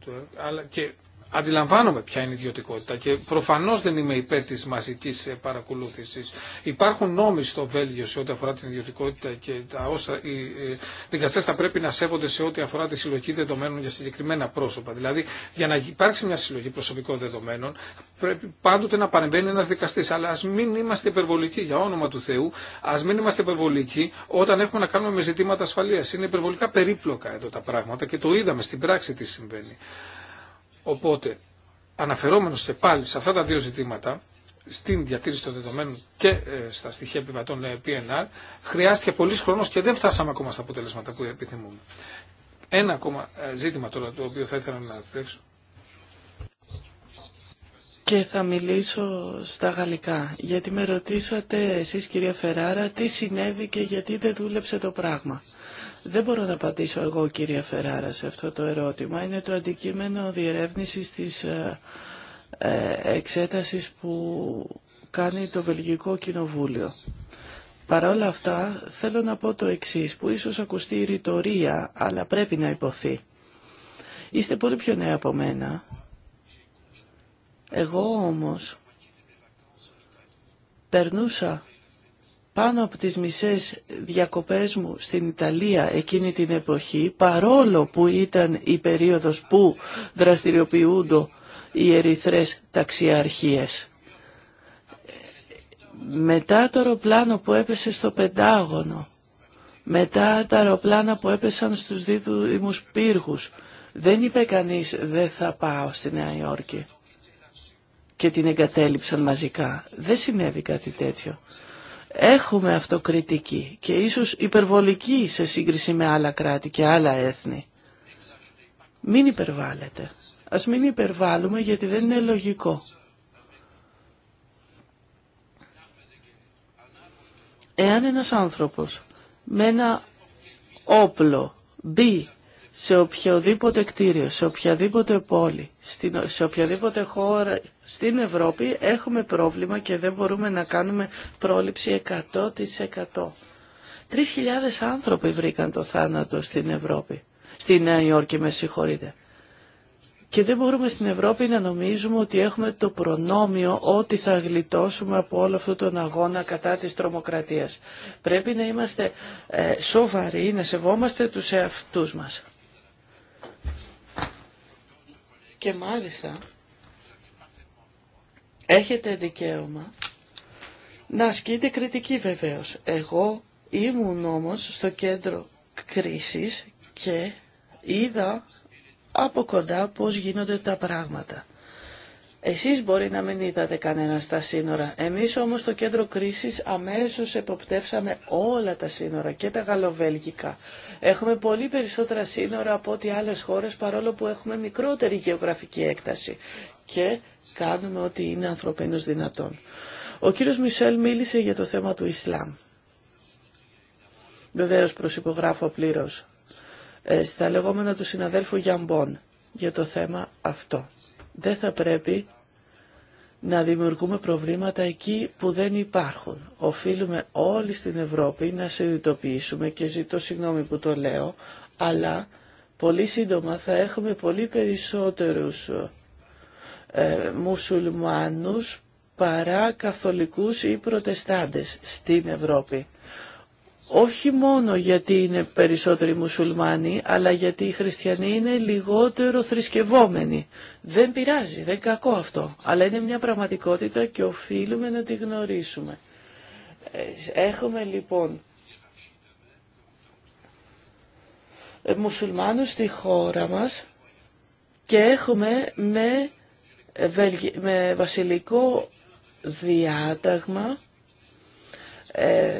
Speaker 3: του ΕΛΚ, αλλά και αντιλαμβάνομαι ποια είναι η ιδιωτικότητα και προφανώ δεν είμαι υπέρ τη μαζική ε, παρακολούθηση. Υπάρχουν νόμοι στο Βέλγιο σε ό,τι αφορά την ιδιωτικότητα και τα όσα οι ε, δικαστέ θα πρέπει να σέβονται σε ό,τι αφορά τη συλλογή δεδομένων για συγκεκριμένα πρόσωπα. Δηλαδή, για να υπάρξει μια συλλογή προσωπικών δεδομένων, πρέπει πάντοτε να παρεμβαίνει ένα δικαστή. Αλλά α μην είμαστε υπερβολικοί, για όνομα του Θεού, α μην είμαστε υπερβολικοί όταν έχουμε να κάνουμε με ζητήματα ασφαλεία. Είναι υπερβολικά περίπλοκα εδώ τα πράγματα και το είδαμε στην πράξη τι συμβαίνει. Οπότε, αναφερόμενος και πάλι σε αυτά τα δύο ζητήματα, στην διατήρηση των δεδομένων και ε, στα στοιχεία επιβατών ε, PNR, χρειάστηκε πολλής χρόνος και δεν φτάσαμε ακόμα στα αποτελέσματα που επιθυμούμε. Ένα ακόμα ε, ζήτημα τώρα το οποίο θα ήθελα να θέσω.
Speaker 2: Και θα μιλήσω στα γαλλικά, γιατί με ρωτήσατε εσείς κυρία Φεράρα τι συνέβη και γιατί δεν δούλεψε το πράγμα. Δεν μπορώ να απαντήσω εγώ κύριε Φεράρα σε αυτό το ερώτημα. Είναι το αντικείμενο διερεύνησης της ε, ε, εξέτασης που κάνει το Βελγικό Κοινοβούλιο. Παρ' όλα αυτά θέλω να πω το εξής που ίσως ακουστεί ρητορία αλλά πρέπει να υποθεί. Είστε πολύ πιο νέα από μένα. Εγώ όμως περνούσα πάνω από τις μισές διακοπές μου στην Ιταλία εκείνη την εποχή, παρόλο που ήταν η περίοδος που δραστηριοποιούνται οι ερυθρές ταξιαρχίες. Μετά το αεροπλάνο που έπεσε στο Πεντάγωνο, μετά τα αεροπλάνα που έπεσαν στους δίδυμους πύργους, δεν είπε κανείς «δεν θα πάω στη Νέα Υόρκη» και την εγκατέλειψαν μαζικά. Δεν συνέβη κάτι τέτοιο έχουμε αυτοκριτική και ίσως υπερβολική σε σύγκριση με άλλα κράτη και άλλα έθνη. Μην υπερβάλλετε. Ας μην υπερβάλλουμε γιατί δεν είναι λογικό. Εάν ένας άνθρωπος με ένα όπλο μπει σε οποιοδήποτε κτίριο, σε οποιαδήποτε πόλη, σε οποιαδήποτε χώρα στην Ευρώπη έχουμε πρόβλημα και δεν μπορούμε να κάνουμε πρόληψη 100%. 3.000 άνθρωποι βρήκαν το θάνατο στην Ευρώπη. Στη Νέα Υόρκη, με συγχωρείτε. Και δεν μπορούμε στην Ευρώπη να νομίζουμε ότι έχουμε το προνόμιο ότι θα γλιτώσουμε από όλο αυτόν τον αγώνα κατά της τρομοκρατίας. Πρέπει να είμαστε ε, σοβαροί, να σεβόμαστε τους εαυτούς μας. Και μάλιστα Έχετε δικαίωμα να ασκείτε κριτική βεβαίως. Εγώ ήμουν όμως στο κέντρο κρίσης και είδα από κοντά πώς γίνονται τα πράγματα. Εσείς μπορεί να μην είδατε κανένα στα σύνορα. Εμείς όμως στο κέντρο κρίσης αμέσως εποπτεύσαμε όλα τα σύνορα και τα γαλλοβέλγικα. Έχουμε πολύ περισσότερα σύνορα από ό,τι άλλες χώρες παρόλο που έχουμε μικρότερη γεωγραφική έκταση. Και κάνουμε ό,τι είναι ανθρωπίνως δυνατόν. Ο κύριος Μισελ μίλησε για το θέμα του Ισλάμ. Βεβαίως προσυπογράφω πλήρως ε, στα λεγόμενα του συναδέλφου Γιαμπών για το θέμα αυτό. Δεν θα πρέπει να δημιουργούμε προβλήματα εκεί που δεν υπάρχουν. Οφείλουμε όλοι στην Ευρώπη να συνειδητοποιήσουμε και ζητώ συγγνώμη που το λέω, αλλά πολύ σύντομα θα έχουμε πολύ περισσότερους ε, ε, μουσουλμάνους παρά καθολικούς ή προτεστάντες στην Ευρώπη. Όχι μόνο γιατί είναι περισσότεροι μουσουλμάνοι, αλλά γιατί οι χριστιανοί είναι λιγότερο θρησκευόμενοι. Δεν πειράζει, δεν κακό αυτό, αλλά είναι μια πραγματικότητα και οφείλουμε να τη γνωρίσουμε. Ε, έχουμε λοιπόν ε, μουσουλμάνους στη χώρα μας και έχουμε με με βασιλικό διάταγμα ε,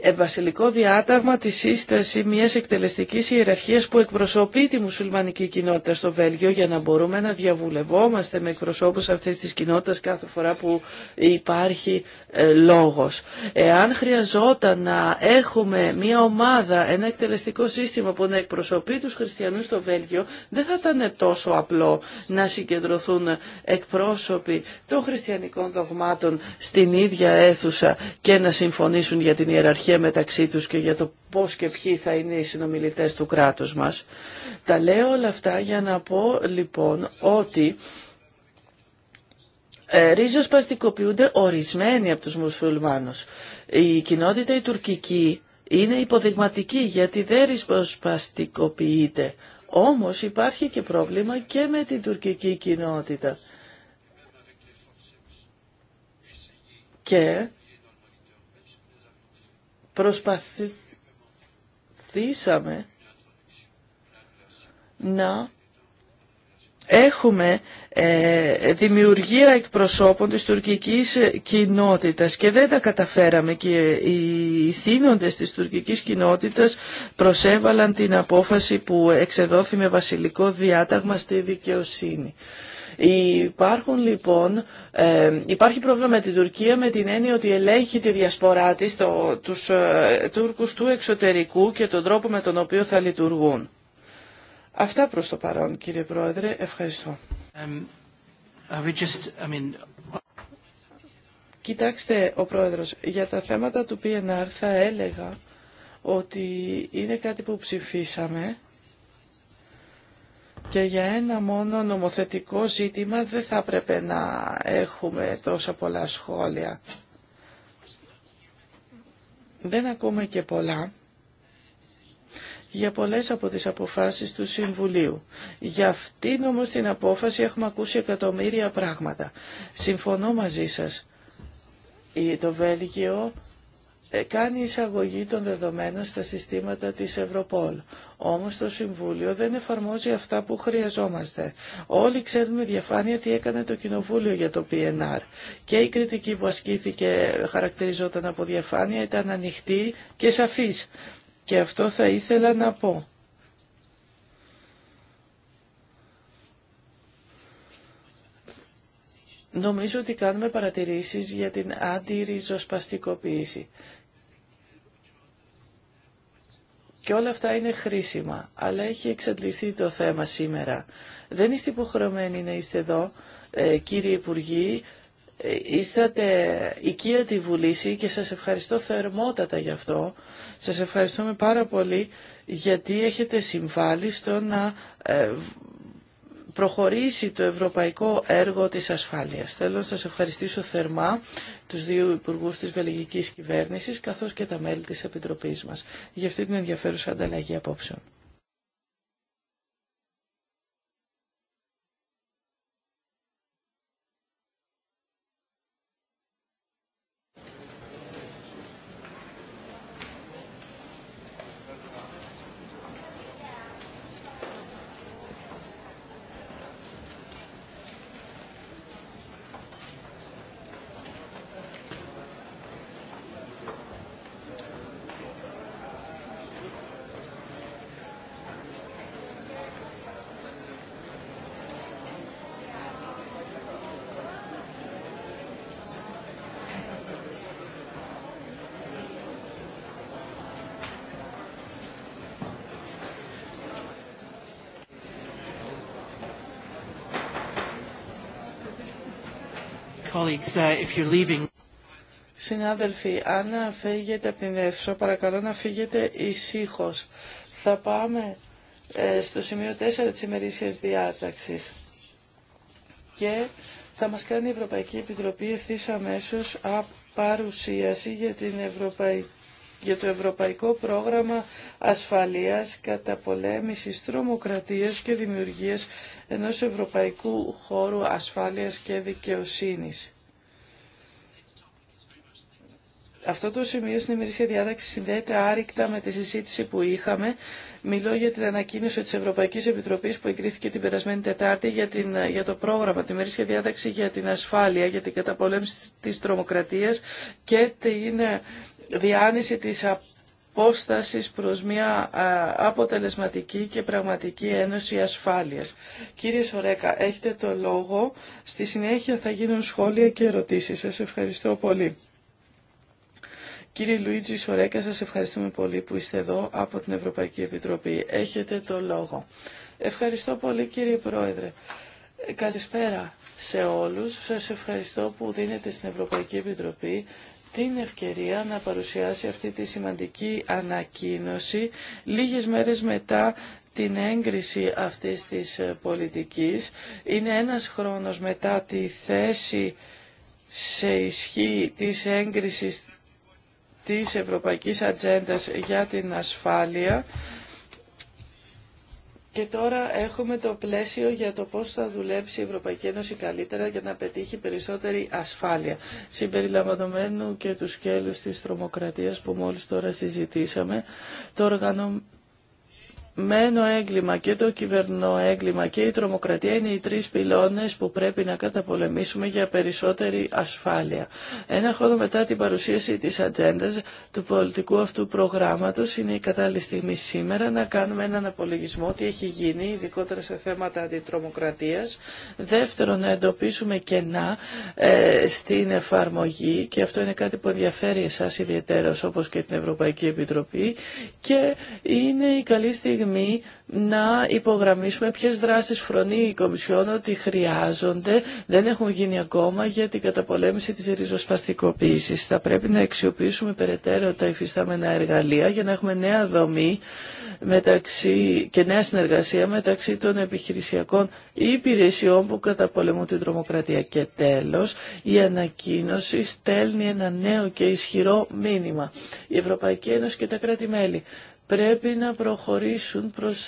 Speaker 2: ε βασιλικό διάταγμα τη σύσταση μιας εκτελεστικής ιεραρχίας που εκπροσωπεί τη μουσουλμανική κοινότητα στο Βέλγιο για να μπορούμε να διαβουλευόμαστε με εκπροσώπους αυτής της κοινότητας κάθε φορά που υπάρχει ε, λόγος. Εάν χρειαζόταν να έχουμε μια ομάδα, ένα εκτελεστικό σύστημα που να εκπροσωπεί τους χριστιανούς στο Βέλγιο, δεν θα ήταν τόσο απλό να συγκεντρωθούν εκπρόσωποι των χριστιανικών δογμάτων στην ίδια αίθουσα και να συμφωνήσουν συμφωνήσουν για την ιεραρχία μεταξύ τους και για το πώς και ποιοι θα είναι οι συνομιλητές του κράτους μας. Τα λέω όλα αυτά για να πω λοιπόν ότι ε, ρίζοσπαστικοποιούνται ορισμένοι από τους μουσουλμάνους. Η κοινότητα η τουρκική είναι υποδειγματική γιατί δεν παστικοποιείται. Όμως υπάρχει και πρόβλημα και με την τουρκική κοινότητα. Και προσπαθήσαμε να έχουμε ε, δημιουργία εκπροσώπων της τουρκικής ε, κοινότητας και δεν τα καταφέραμε και οι θύνοντες της τουρκικής κοινότητας προσέβαλαν την απόφαση που εξεδόθη με βασιλικό διάταγμα στη δικαιοσύνη. Υπάρχουν λοιπόν, ε, υπάρχει πρόβλημα με την Τουρκία με την έννοια ότι ελέγχει τη διασπορά της, το, τους ε, Τούρκους του εξωτερικού και τον τρόπο με τον οποίο θα λειτουργούν. Αυτά προς το παρόν κύριε Πρόεδρε. Ευχαριστώ.
Speaker 3: Um,
Speaker 2: Κοιτάξτε ο Πρόεδρος, για τα θέματα του PNR θα έλεγα ότι είναι κάτι που ψηφίσαμε και για ένα μόνο νομοθετικό ζήτημα δεν θα έπρεπε να έχουμε τόσα πολλά σχόλια. Δεν ακούμε και πολλά για πολλές από τις αποφάσεις του Συμβουλίου. Για αυτήν όμως την απόφαση έχουμε ακούσει εκατομμύρια πράγματα. Συμφωνώ μαζί σας. Το Βέλγιο ε, κάνει εισαγωγή των δεδομένων στα συστήματα της Ευρωπόλ. Όμως το Συμβούλιο δεν εφαρμόζει αυτά που χρειαζόμαστε. Όλοι ξέρουμε διαφάνεια τι έκανε το Κοινοβούλιο για το PNR. Και η κριτική που ασκήθηκε χαρακτηριζόταν από διαφάνεια, ήταν ανοιχτή και σαφής. Και αυτό θα ήθελα να πω. Νομίζω ότι κάνουμε παρατηρήσεις για την αντιριζοσπαστικοποίηση. Και όλα αυτά είναι χρήσιμα, αλλά έχει εξαντληθεί το θέμα σήμερα. Δεν είστε υποχρεωμένοι να είστε εδώ, ε, κύριε Υπουργοί. Ε, ήρθατε οικία τη Βουλήση και σας ευχαριστώ θερμότατα γι' αυτό. Σας ευχαριστούμε πάρα πολύ γιατί έχετε συμβάλει στο να ε, προχωρήσει το ευρωπαϊκό έργο της ασφάλειας. Θέλω να σας ευχαριστήσω θερμά τους δύο υπουργούς της βελγικής κυβέρνησης καθώς και τα μέλη της Επιτροπής μας για αυτή την ενδιαφέρουσα ανταλλαγή απόψεων. Uh, if you're leaving. Συνάδελφοι, αν φύγετε από την Εύσο, παρακαλώ να φύγετε ησύχω. Θα πάμε ε, στο σημείο 4 της ημερήσιας διάταξης και θα μας κάνει η Ευρωπαϊκή Επιτροπή ευθύς αμέσως παρουσίαση για, την Ευρωπαϊ... για το Ευρωπαϊκό Πρόγραμμα Ασφαλείας Καταπολέμησης Τρομοκρατίας και Δημιουργίας ενός Ευρωπαϊκού Χώρου Ασφάλειας και Δικαιοσύνης. Αυτό το σημείο στην ημερήσια διάταξη συνδέεται άρρηκτα με τη συζήτηση που είχαμε. Μιλώ για την ανακοίνωση της Ευρωπαϊκής Επιτροπής που εγκρίθηκε την περασμένη Τετάρτη για, την, για το πρόγραμμα, τη ημερήσια διάταξη για την ασφάλεια, για την καταπολέμηση της τρομοκρατίας και την διάνυση της απόστασης προς μια αποτελεσματική και πραγματική ένωση ασφάλειας. Κύριε Σορέκα, έχετε το λόγο. Στη συνέχεια θα γίνουν σχόλια και ερωτήσεις. Σας ευχαριστώ πολύ. Κύριε Λουίτζι Σορέκα, σας ευχαριστούμε πολύ που είστε εδώ από την Ευρωπαϊκή Επιτροπή. Έχετε το λόγο. Ευχαριστώ πολύ κύριε Πρόεδρε. Ε, καλησπέρα σε όλους. Σας ευχαριστώ που δίνετε στην Ευρωπαϊκή Επιτροπή την ευκαιρία να παρουσιάσει αυτή τη σημαντική ανακοίνωση λίγες μέρες μετά την έγκριση αυτής της ε, πολιτικής. Είναι ένας χρόνος μετά τη θέση σε ισχύ της έγκρισης της Ευρωπαϊκής Ατζέντα για την ασφάλεια. Και τώρα έχουμε το πλαίσιο για το πώς θα δουλέψει η Ευρωπαϊκή Ένωση καλύτερα για να πετύχει περισσότερη ασφάλεια, συμπεριλαμβανομένου και του σκέλους της τρομοκρατίας που μόλις τώρα συζητήσαμε. Το, οργανωμένο μένω έγκλημα και το κυβερνό έγκλημα και η τρομοκρατία είναι οι τρεις πυλώνες που πρέπει να καταπολεμήσουμε για περισσότερη ασφάλεια. Ένα χρόνο μετά την παρουσίαση της ατζέντα του πολιτικού αυτού προγράμματος είναι η κατάλληλη στιγμή σήμερα να κάνουμε έναν απολογισμό ότι έχει γίνει, ειδικότερα σε θέματα αντιτρομοκρατίας. Δεύτερον, να εντοπίσουμε κενά ε, στην εφαρμογή και αυτό είναι κάτι που ενδιαφέρει εσάς ιδιαίτερα όπως και την Ευρωπαϊκή Επιτροπή και είναι η καλή στιγμή στιγμή να υπογραμμίσουμε ποιε δράσει φρονεί η Κομισιόν ότι χρειάζονται, δεν έχουν γίνει ακόμα για την καταπολέμηση τη ριζοσπαστικοποίηση. Θα πρέπει να αξιοποιήσουμε περαιτέρω τα υφιστάμενα εργαλεία για να έχουμε νέα δομή μεταξύ, και νέα συνεργασία μεταξύ των επιχειρησιακών υπηρεσιών που καταπολεμούν την τρομοκρατία. Και τέλος, η ανακοίνωση στέλνει ένα νέο και ισχυρό μήνυμα. Η Ευρωπαϊκή Ένωση και τα κράτη-μέλη πρέπει να προχωρήσουν προς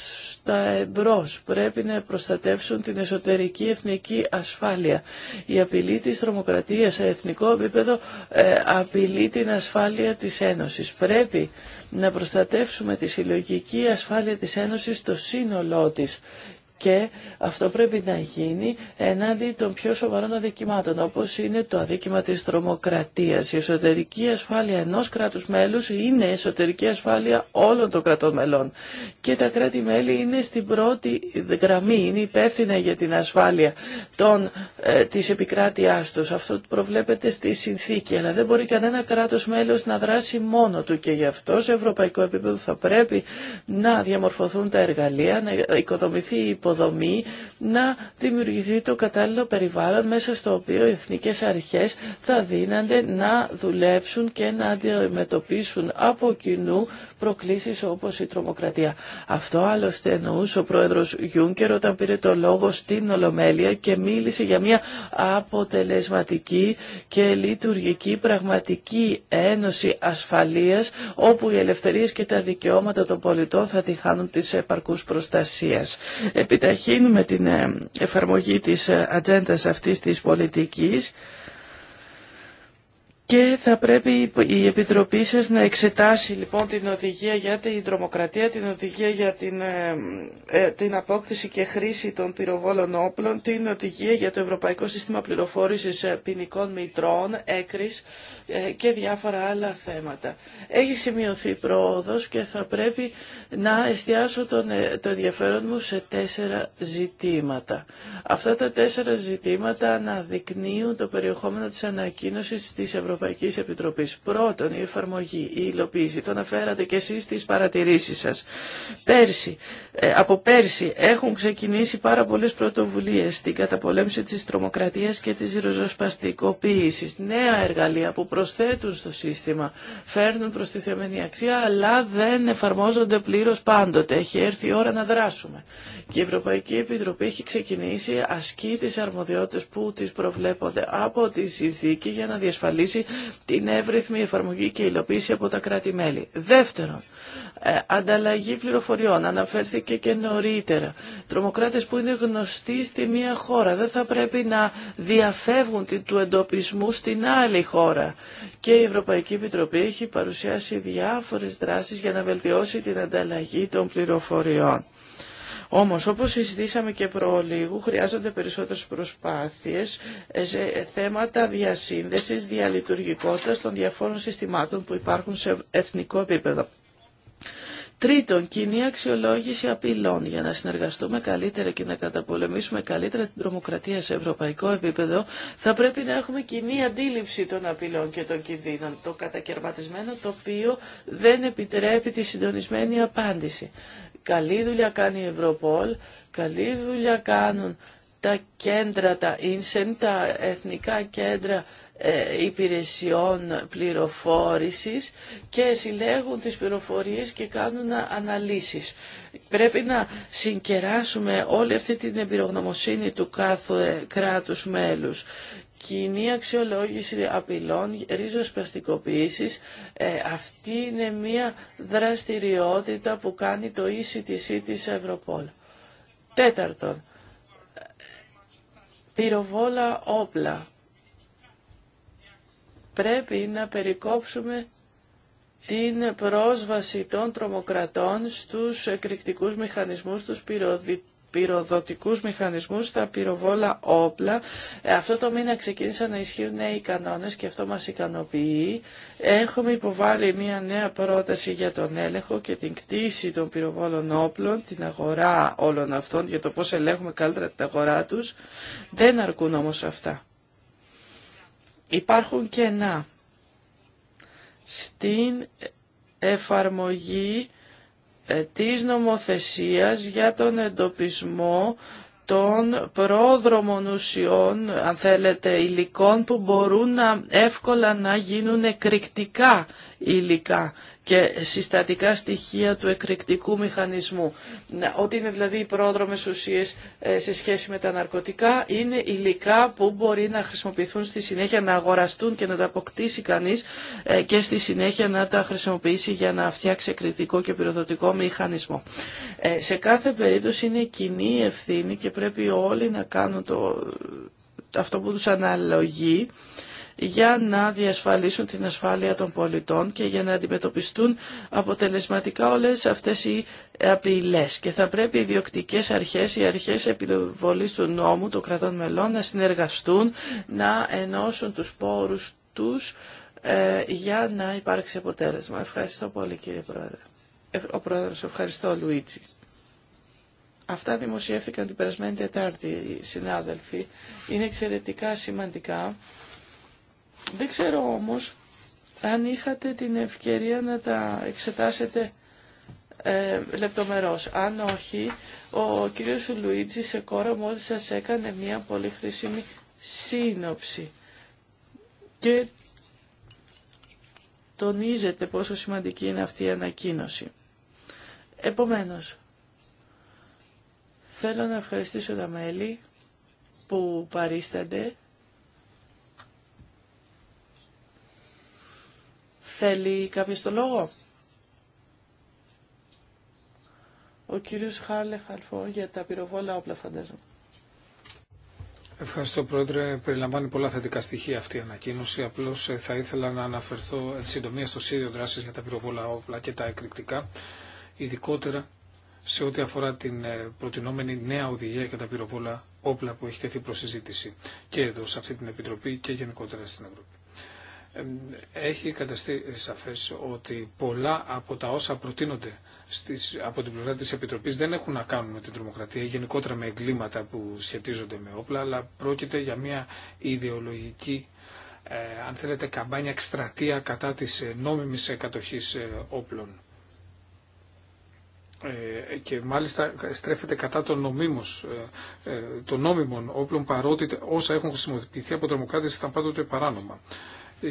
Speaker 2: τα εμπρός, πρέπει να προστατεύσουν την εσωτερική εθνική ασφάλεια. Η απειλή της τρομοκρατίας σε εθνικό επίπεδο ε, απειλεί την ασφάλεια της Ένωσης. Πρέπει να προστατεύσουμε τη συλλογική ασφάλεια της Ένωσης στο σύνολό της και αυτό πρέπει να γίνει ενάντια των πιο σοβαρών αδικημάτων, όπως είναι το αδίκημα της τρομοκρατίας. Η εσωτερική ασφάλεια ενός κράτους μέλους είναι εσωτερική ασφάλεια όλων των κρατών μελών. Και τα κράτη-μέλη είναι στην πρώτη γραμμή, είναι υπεύθυνα για την ασφάλεια των, ε, της επικράτειάς τους. Αυτό προβλέπεται στη συνθήκη, αλλά δεν μπορεί κανένα κράτος μέλος να δράσει μόνο του και γι' αυτό σε ευρωπαϊκό επίπεδο θα πρέπει να διαμορφωθούν τα εργαλεία, να οικοδομηθεί η υποδομή να δημιουργηθεί το κατάλληλο περιβάλλον μέσα στο οποίο οι εθνικές αρχές θα δίνανται να δουλέψουν και να αντιμετωπίσουν από κοινού προκλήσεις όπως η τρομοκρατία. Αυτό άλλωστε εννοούσε ο πρόεδρος Γιούνκερ όταν πήρε το λόγο στην Ολομέλεια και μίλησε για μια αποτελεσματική και λειτουργική πραγματική ένωση ασφαλείας όπου οι ελευθερίες και τα δικαιώματα των πολιτών θα τη χάνουν της επαρκούς προστασίας. Επιταχύνουμε την ε, εφαρμογή της ε, ατζέντα αυτής της πολιτικής και θα πρέπει η Επιτροπή σας να εξετάσει λοιπόν την οδηγία για την τρομοκρατία, την οδηγία για την, ε, ε, την απόκτηση και χρήση των πυροβόλων όπλων, την οδηγία για το Ευρωπαϊκό Σύστημα Πληροφόρησης ε, Ποινικών Μητρών, έκρης και διάφορα άλλα θέματα. Έχει σημειωθεί πρόοδος και θα πρέπει να εστιάσω τον, το ενδιαφέρον μου σε τέσσερα ζητήματα. Αυτά τα τέσσερα ζητήματα αναδεικνύουν το περιεχόμενο της ανακοίνωσης της Ευρωπαϊκής Ευρωπαϊκής Επιτροπής. Πρώτον, η εφαρμογή, η υλοποίηση, το αναφέρατε και εσείς στις παρατηρήσεις σας. Πέρσι, ε, από πέρσι έχουν ξεκινήσει πάρα πολλές πρωτοβουλίες στην καταπολέμηση της τρομοκρατίας και της ριζοσπαστικοποίησης. Νέα εργαλεία που προσθέτουν στο σύστημα, φέρνουν τη θεμενή αξία, αλλά δεν εφαρμόζονται πλήρως πάντοτε. Έχει έρθει η ώρα να δράσουμε. Και η Ευρωπαϊκή Επιτροπή έχει ξεκινήσει ασκή τις αρμοδιότητες που τις προβλέπονται από τη συνθήκη για να διασφαλίσει την εύρυθμη εφαρμογή και υλοποίηση από τα κράτη-μέλη. Δεύτερον, ε, ανταλλαγή πληροφοριών. Αναφέρθηκε και νωρίτερα. Τρομοκράτε που είναι γνωστοί στη μία χώρα δεν θα πρέπει να διαφεύγουν του εντοπισμού στην άλλη χώρα. Και η Ευρωπαϊκή Επιτροπή έχει παρουσιάσει διάφορες δράσεις για να βελτιώσει την ανταλλαγή των πληροφοριών. Όμως, όπως συζητήσαμε και προλίγου, χρειάζονται περισσότερες προσπάθειες σε θέματα διασύνδεσης, διαλειτουργικότητας των διαφόρων συστημάτων που υπάρχουν σε εθνικό επίπεδο. Τρίτον, κοινή αξιολόγηση απειλών για να συνεργαστούμε καλύτερα και να καταπολεμήσουμε καλύτερα την τρομοκρατία σε ευρωπαϊκό επίπεδο, θα πρέπει να έχουμε κοινή αντίληψη των απειλών και των κινδύνων. Το κατακαιρματισμένο τοπίο δεν επιτρέπει τη συντονισμένη απάντηση. Καλή δουλειά κάνει η Ευρωπόλ, καλή δουλειά κάνουν τα κέντρα, τα ίνσεν, τα εθνικά κέντρα ε, υπηρεσιών πληροφόρησης και συλλέγουν τις πληροφορίες και κάνουν αναλύσεις. Πρέπει να συγκεράσουμε όλη αυτή την εμπειρογνωμοσύνη του κάθε κράτους μέλους κοινή αξιολόγηση απειλών, ρίζοσπαστικοποίησης. Ε, αυτή είναι μια δραστηριότητα που κάνει το ECTC της Ευρωπόλ. Τέταρτον, πυροβόλα όπλα. Πρέπει να περικόψουμε την πρόσβαση των τρομοκρατών στους εκρηκτικούς μηχανισμούς, τους πυροδι πυροδοτικούς μηχανισμούς στα πυροβόλα όπλα. Ε, αυτό το μήνα ξεκίνησαν να ισχύουν νέοι κανόνες και αυτό μας ικανοποιεί. Έχουμε υποβάλει μια νέα πρόταση για τον έλεγχο και την κτήση των πυροβόλων όπλων, την αγορά όλων αυτών για το πώς ελέγχουμε καλύτερα την αγορά τους. Δεν αρκούν όμως αυτά. Υπάρχουν κενά στην εφαρμογή ε, της νομοθεσίας για τον εντοπισμό των πρόδρομων ουσιών, αν θέλετε, υλικών που μπορούν να, εύκολα να γίνουν εκρηκτικά υλικά και συστατικά στοιχεία του εκρηκτικού μηχανισμού. Ότι είναι δηλαδή οι πρόδρομες ουσίες ε, σε σχέση με τα ναρκωτικά είναι υλικά που μπορεί να χρησιμοποιηθούν στη συνέχεια να αγοραστούν και να τα αποκτήσει κανείς ε, και στη συνέχεια να τα χρησιμοποιήσει για να φτιάξει εκρηκτικό και πυροδοτικό μηχανισμό. Ε, σε κάθε περίπτωση είναι κοινή ευθύνη και πρέπει όλοι να κάνουν αυτό που τους αναλογεί για να διασφαλίσουν την ασφάλεια των πολιτών και για να αντιμετωπιστούν αποτελεσματικά όλες αυτές οι απειλές. Και θα πρέπει οι διοκτικές αρχές, οι αρχές επιβολής του νόμου των κρατών μελών να συνεργαστούν, να ενώσουν τους πόρους τους ε, για να υπάρξει αποτέλεσμα. Ευχαριστώ πολύ κύριε Πρόεδρε. Ε, ο Πρόεδρος, ευχαριστώ Λουίτσι. Αυτά δημοσιεύθηκαν την περασμένη Τετάρτη, συνάδελφοι. Είναι εξαιρετικά σημαντικά δεν ξέρω όμως αν είχατε την ευκαιρία να τα εξετάσετε ε, λεπτομερώς. Αν όχι, ο κύριος Λουίτζη σε κόρα μόλις σας έκανε μια πολύ χρήσιμη σύνοψη και τονίζεται πόσο σημαντική είναι αυτή η ανακοίνωση. Επομένως, θέλω να ευχαριστήσω τα μέλη που παρίστανται Θέλει κάποιος το λόγο. Ο κύριος Χάρλε Χαρφό για τα πυροβόλα όπλα φαντάζομαι.
Speaker 3: Ευχαριστώ Πρόεδρε. Περιλαμβάνει πολλά θετικά στοιχεία αυτή η ανακοίνωση. Απλώς ε, θα ήθελα να αναφερθώ εν συντομία στο σύριο δράση για τα πυροβόλα όπλα και τα εκρηκτικά, ειδικότερα σε ό,τι αφορά την ε, προτινόμενη νέα οδηγία για τα πυροβόλα όπλα που έχει τεθεί προ και εδώ σε αυτή την Επιτροπή και γενικότερα στην Ευρώπη έχει καταστεί σαφές ότι πολλά από τα όσα προτείνονται στις, από την πλευρά της Επιτροπής δεν έχουν να κάνουν με την τρομοκρατία γενικότερα με εγκλήματα που σχετίζονται με όπλα, αλλά πρόκειται για μια ιδεολογική, ε, αν θέλετε, καμπάνια εκστρατεία κατά της ε, νόμιμης κατοχής ε, όπλων. και μάλιστα στρέφεται κατά των, νομίμων νόμιμων όπλων παρότι όσα έχουν χρησιμοποιηθεί από τρομοκράτε ήταν πάντοτε παράνομα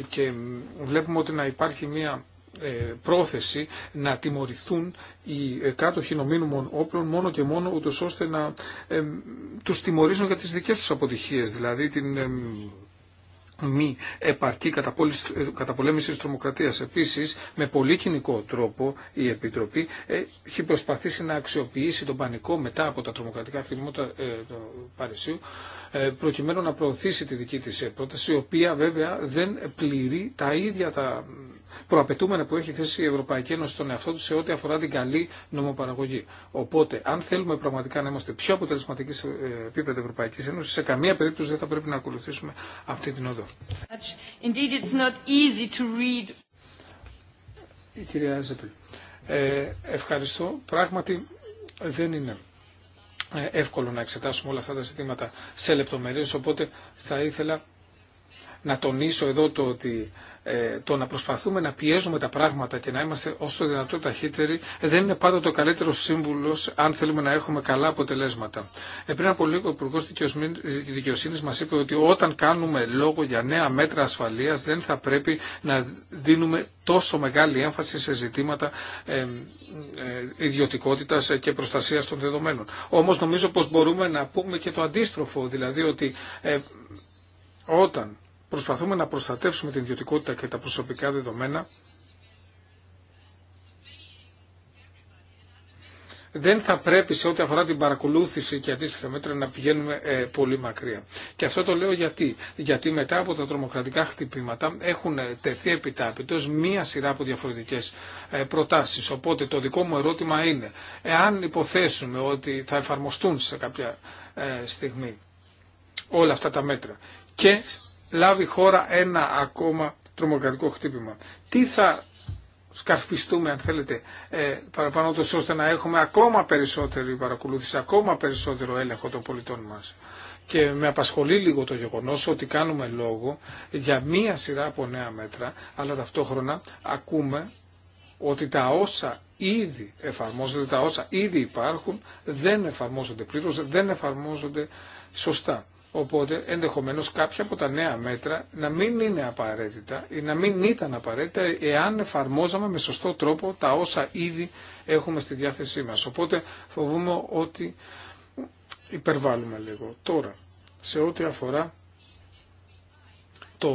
Speaker 3: και βλέπουμε ότι να υπάρχει μια ε, πρόθεση να τιμωρηθούν οι ε, κάτοχοι νομίνουμων όπλων μόνο και μόνο ούτως ώστε να ε, τους τιμωρήσουν για τις δικές τους αποτυχίες, δηλαδή την μη επαρκή καταπολέμηση τη τρομοκρατίας. Επίσης, με πολύ κοινικό τρόπο η Επιτροπή ε, έχει προσπαθήσει να αξιοποιήσει τον πανικό μετά από τα τρομοκρατικά χτυπήματα ε, του Παρισίου ε, προκειμένου να προωθήσει τη δική της πρόταση, η οποία βέβαια δεν πληρεί τα ίδια τα προαπαιτούμενα που έχει θέσει η Ευρωπαϊκή Ένωση στον εαυτό του σε ό,τι αφορά την καλή νομοπαραγωγή. Οπότε, αν θέλουμε πραγματικά να είμαστε πιο αποτελεσματικοί σε ε, επίπεδο Ευρωπαϊκή Ένωση, σε καμία περίπτωση δεν θα πρέπει να ακολουθήσουμε αυτή την οδό. Ε, ευχαριστώ. Πράγματι δεν είναι ε, εύκολο να εξετάσουμε όλα αυτά τα ζητήματα σε λεπτομέρειες, οπότε θα ήθελα να τονίσω εδώ το ότι ε, το να προσπαθούμε να πιέζουμε τα πράγματα και να είμαστε όσο το δυνατό ταχύτεροι ε, δεν είναι πάντα το καλύτερο σύμβουλο αν θέλουμε να έχουμε καλά αποτελέσματα. Ε, πριν από λίγο ο Υπουργό Δικαιοσύνη μα είπε ότι όταν κάνουμε λόγο για νέα μέτρα ασφαλεία δεν θα πρέπει να δίνουμε τόσο μεγάλη έμφαση σε ζητήματα ε, ε, ιδιωτικότητα και προστασία των δεδομένων. Όμω νομίζω πω μπορούμε να πούμε και το αντίστροφο, δηλαδή ότι ε, όταν προσπαθούμε να προστατεύσουμε την ιδιωτικότητα και τα προσωπικά δεδομένα δεν θα πρέπει σε ό,τι αφορά την παρακολούθηση και αντίστοιχα μέτρα να πηγαίνουμε ε, πολύ μακριά. Και αυτό το λέω γιατί. Γιατί μετά από τα τρομοκρατικά χτυπήματα έχουν ε, τεθεί επιτάπητος μία σειρά από διαφορετικές ε, προτάσεις. Οπότε το δικό μου ερώτημα είναι, εάν υποθέσουμε ότι θα εφαρμοστούν σε κάποια ε, στιγμή όλα αυτά τα μέτρα και λάβει χώρα ένα ακόμα τρομοκρατικό χτύπημα. Τι θα σκαρφιστούμε αν θέλετε ε, παραπάνω τόσο ώστε να έχουμε ακόμα περισσότερη παρακολούθηση, ακόμα περισσότερο έλεγχο των πολιτών μας. Και με απασχολεί λίγο το γεγονός ότι κάνουμε λόγο για μία σειρά από νέα μέτρα, αλλά ταυτόχρονα ακούμε ότι τα όσα ήδη εφαρμόζονται, τα όσα ήδη υπάρχουν, δεν εφαρμόζονται πλήρως, δεν εφαρμόζονται σωστά. Οπότε ενδεχομένω κάποια από τα νέα μέτρα να μην είναι απαραίτητα ή να μην ήταν απαραίτητα εάν εφαρμόζαμε με σωστό τρόπο τα όσα ήδη έχουμε στη διάθεσή μας. Οπότε φοβούμε ότι υπερβάλλουμε λίγο. Τώρα, σε ό,τι αφορά το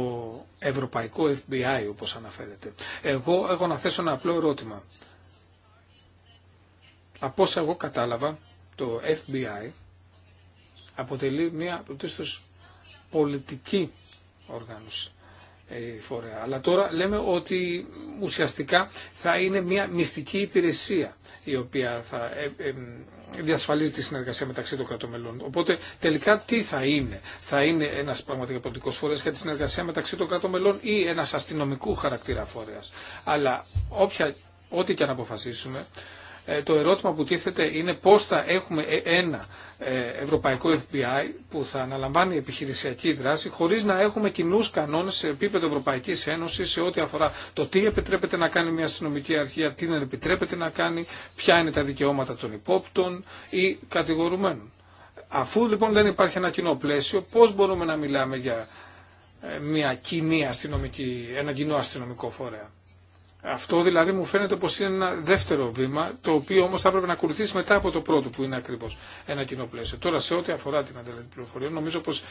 Speaker 3: ευρωπαϊκό FBI όπως αναφέρεται, εγώ έχω να θέσω ένα απλό ερώτημα. Από όσα εγώ κατάλαβα, το FBI αποτελεί μια πρωτίστως πολιτική οργάνωση ε, η φορέα. Αλλά τώρα λέμε ότι ουσιαστικά θα είναι μια μυστική υπηρεσία η οποία θα ε, ε, διασφαλίζει τη συνεργασία μεταξύ των κρατομελών. Οπότε τελικά τι θα είναι. Θα είναι ένας πραγματικά πολιτικός φορέας για τη συνεργασία μεταξύ των κρατομελών... ή ένας αστυνομικού χαρακτήρα φορέας. Αλλά ό,τι και αν αποφασίσουμε, ε, το ερώτημα που τίθεται είναι πώς θα έχουμε ε, ένα ε, ευρωπαϊκό FBI που θα αναλαμβάνει επιχειρησιακή δράση χωρίς να έχουμε κοινούς κανόνες σε επίπεδο Ευρωπαϊκής Ένωσης σε ό,τι αφορά το τι επιτρέπεται να κάνει μια αστυνομική αρχή, τι δεν επιτρέπεται να κάνει, ποια είναι τα δικαιώματα των υπόπτων ή κατηγορουμένων. Αφού λοιπόν δεν υπάρχει ένα κοινό πλαίσιο, πώς μπορούμε να μιλάμε για μια ένα κοινό αστυνομικό φορέα. Αυτό δηλαδή μου φαίνεται πως είναι ένα δεύτερο βήμα, το οποίο όμως θα έπρεπε να ακολουθήσει μετά από το πρώτο που είναι ακριβώς ένα κοινό πλαίσιο. Τώρα σε ό,τι αφορά την ανταλλαγή πληροφοριών, νομίζω πως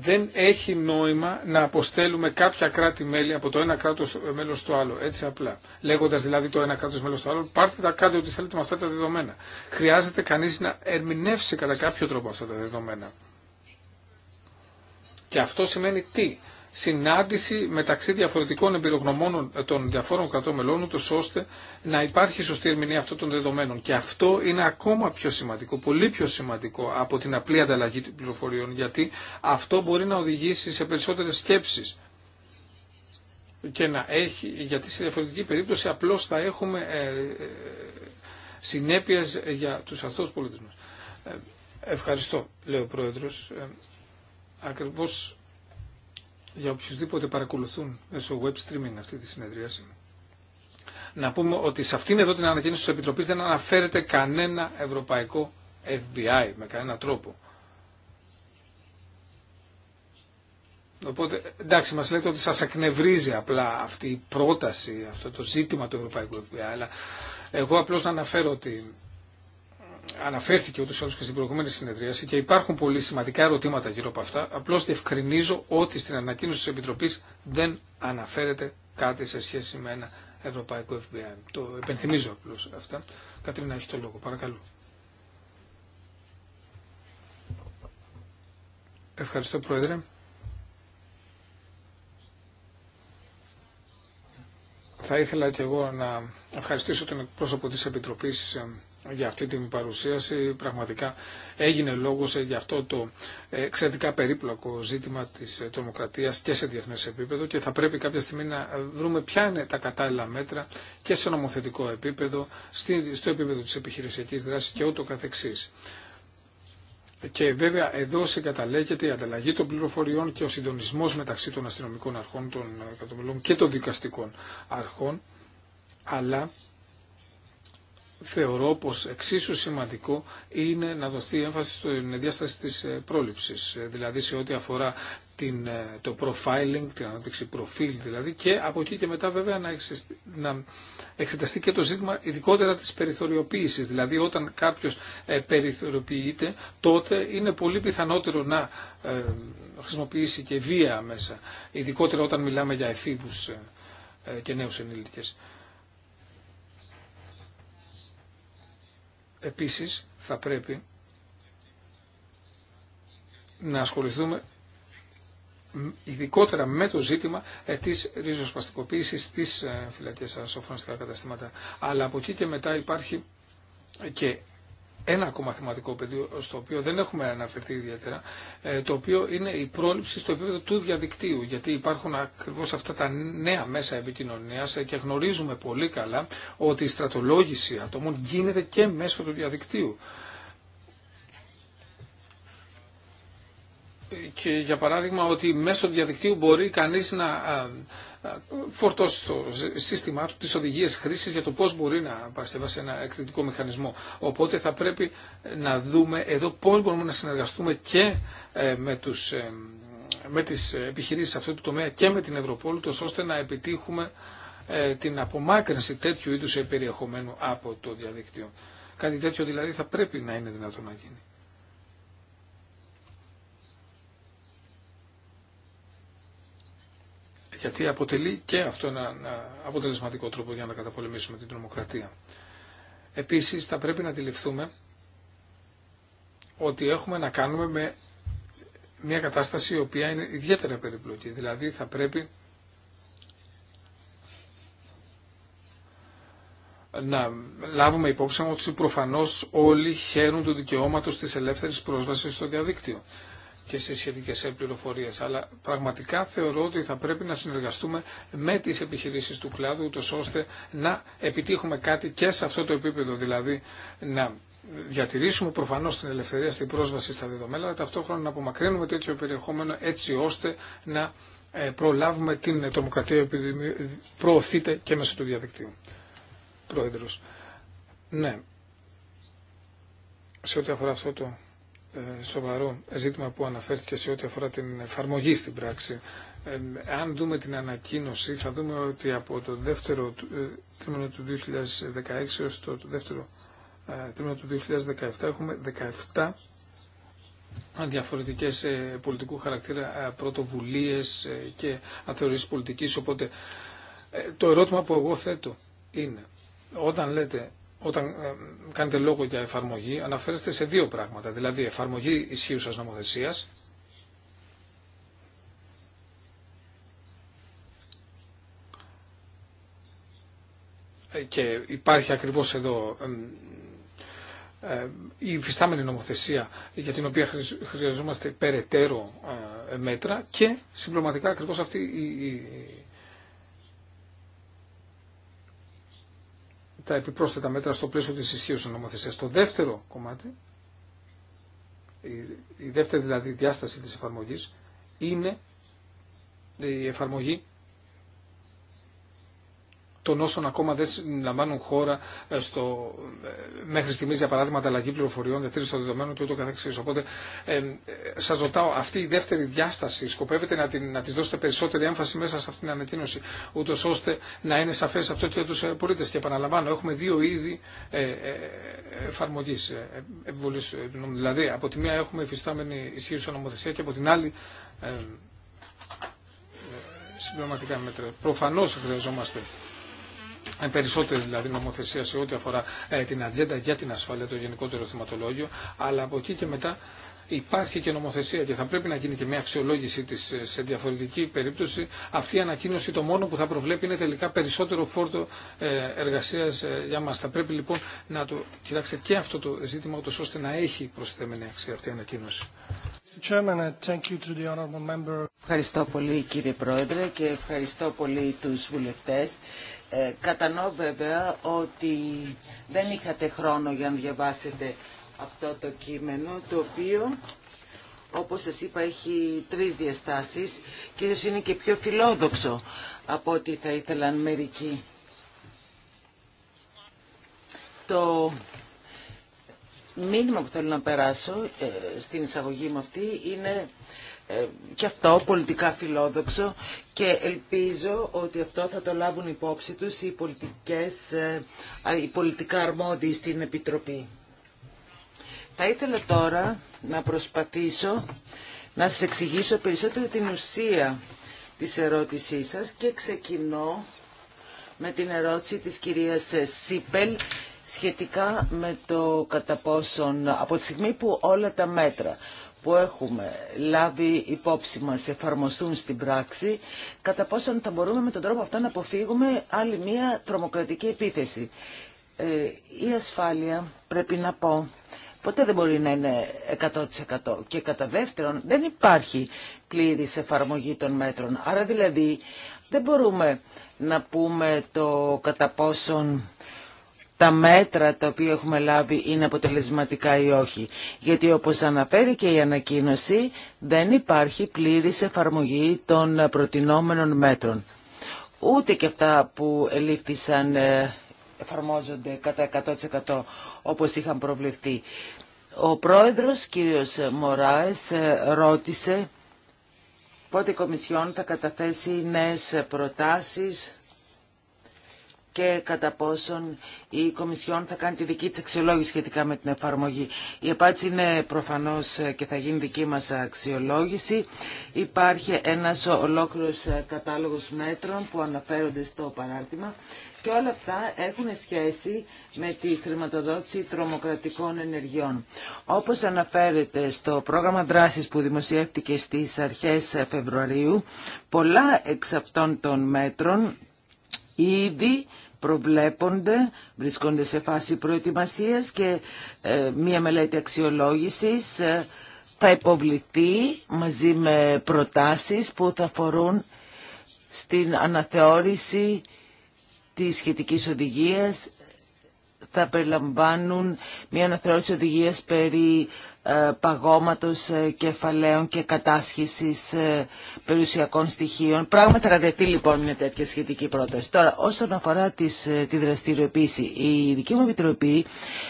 Speaker 3: δεν έχει νόημα να αποστέλουμε κάποια κράτη-μέλη από το ένα κράτο μέλο στο άλλο. Έτσι απλά. Λέγοντα δηλαδή το ένα κράτο μέλο στο άλλο, πάρτε τα κάτω ό,τι θέλετε με αυτά τα δεδομένα. Χρειάζεται κανεί να ερμηνεύσει κατά κάποιο τρόπο αυτά τα δεδομένα. Και αυτό σημαίνει τι συνάντηση μεταξύ διαφορετικών εμπειρογνωμών των διαφόρων κρατών μελών, ούτως ώστε να υπάρχει σωστή ερμηνεία αυτών των δεδομένων. Και αυτό είναι ακόμα πιο σημαντικό, πολύ πιο σημαντικό από την απλή ανταλλαγή των πληροφοριών, γιατί αυτό μπορεί να οδηγήσει σε περισσότερες σκέψεις και να έχει, γιατί σε διαφορετική περίπτωση απλώς θα έχουμε ε, ε, συνέπειες για τους αυτούς πολίτες μας. Ε, ευχαριστώ, λέει ο Πρόεδρος. Ακριβώς για οποιουσδήποτε παρακολουθούν μέσω web streaming αυτή τη συνεδρίαση. Να πούμε ότι σε αυτήν εδώ την ανακοίνωση της Επιτροπής δεν αναφέρεται κανένα ευρωπαϊκό FBI με κανένα τρόπο. Οπότε, εντάξει, μας λέτε ότι σας εκνευρίζει απλά αυτή η πρόταση, αυτό το ζήτημα του Ευρωπαϊκού FBI, αλλά εγώ απλώς να αναφέρω ότι αναφέρθηκε ούτως ή και στην προηγούμενη συνεδρίαση και υπάρχουν πολύ σημαντικά ερωτήματα γύρω από αυτά. Απλώς διευκρινίζω ότι στην ανακοίνωση της Επιτροπής δεν αναφέρεται κάτι σε σχέση με ένα ευρωπαϊκό FBI. Το επενθυμίζω απλώς αυτά. Κατρίνα έχει το λόγο. Παρακαλώ. Ευχαριστώ Πρόεδρε. Θα ήθελα και εγώ να ευχαριστήσω τον εκπρόσωπο της Επιτροπής για αυτή την παρουσίαση. Πραγματικά έγινε λόγο για αυτό το ε, εξαιρετικά περίπλοκο ζήτημα τη ε, τρομοκρατία και σε διεθνέ επίπεδο και θα πρέπει κάποια στιγμή να βρούμε ποια είναι τα κατάλληλα μέτρα και σε νομοθετικό επίπεδο, στο επίπεδο τη επιχειρησιακή δράση και ούτω καθεξή. Και βέβαια εδώ συγκαταλέγεται η ανταλλαγή των πληροφοριών και ο συντονισμό μεταξύ των αστυνομικών αρχών των και των δικαστικών αρχών, αλλά θεωρώ πως εξίσου σημαντικό είναι να δοθεί έμφαση στην διάσταση της ε, πρόληψης, ε, δηλαδή σε ό,τι αφορά την, ε, το profiling, την ανάπτυξη προφίλ δηλαδή και από εκεί και μετά βέβαια να, να εξεταστεί και το ζήτημα ειδικότερα της περιθωριοποίησης. Δηλαδή όταν κάποιος περιθωριοποιείται τότε είναι πολύ πιθανότερο να χρησιμοποιήσει και βία μέσα, ειδικότερα όταν μιλάμε για εφήβους και νέους ενήλικες. Επίσης θα πρέπει να ασχοληθούμε ειδικότερα με το ζήτημα ε, της ριζοσπαστικοποίησης στις ε, φυλακές ασοφρονιστικά καταστήματα. Αλλά από εκεί και μετά υπάρχει και ένα ακόμα θεματικό πεδίο στο οποίο δεν έχουμε αναφερθεί ιδιαίτερα, ε, το οποίο είναι η πρόληψη στο επίπεδο του διαδικτύου, γιατί υπάρχουν ακριβώς αυτά τα νέα μέσα επικοινωνίας και γνωρίζουμε πολύ καλά ότι η στρατολόγηση ατόμων γίνεται και μέσω του διαδικτύου. Και για παράδειγμα ότι μέσω του διαδικτύου μπορεί κανείς να φορτώσει στο σύστημά του τις οδηγίε χρήση για το πώ μπορεί να παρασκευάσει ένα εκρητικό μηχανισμό. Οπότε θα πρέπει να δούμε εδώ πώ μπορούμε να συνεργαστούμε και ε, με τους ε, με τις επιχειρήσεις σε αυτό το τομέα και με την Ευρωπόλη, ώστε να επιτύχουμε ε, την απομάκρυνση τέτοιου είδους περιεχομένου από το διαδίκτυο. Κάτι τέτοιο δηλαδή θα πρέπει να είναι δυνατό να γίνει. γιατί αποτελεί και αυτό ένα αποτελεσματικό τρόπο για να καταπολεμήσουμε την τρομοκρατία. Επίσης θα πρέπει να αντιληφθούμε ότι έχουμε να κάνουμε με μια κατάσταση η οποία είναι ιδιαίτερα περιπλοκή. Δηλαδή θα πρέπει να λάβουμε υπόψη ότι προφανώς όλοι χαίρουν του δικαιώματος της ελεύθερης πρόσβασης στο διαδίκτυο και σε σχετικές πληροφορίες. Αλλά πραγματικά θεωρώ ότι θα πρέπει να συνεργαστούμε με τις επιχειρήσεις του κλάδου, ούτως ώστε να επιτύχουμε κάτι και σε αυτό το επίπεδο, δηλαδή να διατηρήσουμε προφανώ την ελευθερία στην πρόσβαση στα δεδομένα, αλλά ταυτόχρονα να απομακρύνουμε τέτοιο περιεχόμενο έτσι ώστε να ε, προλάβουμε την τρομοκρατία που προωθείται και μέσα του διαδικτύου. Πρόεδρος. Ναι. Σε ό,τι αφορά αυτό το ε, σοβαρό ζήτημα που αναφέρθηκε σε ό,τι αφορά την εφαρμογή στην πράξη. Αν ε, δούμε την ανακοίνωση θα δούμε ότι από το δεύτερο ε, τρίμηνο του 2016 έως το δεύτερο τρίμηνο του 2017 έχουμε 17 διαφορετικές πολιτικού χαρακτήρα πρωτοβουλίες και αθεωρήσεις πολιτικής. Οπότε το ερώτημα που εγώ θέτω είναι όταν λέτε όταν ε, κάνετε λόγο για εφαρμογή, αναφέρεστε σε δύο πράγματα. Δηλαδή, εφαρμογή σα νομοθεσία. και υπάρχει ακριβώς εδώ ε, η υφιστάμενη νομοθεσία για την οποία χρειαζόμαστε περαιτέρω ε, μέτρα και συμπληρωματικά ακριβώς αυτή η τα επιπρόσθετα μέτρα στο πλαίσιο της ισχύωσης νομοθεσίας. Το δεύτερο κομμάτι, η δεύτερη δηλαδή διάσταση της εφαρμογής, είναι η εφαρμογή των όσων ακόμα δεν λαμβάνουν χώρα ε, στο, ε, μέχρι στιγμής για παράδειγμα ανταλλαγή πληροφοριών, διατήρηση στο δεδομένων και ούτω καθεξής. Οπότε ε, ε ρωτάω αυτή η δεύτερη διάσταση σκοπεύετε να, την, να της δώσετε περισσότερη έμφαση μέσα σε αυτήν την ανακοίνωση ούτως ώστε να είναι σαφέ αυτό και για τους πολίτες και επαναλαμβάνω έχουμε δύο είδη ε, ε, εφαρμογή, επιβολή Δηλαδή, από τη μία έχουμε υφιστάμενη ισχύουσα νομοθεσία και από την άλλη ε, συμπληρωματικά μέτρα. Προφανώ χρειαζόμαστε ε, περισσότερη δηλαδή νομοθεσία σε ό,τι αφορά ε, την ατζέντα για την ασφάλεια, το γενικότερο θεματολόγιο, αλλά από εκεί και μετά υπάρχει και νομοθεσία και θα πρέπει να γίνει και μια αξιολόγηση της ε, σε διαφορετική περίπτωση. Αυτή η ανακοίνωση το μόνο που θα προβλέπει είναι τελικά περισσότερο φόρτο εργασίας για μας. Θα πρέπει λοιπόν να το κοιτάξετε και αυτό το ζήτημα ούτως ώστε να έχει προσθέμενη αξία αυτή η ανακοίνωση.
Speaker 1: Ευχαριστώ πολύ κύριε Πρόεδρε
Speaker 3: και ευχαριστώ πολύ τους
Speaker 1: βουλευτές ε, κατανοώ βέβαια ότι δεν είχατε χρόνο για να διαβάσετε αυτό το κείμενο, το οποίο, όπως σας είπα, έχει τρεις διαστάσεις και ίσως είναι και πιο φιλόδοξο από ό,τι θα ήθελαν μερικοί. Το μήνυμα που θέλω να περάσω ε, στην εισαγωγή μου αυτή είναι ε, και αυτό πολιτικά φιλόδοξο και ελπίζω ότι αυτό θα το λάβουν υπόψη τους οι, πολιτικές, ε, οι πολιτικά αρμόδιοι στην Επιτροπή. Θα ήθελα τώρα να προσπαθήσω να σας εξηγήσω περισσότερο την ουσία της ερώτησής σας και ξεκινώ με την ερώτηση της κυρίας Σίπελ σχετικά με το κατά πόσον από τη στιγμή που όλα τα μέτρα που έχουμε λάβει υπόψη μας εφαρμοστούν στην πράξη, κατά πόσον θα μπορούμε με τον τρόπο αυτό να αποφύγουμε άλλη μία τρομοκρατική επίθεση. Ε, η ασφάλεια, πρέπει να πω, ποτέ δεν μπορεί να είναι 100% και κατά δεύτερον δεν υπάρχει πλήρης εφαρμογή των μέτρων. Άρα δηλαδή δεν μπορούμε να πούμε το κατά πόσον τα μέτρα τα οποία έχουμε λάβει είναι αποτελεσματικά ή όχι. Γιατί όπως αναφέρει και η ανακοίνωση δεν υπάρχει πλήρης εφαρμογή των προτινόμενων μέτρων. Ούτε και αυτά που ελήφθησαν ε, εφαρμόζονται κατά 100% όπως είχαν προβλεφθεί. Ο πρόεδρος κύριος Μωράες ε, ρώτησε πότε η Κομισιόν θα καταθέσει νέες προτάσεις και κατά πόσον η Κομισιόν θα κάνει τη δική της αξιολόγηση σχετικά με την εφαρμογή. Η απάντηση είναι προφανώς ε, και θα γίνει δική μας αξιολόγηση. Υπάρχει ένας ολόκληρος ε, κατάλογος μέτρων που αναφέρονται στο παράρτημα και όλα αυτά έχουν σχέση με τη χρηματοδότηση τρομοκρατικών ενεργειών. Όπως αναφέρεται στο πρόγραμμα δράσης που δημοσιεύτηκε στις αρχές Φεβρουαρίου, πολλά εξ αυτών των μέτρων ήδη προβλέπονται, βρισκόνται σε φάση προετοιμασίας και ε, μία μελέτη αξιολόγησης ε, θα υποβληθεί μαζί με προτάσεις που θα αφορούν στην αναθεώρηση της σχετικής οδηγίας θα περιλαμβάνουν μια αναθεώρηση οδηγίας περί ε, παγώματος ε, κεφαλαίων και κατάσχεσης ε, περιουσιακών στοιχείων. Πράγματα θα λοιπόν μια τέτοια σχετική πρόταση. Τώρα όσον αφορά τις, τη δραστηριοποίηση, η δική μου επιτροπή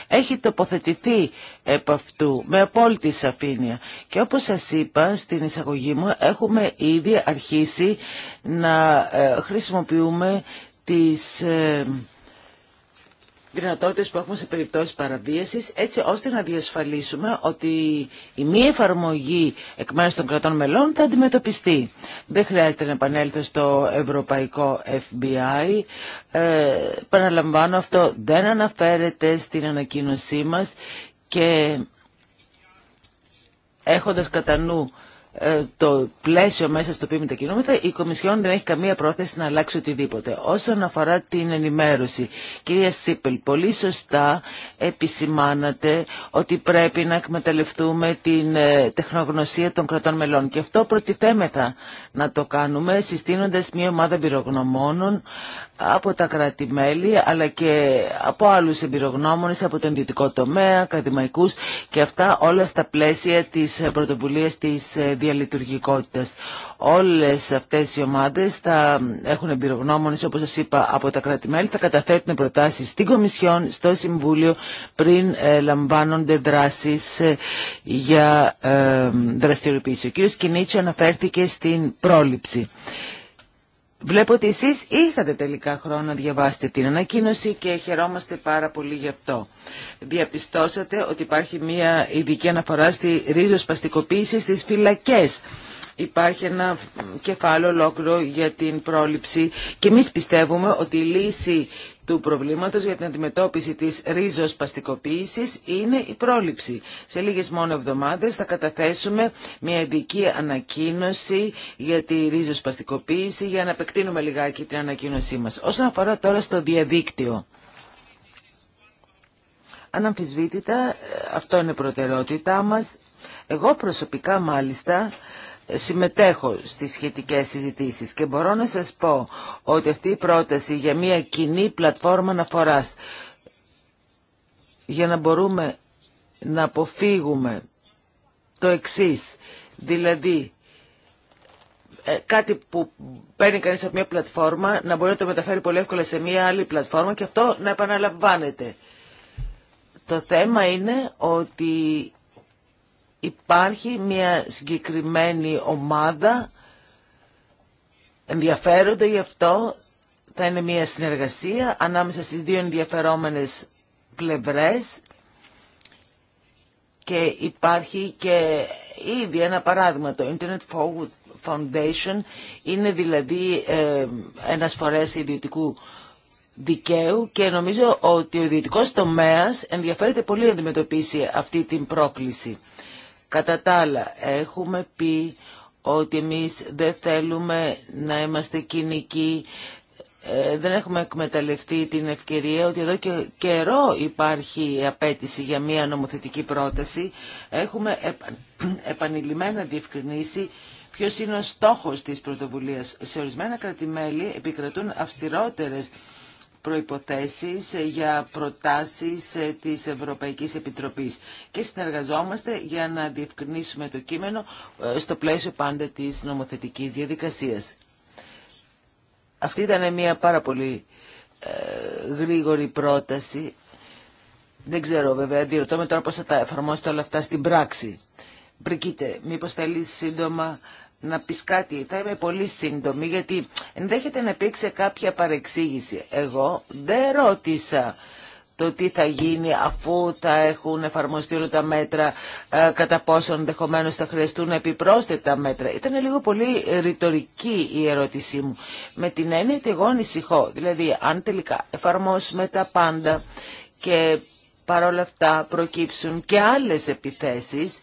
Speaker 1: έχει τοποθετηθεί επ' αυτού με απόλυτη σαφήνεια. Και όπως σας είπα στην εισαγωγή μου έχουμε ήδη αρχίσει να χρησιμοποιούμε τις δυνατότητες που έχουμε σε περιπτώσεις παραβίασης, έτσι ώστε να διασφαλίσουμε ότι η μη εφαρμογή εκ μέρους των κρατών μελών θα αντιμετωπιστεί. Δεν χρειάζεται να επανέλθω στο Ευρωπαϊκό FBI. Ε, παραλαμβάνω αυτό δεν αναφέρεται στην ανακοίνωσή μας και έχοντας κατά νου ε, το πλαίσιο μέσα στο οποίο μετακινούμεθα, η Κομισιόν δεν έχει καμία πρόθεση να αλλάξει οτιδήποτε. Όσον αφορά την ενημέρωση, κυρία Σίπελ, πολύ σωστά επισημάνατε ότι πρέπει να εκμεταλλευτούμε την ε, τεχνογνωσία των κρατών μελών. Και αυτό προτιθέμεθα να το κάνουμε, συστήνοντας μια ομάδα εμπειρογνωμόνων από τα κράτη-μέλη, αλλά και από άλλους εμπειρογνώμονε, από τον ιδιωτικό τομέα, ακαδημαϊκούς και αυτά όλα στα πλαίσια της πρωτοβουλίας της ε, διαλειτουργικότητας. Όλες αυτές οι ομάδες θα έχουν εμπειρογνώμονες, όπως σας είπα, από τα κρατη θα καταθέτουν προτάσεις στην Κομισιόν, στο Συμβούλιο, πριν ε, λαμβάνονται δράσεις ε, για ε, δραστηριοποίηση. Ο κ. Κινίτσιο αναφέρθηκε στην πρόληψη. Βλέπω ότι εσείς είχατε τελικά χρόνο να διαβάσετε την ανακοίνωση και χαιρόμαστε πάρα πολύ γι' αυτό. Διαπιστώσατε ότι υπάρχει μια ειδική αναφορά στη ρίζοσπαστικοποίηση στις φυλακές. Υπάρχει ένα κεφάλαιο ολόκληρο για την πρόληψη και εμεί πιστεύουμε ότι η λύση του προβλήματος για την αντιμετώπιση της ρίζος παστικοποίησης είναι η πρόληψη. Σε λίγες μόνο εβδομάδες θα καταθέσουμε μια ειδική ανακοίνωση για τη ρίζος παστικοποίηση για να επεκτείνουμε λιγάκι την ανακοίνωσή μας. Όσον αφορά τώρα στο διαδίκτυο. Αναμφισβήτητα, ε, αυτό είναι προτεραιότητά μας. Εγώ προσωπικά μάλιστα συμμετέχω στις σχετικές συζητήσεις και μπορώ να σας πω ότι αυτή η πρόταση για μια κοινή πλατφόρμα αναφοράς για να μπορούμε να αποφύγουμε το εξής, δηλαδή ε, κάτι που παίρνει κανείς από μια πλατφόρμα να μπορεί να το μεταφέρει πολύ εύκολα σε μια άλλη πλατφόρμα και αυτό να επαναλαμβάνεται. Το θέμα είναι ότι υπάρχει μια συγκεκριμένη ομάδα, ενδιαφέρονται γι' αυτό, θα είναι μια συνεργασία ανάμεσα στις δύο ενδιαφερόμενες πλευρές και υπάρχει και ήδη ένα παράδειγμα, το Internet Forward Foundation είναι δηλαδή ε, ένας φορέας ιδιωτικού δικαίου και νομίζω ότι ο ιδιωτικός τομέας ενδιαφέρεται πολύ να αντιμετωπίσει αυτή την πρόκληση. Κατά τα άλλα, έχουμε πει ότι εμείς δεν θέλουμε να είμαστε κοινικοί, ε, δεν έχουμε εκμεταλλευτεί την ευκαιρία ότι εδώ και καιρό υπάρχει απέτηση για μια νομοθετική πρόταση. Έχουμε επανειλημμένα διευκρινίσει ποιος είναι ο στόχος της πρωτοβουλίας. Σε ορισμένα κρατημέλη επικρατούν αυστηρότερες προϋποθέσεις ε, για προτάσεις ε, της Ευρωπαϊκής Επιτροπής και συνεργαζόμαστε για να διευκρινίσουμε το κείμενο ε, στο πλαίσιο πάντα της νομοθετικής διαδικασίας. Αυτή ήταν μια πάρα πολύ γρήγορη πρόταση. Δεν ξέρω βέβαια, διερωτώ με τώρα πώς θα τα εφαρμόσετε όλα αυτά στην πράξη. Μπρικίτε, μήπως θέλεις σύντομα να πεις κάτι. Θα είμαι πολύ σύντομη γιατί ενδέχεται να υπήρξε κάποια παρεξήγηση. Εγώ δεν ρώτησα το τι θα γίνει αφού θα έχουν εφαρμοστεί όλα τα μέτρα, ε, κατά πόσο ενδεχομένω θα χρειαστούν επιπρόσθετα μέτρα. Ήταν λίγο πολύ ρητορική η ερώτησή μου. Με την έννοια ότι εγώ ανησυχώ. Δηλαδή, αν τελικά εφαρμόσουμε τα πάντα και παρόλα αυτά προκύψουν και άλλες επιθέσεις,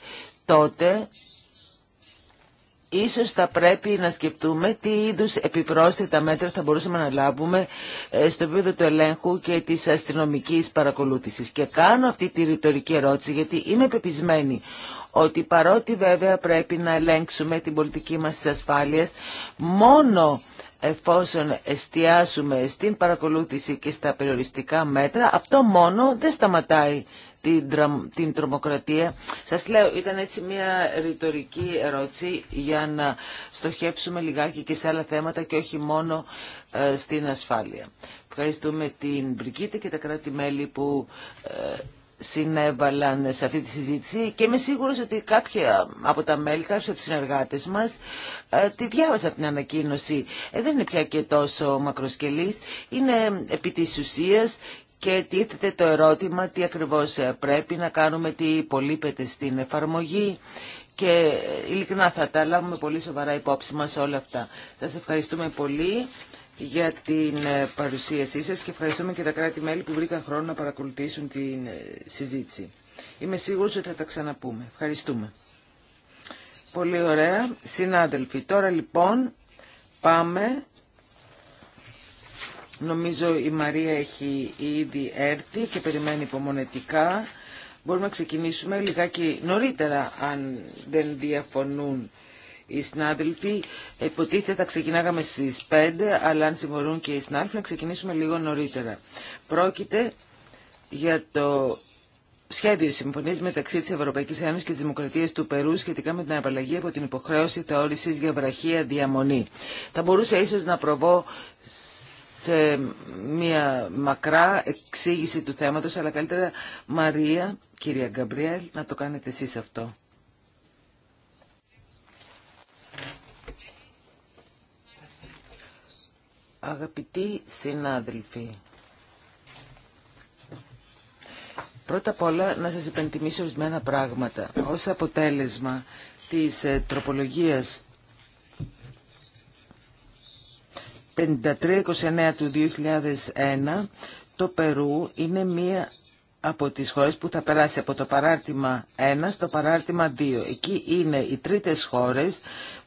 Speaker 1: τότε Ίσως θα πρέπει να σκεφτούμε τι είδους επιπρόσθετα μέτρα θα μπορούσαμε να λάβουμε ε, στο επίπεδο του ελέγχου και της αστυνομικής παρακολούθησης. Και κάνω αυτή τη ρητορική ερώτηση γιατί είμαι πεπισμένη ότι παρότι βέβαια πρέπει να ελέγξουμε την πολιτική μας της ασφάλειας, μόνο εφόσον εστιάσουμε στην παρακολούθηση και στα περιοριστικά μέτρα, αυτό μόνο δεν σταματάει την, την τρομοκρατία. Σας λέω, ήταν έτσι μια ρητορική ερώτηση για να στοχεύσουμε λιγάκι και σε άλλα θέματα και όχι μόνο ε, στην ασφάλεια. Ευχαριστούμε την Μπρικίτη και τα κράτη-μέλη που ε, συνέβαλαν σε αυτή τη συζήτηση και είμαι σίγουρος ότι κάποια από τα μέλη, κάποιοι από τους συνεργάτες μας ε, τη διάβασα την ανακοίνωση. δεν είναι πια και τόσο μακροσκελής, είναι επί της ουσίας και τίθεται το ερώτημα τι ακριβώς ε, πρέπει να κάνουμε, τι υπολείπεται στην εφαρμογή και ε, ειλικρινά θα τα λάβουμε πολύ σοβαρά υπόψη μας όλα αυτά. Σας ευχαριστούμε πολύ για την ε, παρουσίασή σας και ευχαριστούμε και τα κράτη-μέλη που βρήκαν χρόνο να παρακολουθήσουν την συζήτηση. Είμαι σίγουρος ότι θα τα ξαναπούμε. Ευχαριστούμε. Πολύ ωραία. Συνάδελφοι, τώρα λοιπόν πάμε Νομίζω η Μαρία έχει ήδη έρθει και περιμένει υπομονετικά. Μπορούμε να ξεκινήσουμε λιγάκι νωρίτερα αν δεν διαφωνούν οι συνάδελφοι. Υποτίθεται θα ξεκινάγαμε στις 5, αλλά αν συμφωνούν και οι συνάδελφοι να ξεκινήσουμε λίγο νωρίτερα. Πρόκειται για το σχέδιο συμφωνία μεταξύ τη Ευρωπαϊκή Ένωση και τη Δημοκρατία του Περού σχετικά με την απαλλαγή από την υποχρέωση θεώρηση για βραχία διαμονή. Θα μπορούσα ίσω να προβώ σε μια μακρά εξήγηση του θέματος, αλλά καλύτερα Μαρία, κυρία Γκαμπριέλ, να το κάνετε εσείς αυτό. Αγαπητοί συνάδελφοι, πρώτα απ' όλα να σας υπενθυμίσω ορισμένα πράγματα. Ως αποτέλεσμα της ε, τροπολογίας 53-29 του 2001 το Περού είναι μία από τις χώρες που θα περάσει από το παράρτημα 1 στο παράρτημα 2. Εκεί είναι οι τρίτες χώρες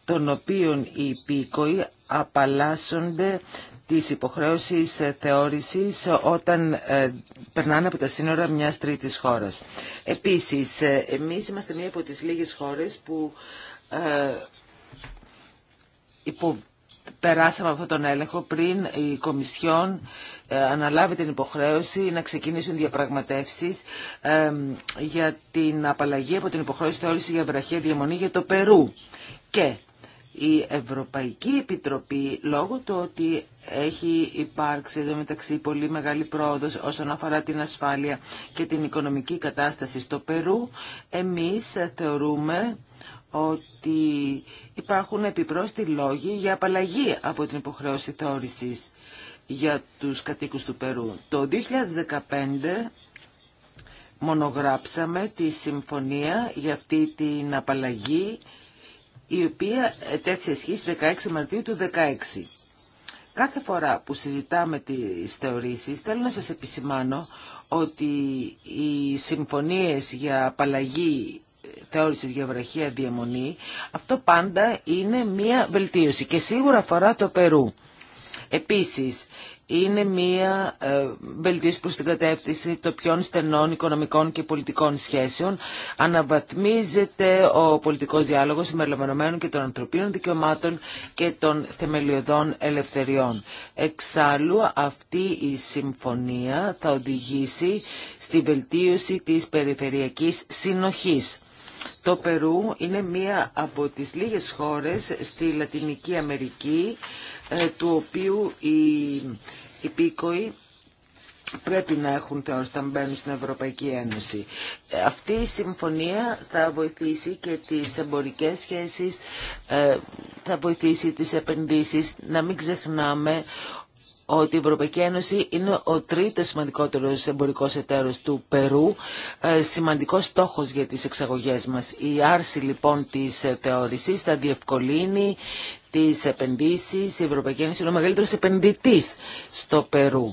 Speaker 1: των οποίων οι υπήκοοι απαλλάσσονται τις υποχρεώσεις θεώρησης όταν ε, περνάνε από τα σύνορα μιας τρίτης χώρας. Επίσης, ε, εμείς είμαστε μία από τις λίγες χώρες που ε, περάσαμε αυτόν τον έλεγχο πριν η Κομισιόν ε, αναλάβει την υποχρέωση να ξεκινήσουν διαπραγματεύσεις για την απαλλαγή από την υποχρέωση θεώρηση για βραχία διαμονή για το Περού. Και η Ευρωπαϊκή Επιτροπή, λόγω του ότι έχει υπάρξει εδώ μεταξύ πολύ μεγάλη πρόοδος όσον αφορά την ασφάλεια και την οικονομική κατάσταση στο Περού, εμείς θεωρούμε ότι υπάρχουν επιπρόσθετοι λόγοι για απαλλαγή από την υποχρέωση θεώρησης για τους κατοίκους του Περού. Το 2015 μονογράψαμε τη συμφωνία για αυτή την απαλλαγή η οποία τέτοια ισχύει 16 Μαρτίου του 2016. Κάθε φορά που συζητάμε τις θεωρήσεις θέλω να σας επισημάνω ότι οι συμφωνίες για απαλλαγή θεώρησης για βραχία διαμονή, αυτό πάντα είναι μία βελτίωση και σίγουρα αφορά το Περού. Επίσης, είναι μία ε, βελτίωση προς την κατεύθυνση των πιο στενών οικονομικών και πολιτικών σχέσεων. Αναβαθμίζεται ο πολιτικός διάλογος συμπεριλαμβανομένων και των ανθρωπίνων δικαιωμάτων και των θεμελιωδών ελευθεριών. Εξάλλου, αυτή η συμφωνία θα οδηγήσει στη βελτίωση της περιφερειακής συνοχής το Περού είναι μία από τις λίγες χώρες στη Λατινική Αμερική ε, του οποίου οι υπήκοοι πρέπει να έχουν θεώρηση να μπαίνουν στην Ευρωπαϊκή Ένωση. Ε, αυτή η συμφωνία θα βοηθήσει και τις εμπορικές σχέσεις, ε, θα βοηθήσει τις επενδύσεις. Να μην ξεχνάμε ότι η Ευρωπαϊκή Ένωση είναι ο τρίτος σημαντικότερος εμπορικός εταίρος του Περού, ε, σημαντικός στόχος για τις εξαγωγές μας. Η άρση λοιπόν της ε, θεώρησης θα διευκολύνει τις επενδύσεις. Η Ευρωπαϊκή Ένωση είναι ο μεγαλύτερος επενδυτής στο Περού.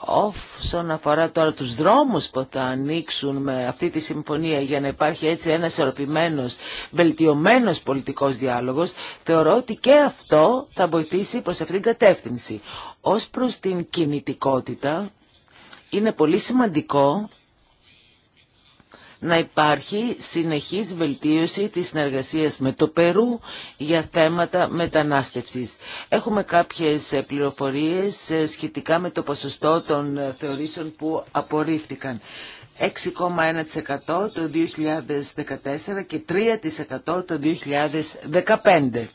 Speaker 1: Όσον αφορά τώρα τους δρόμους που θα ανοίξουν με αυτή τη συμφωνία για να υπάρχει έτσι ένας ερωτημένος, βελτιωμένος πολιτικός διάλογος, θεωρώ ότι και αυτό θα βοηθήσει προς αυτήν την κατεύθυνση. Ως προς την κινητικότητα, είναι πολύ σημαντικό να υπάρχει συνεχής βελτίωση της συνεργασίας με το Περού για θέματα μετανάστευσης. Έχουμε κάποιες πληροφορίες ε, σχετικά με το ποσοστό των ε, θεωρήσεων που απορρίφθηκαν. 6,1% το 2014 και 3% το 2015.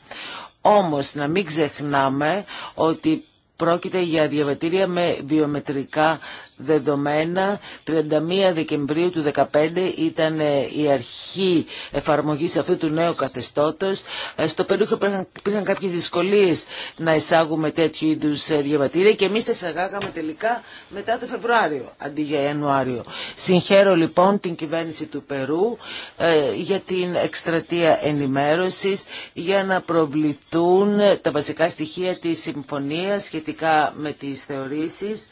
Speaker 1: Όμως να μην ξεχνάμε ότι Πρόκειται για διαβατήρια με βιομετρικά δεδομένα. 31 Δεκεμβρίου του 2015 ήταν ε, η αρχή εφαρμογής αυτού του νέου καθεστώτος. Ε, στο Περού υπήρχαν κάποιες δυσκολίες να εισάγουμε τέτοιου είδους ε, διαβατήρια και εμείς τα εισαγάγαμε τελικά μετά το Φεβρουάριο αντί για Ιανουάριο. Συγχαίρω λοιπόν την κυβέρνηση του Περού για την εκστρατεία ενημέρωσης για να προβληθούν τα βασικά στοιχεία της συμφωνίας με τις θεωρήσεις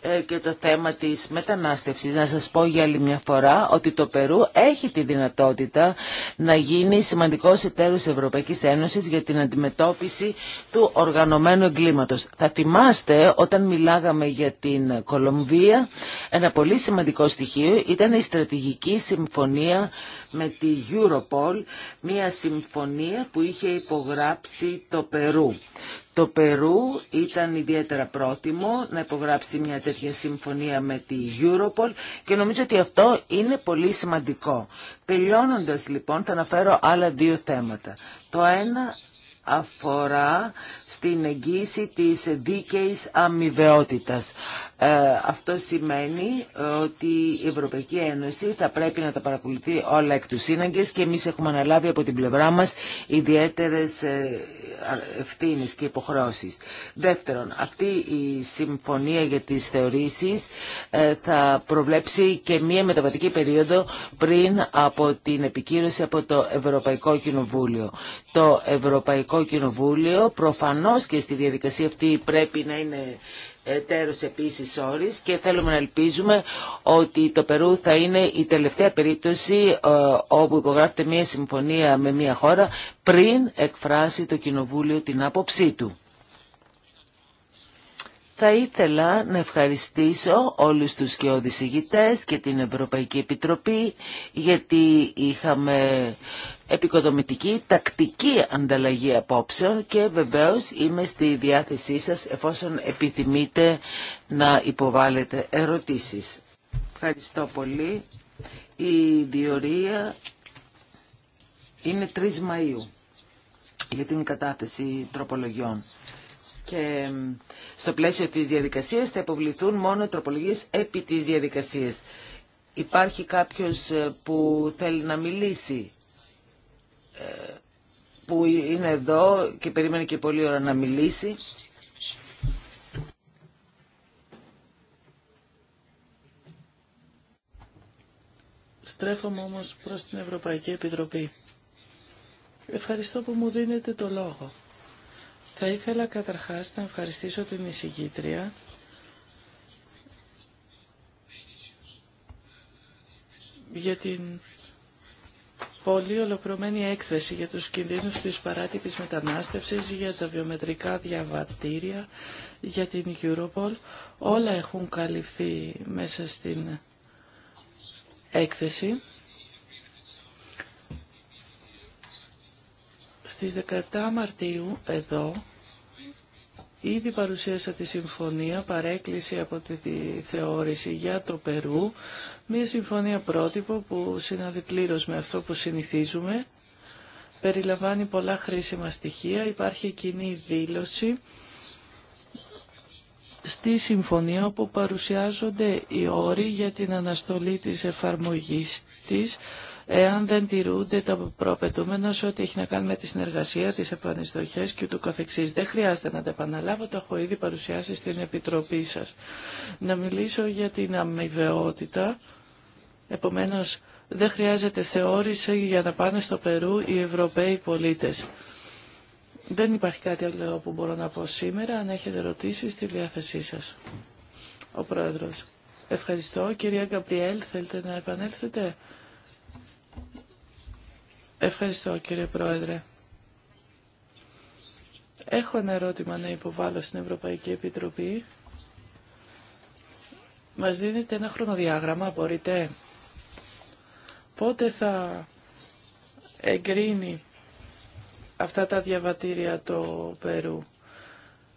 Speaker 1: ε, και το θέμα της μετανάστευσης. Να σας πω για άλλη μια φορά ότι το Περού έχει τη δυνατότητα να γίνει σημαντικός εταίρος Ευρωπαϊκής Ένωσης για την αντιμετώπιση του οργανωμένου εγκλήματος. Θα θυμάστε όταν μιλάγαμε για την Κολομβία ένα πολύ σημαντικό στοιχείο ήταν η στρατηγική συμφωνία με τη Europol, μια συμφωνία που είχε υπογράψει το Περού. Το Περού ήταν ιδιαίτερα πρότιμο να υπογράψει μια τέτοια συμφωνία με τη Europol και νομίζω ότι αυτό είναι πολύ σημαντικό. Τελειώνοντας λοιπόν θα αναφέρω άλλα δύο θέματα. Το ένα αφορά στην εγγύηση της δίκαιης αμοιβαιότητας. Ε, αυτό σημαίνει ότι η Ευρωπαϊκή Ένωση θα πρέπει να τα παρακολουθεί όλα εκ του σύναγκες και εμείς έχουμε αναλάβει από την πλευρά μας ιδιαίτερες ε, Ευθύνε και υποχρεώσει. Δεύτερον, αυτή η συμφωνία για τις θεωρήσεις ε, θα προβλέψει και μία μεταβατική περίοδο πριν από την επικύρωση από το Ευρωπαϊκό Κοινοβούλιο. Το Ευρωπαϊκό Κοινοβούλιο προφανώ και στη διαδικασία αυτή πρέπει να είναι εταίρος επίσης όρης και θέλουμε να ελπίζουμε ότι το Περού θα είναι η τελευταία περίπτωση ε, όπου υπογράφεται μια συμφωνία με μια χώρα πριν εκφράσει το Κοινοβούλιο την άποψή του. Θα ήθελα να ευχαριστήσω όλους τους και οδησηγητές και την Ευρωπαϊκή Επιτροπή γιατί είχαμε επικοδομητική, τακτική ανταλλαγή απόψεων και βεβαίως είμαι στη διάθεσή σας εφόσον επιθυμείτε να υποβάλλετε ερωτήσεις. Ευχαριστώ πολύ. Η διορία είναι 3 Μαΐου για την κατάθεση τροπολογιών. Και στο πλαίσιο της διαδικασίας θα υποβληθούν μόνο τροπολογίες επί της διαδικασίας. Υπάρχει κάποιος ε, που θέλει να μιλήσει που είναι εδώ και περίμενε και πολύ ώρα να μιλήσει.
Speaker 2: Στρέφομαι όμως προς την Ευρωπαϊκή Επιτροπή. Ευχαριστώ που μου δίνετε το λόγο. Θα ήθελα καταρχάς να ευχαριστήσω την εισηγήτρια για την πολύ ολοκληρωμένη έκθεση για τους κινδύνους της παράτυπης μετανάστευσης, για τα βιομετρικά διαβατήρια, για την Europol. Όλα έχουν καλυφθεί μέσα στην έκθεση. Στις 17 Μαρτίου εδώ Ήδη παρουσίασα τη συμφωνία παρέκκληση από τη θεώρηση για το Περού, μια συμφωνία πρότυπο που συνάδει πλήρως με αυτό που συνηθίζουμε, περιλαμβάνει πολλά χρήσιμα στοιχεία, υπάρχει κοινή δήλωση στη συμφωνία όπου παρουσιάζονται οι όροι για την αναστολή της εφαρμογής της, εάν δεν τηρούνται το προαπαιτούμενα σε ό,τι έχει να κάνει με τη συνεργασία, τις επανειστοχέ και ούτω καθεξής. Δεν χρειάζεται να τα επαναλάβω, το έχω ήδη παρουσιάσει στην Επιτροπή σα. Να μιλήσω για την αμοιβαιότητα, Επομένω, δεν χρειάζεται θεώρηση για να πάνε στο Περού οι Ευρωπαίοι πολίτε. Δεν υπάρχει κάτι άλλο που μπορώ να πω σήμερα. Αν έχετε ρωτήσει στη διάθεσή σα, Ο Πρόεδρος. Ευχαριστώ. Κυρία Γκαμπριέλ, θέλετε να επανέλθετε. Ευχαριστώ κύριε Πρόεδρε. Έχω ένα ερώτημα να υποβάλω στην Ευρωπαϊκή Επιτροπή. Μας δίνετε ένα χρονοδιάγραμμα, μπορείτε. Πότε θα εγκρίνει αυτά τα διαβατήρια το Περού.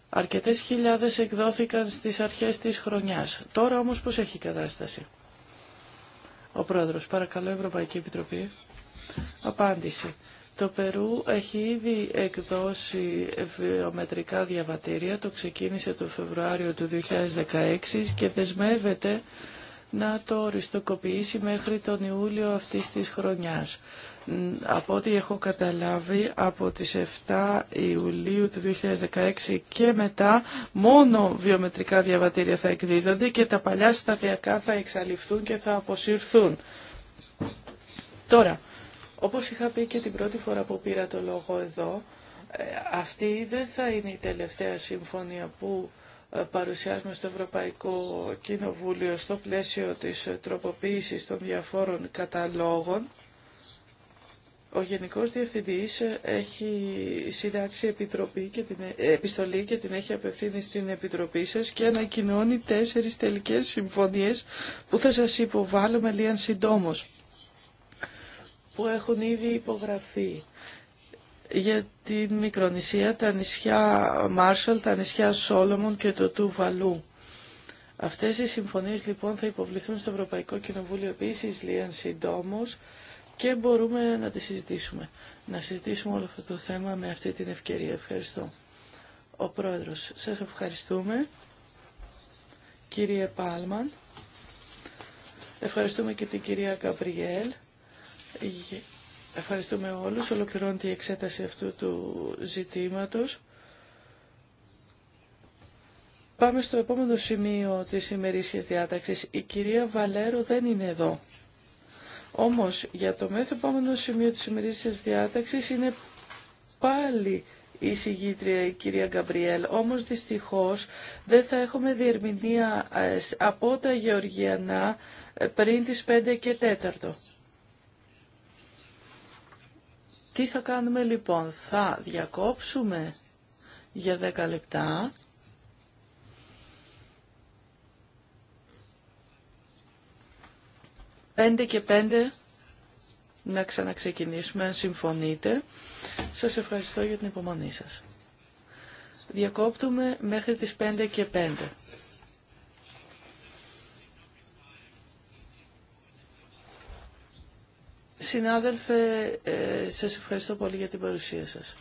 Speaker 2: Αρκετές χιλιάδες εκδόθηκαν στις αρχές της χρονιάς. Τώρα όμως πώς έχει η κατάσταση. Ο Πρόεδρος, παρακαλώ Ευρωπαϊκή Επιτροπή. Απάντηση. Το Περού έχει ήδη εκδώσει βιομετρικά διαβατήρια, το ξεκίνησε το Φεβρουάριο του 2016 και δεσμεύεται να το οριστοκοποιήσει μέχρι τον Ιούλιο αυτής της χρονιάς. Από ό,τι έχω καταλάβει, από τις 7 Ιουλίου του 2016 και μετά, μόνο βιομετρικά διαβατήρια θα εκδίδονται και τα παλιά σταδιακά θα εξαλειφθούν και θα αποσυρθούν. Τώρα, όπως είχα πει και την πρώτη φορά που πήρα το λόγο εδώ, ε, αυτή δεν θα είναι η τελευταία συμφωνία που ε, παρουσιάζουμε στο Ευρωπαϊκό Κοινοβούλιο στο πλαίσιο της ε, τροποποίησης των διαφόρων καταλόγων. Ο Γενικός Διευθυντής έχει συντάξει επιτροπή και την, επιστολή και την έχει απευθύνει στην Επιτροπή σας και ανακοινώνει τέσσερις τελικές συμφωνίες που θα σας υποβάλλουμε λίγαν συντόμως που έχουν ήδη υπογραφεί. Για τη Μικρονησία, τα νησιά Μάρσαλ, τα νησιά Σόλομον και το Του Βαλού. Αυτές οι συμφωνίες λοιπόν θα υποβληθούν στο Ευρωπαϊκό Κοινοβούλιο επίσης Λίαν, συντόμως και μπορούμε να τις συζητήσουμε. Να συζητήσουμε όλο αυτό το θέμα με αυτή την ευκαιρία. Ευχαριστώ. Ο Πρόεδρος, σας ευχαριστούμε. Κύριε Πάλμαν, ευχαριστούμε και την κυρία Καπριέλ. Ευχαριστούμε όλους. Ολοκληρώνεται η εξέταση αυτού του ζητήματος. Πάμε στο επόμενο σημείο της ημερήσιας διάταξης. Η κυρία Βαλέρο δεν είναι εδώ. Όμως για το μέθο επόμενο σημείο της ημερήσιας διάταξης είναι πάλι η συγγήτρια η κυρία Γκαμπριέλ. Όμως δυστυχώς δεν θα έχουμε διερμηνία ε, από τα Γεωργιανά ε, πριν τις 5 και 4. Τι θα κάνουμε λοιπόν, θα διακόψουμε για 10 λεπτά Πέντε και πέντε να ξαναξεκινήσουμε αν συμφωνείτε. Σας ευχαριστώ για την υπομονή σας. Διακόπτουμε μέχρι τις 5 και 5. Συνάδελφε, ε, σας ευχαριστώ πολύ για την παρουσία σας.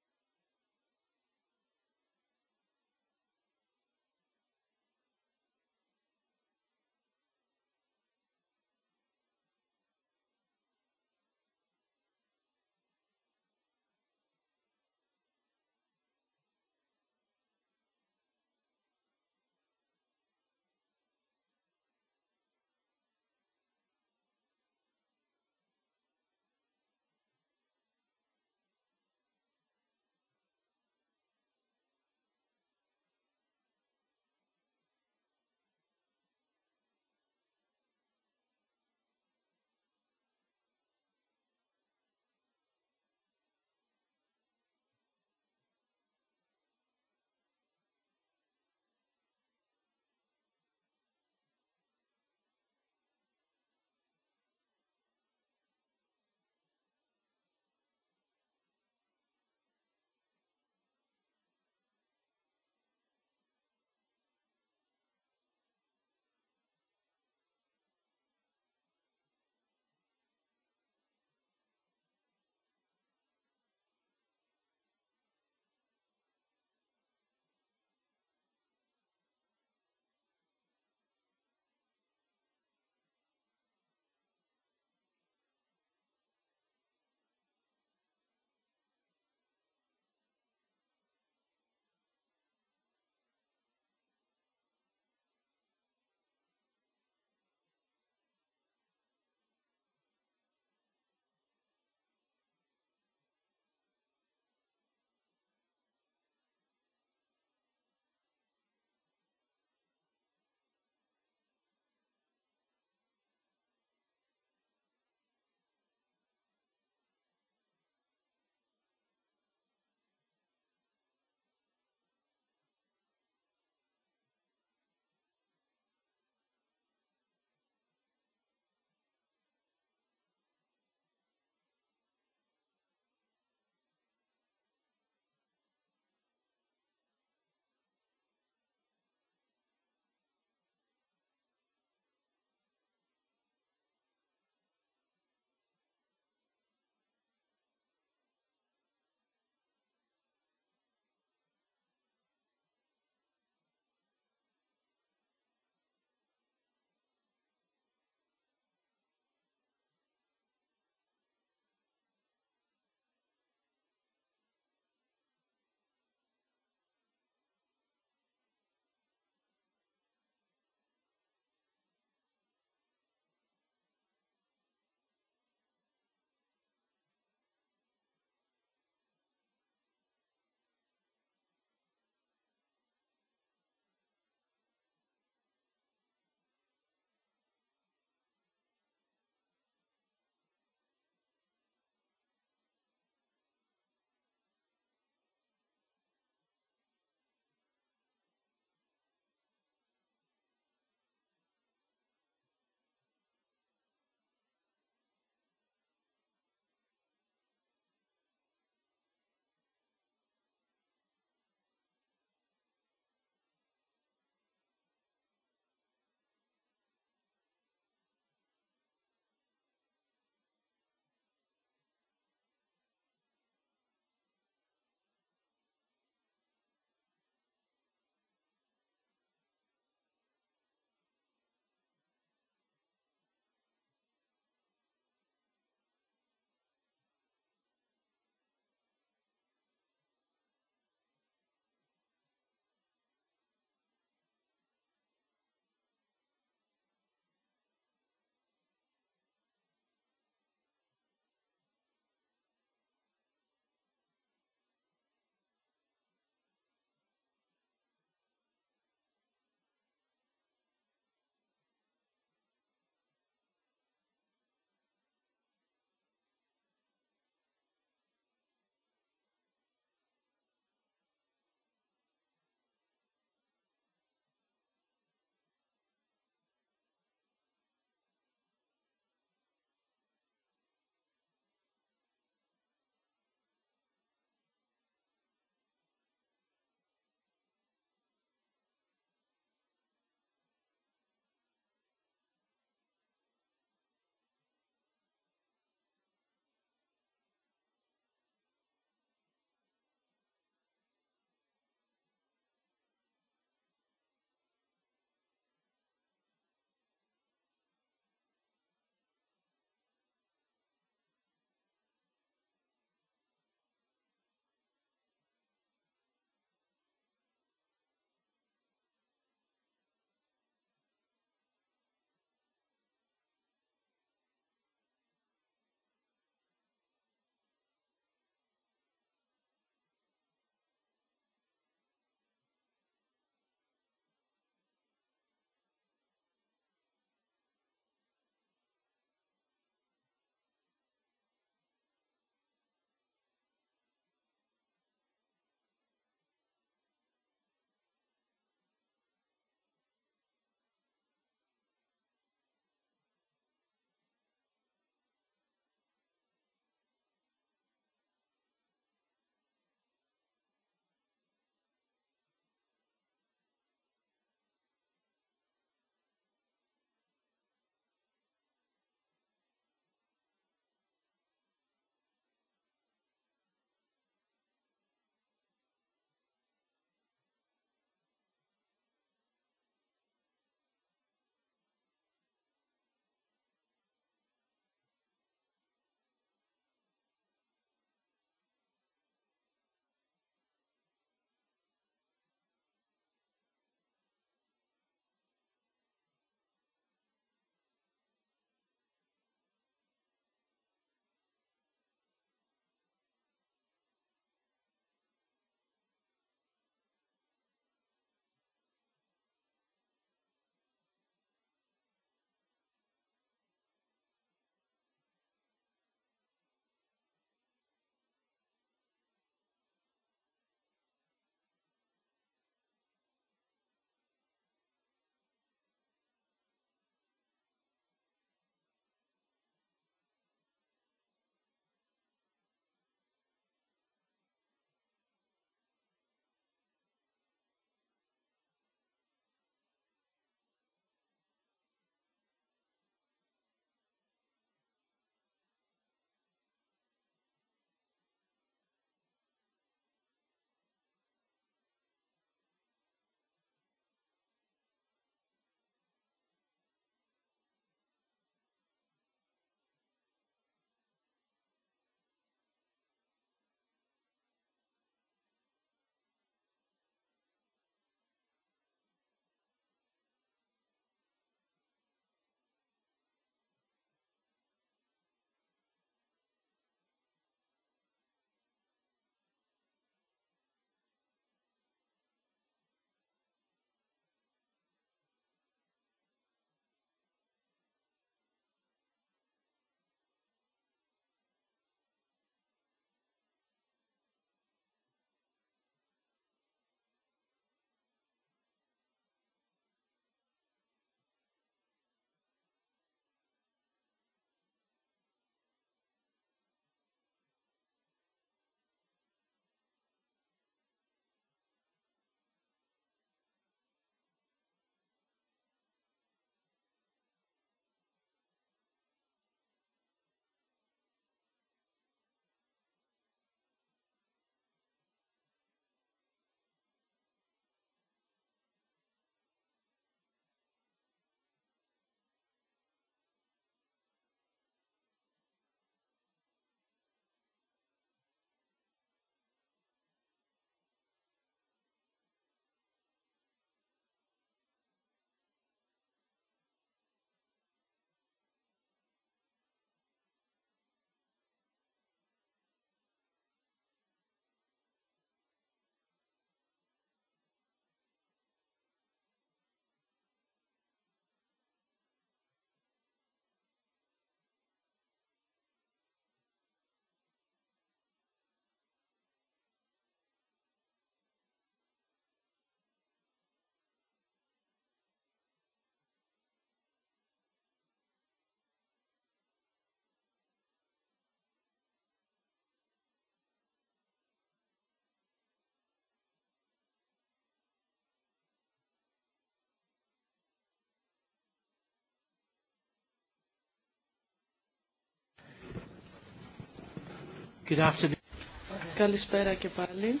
Speaker 2: Καλησπέρα και πάλι.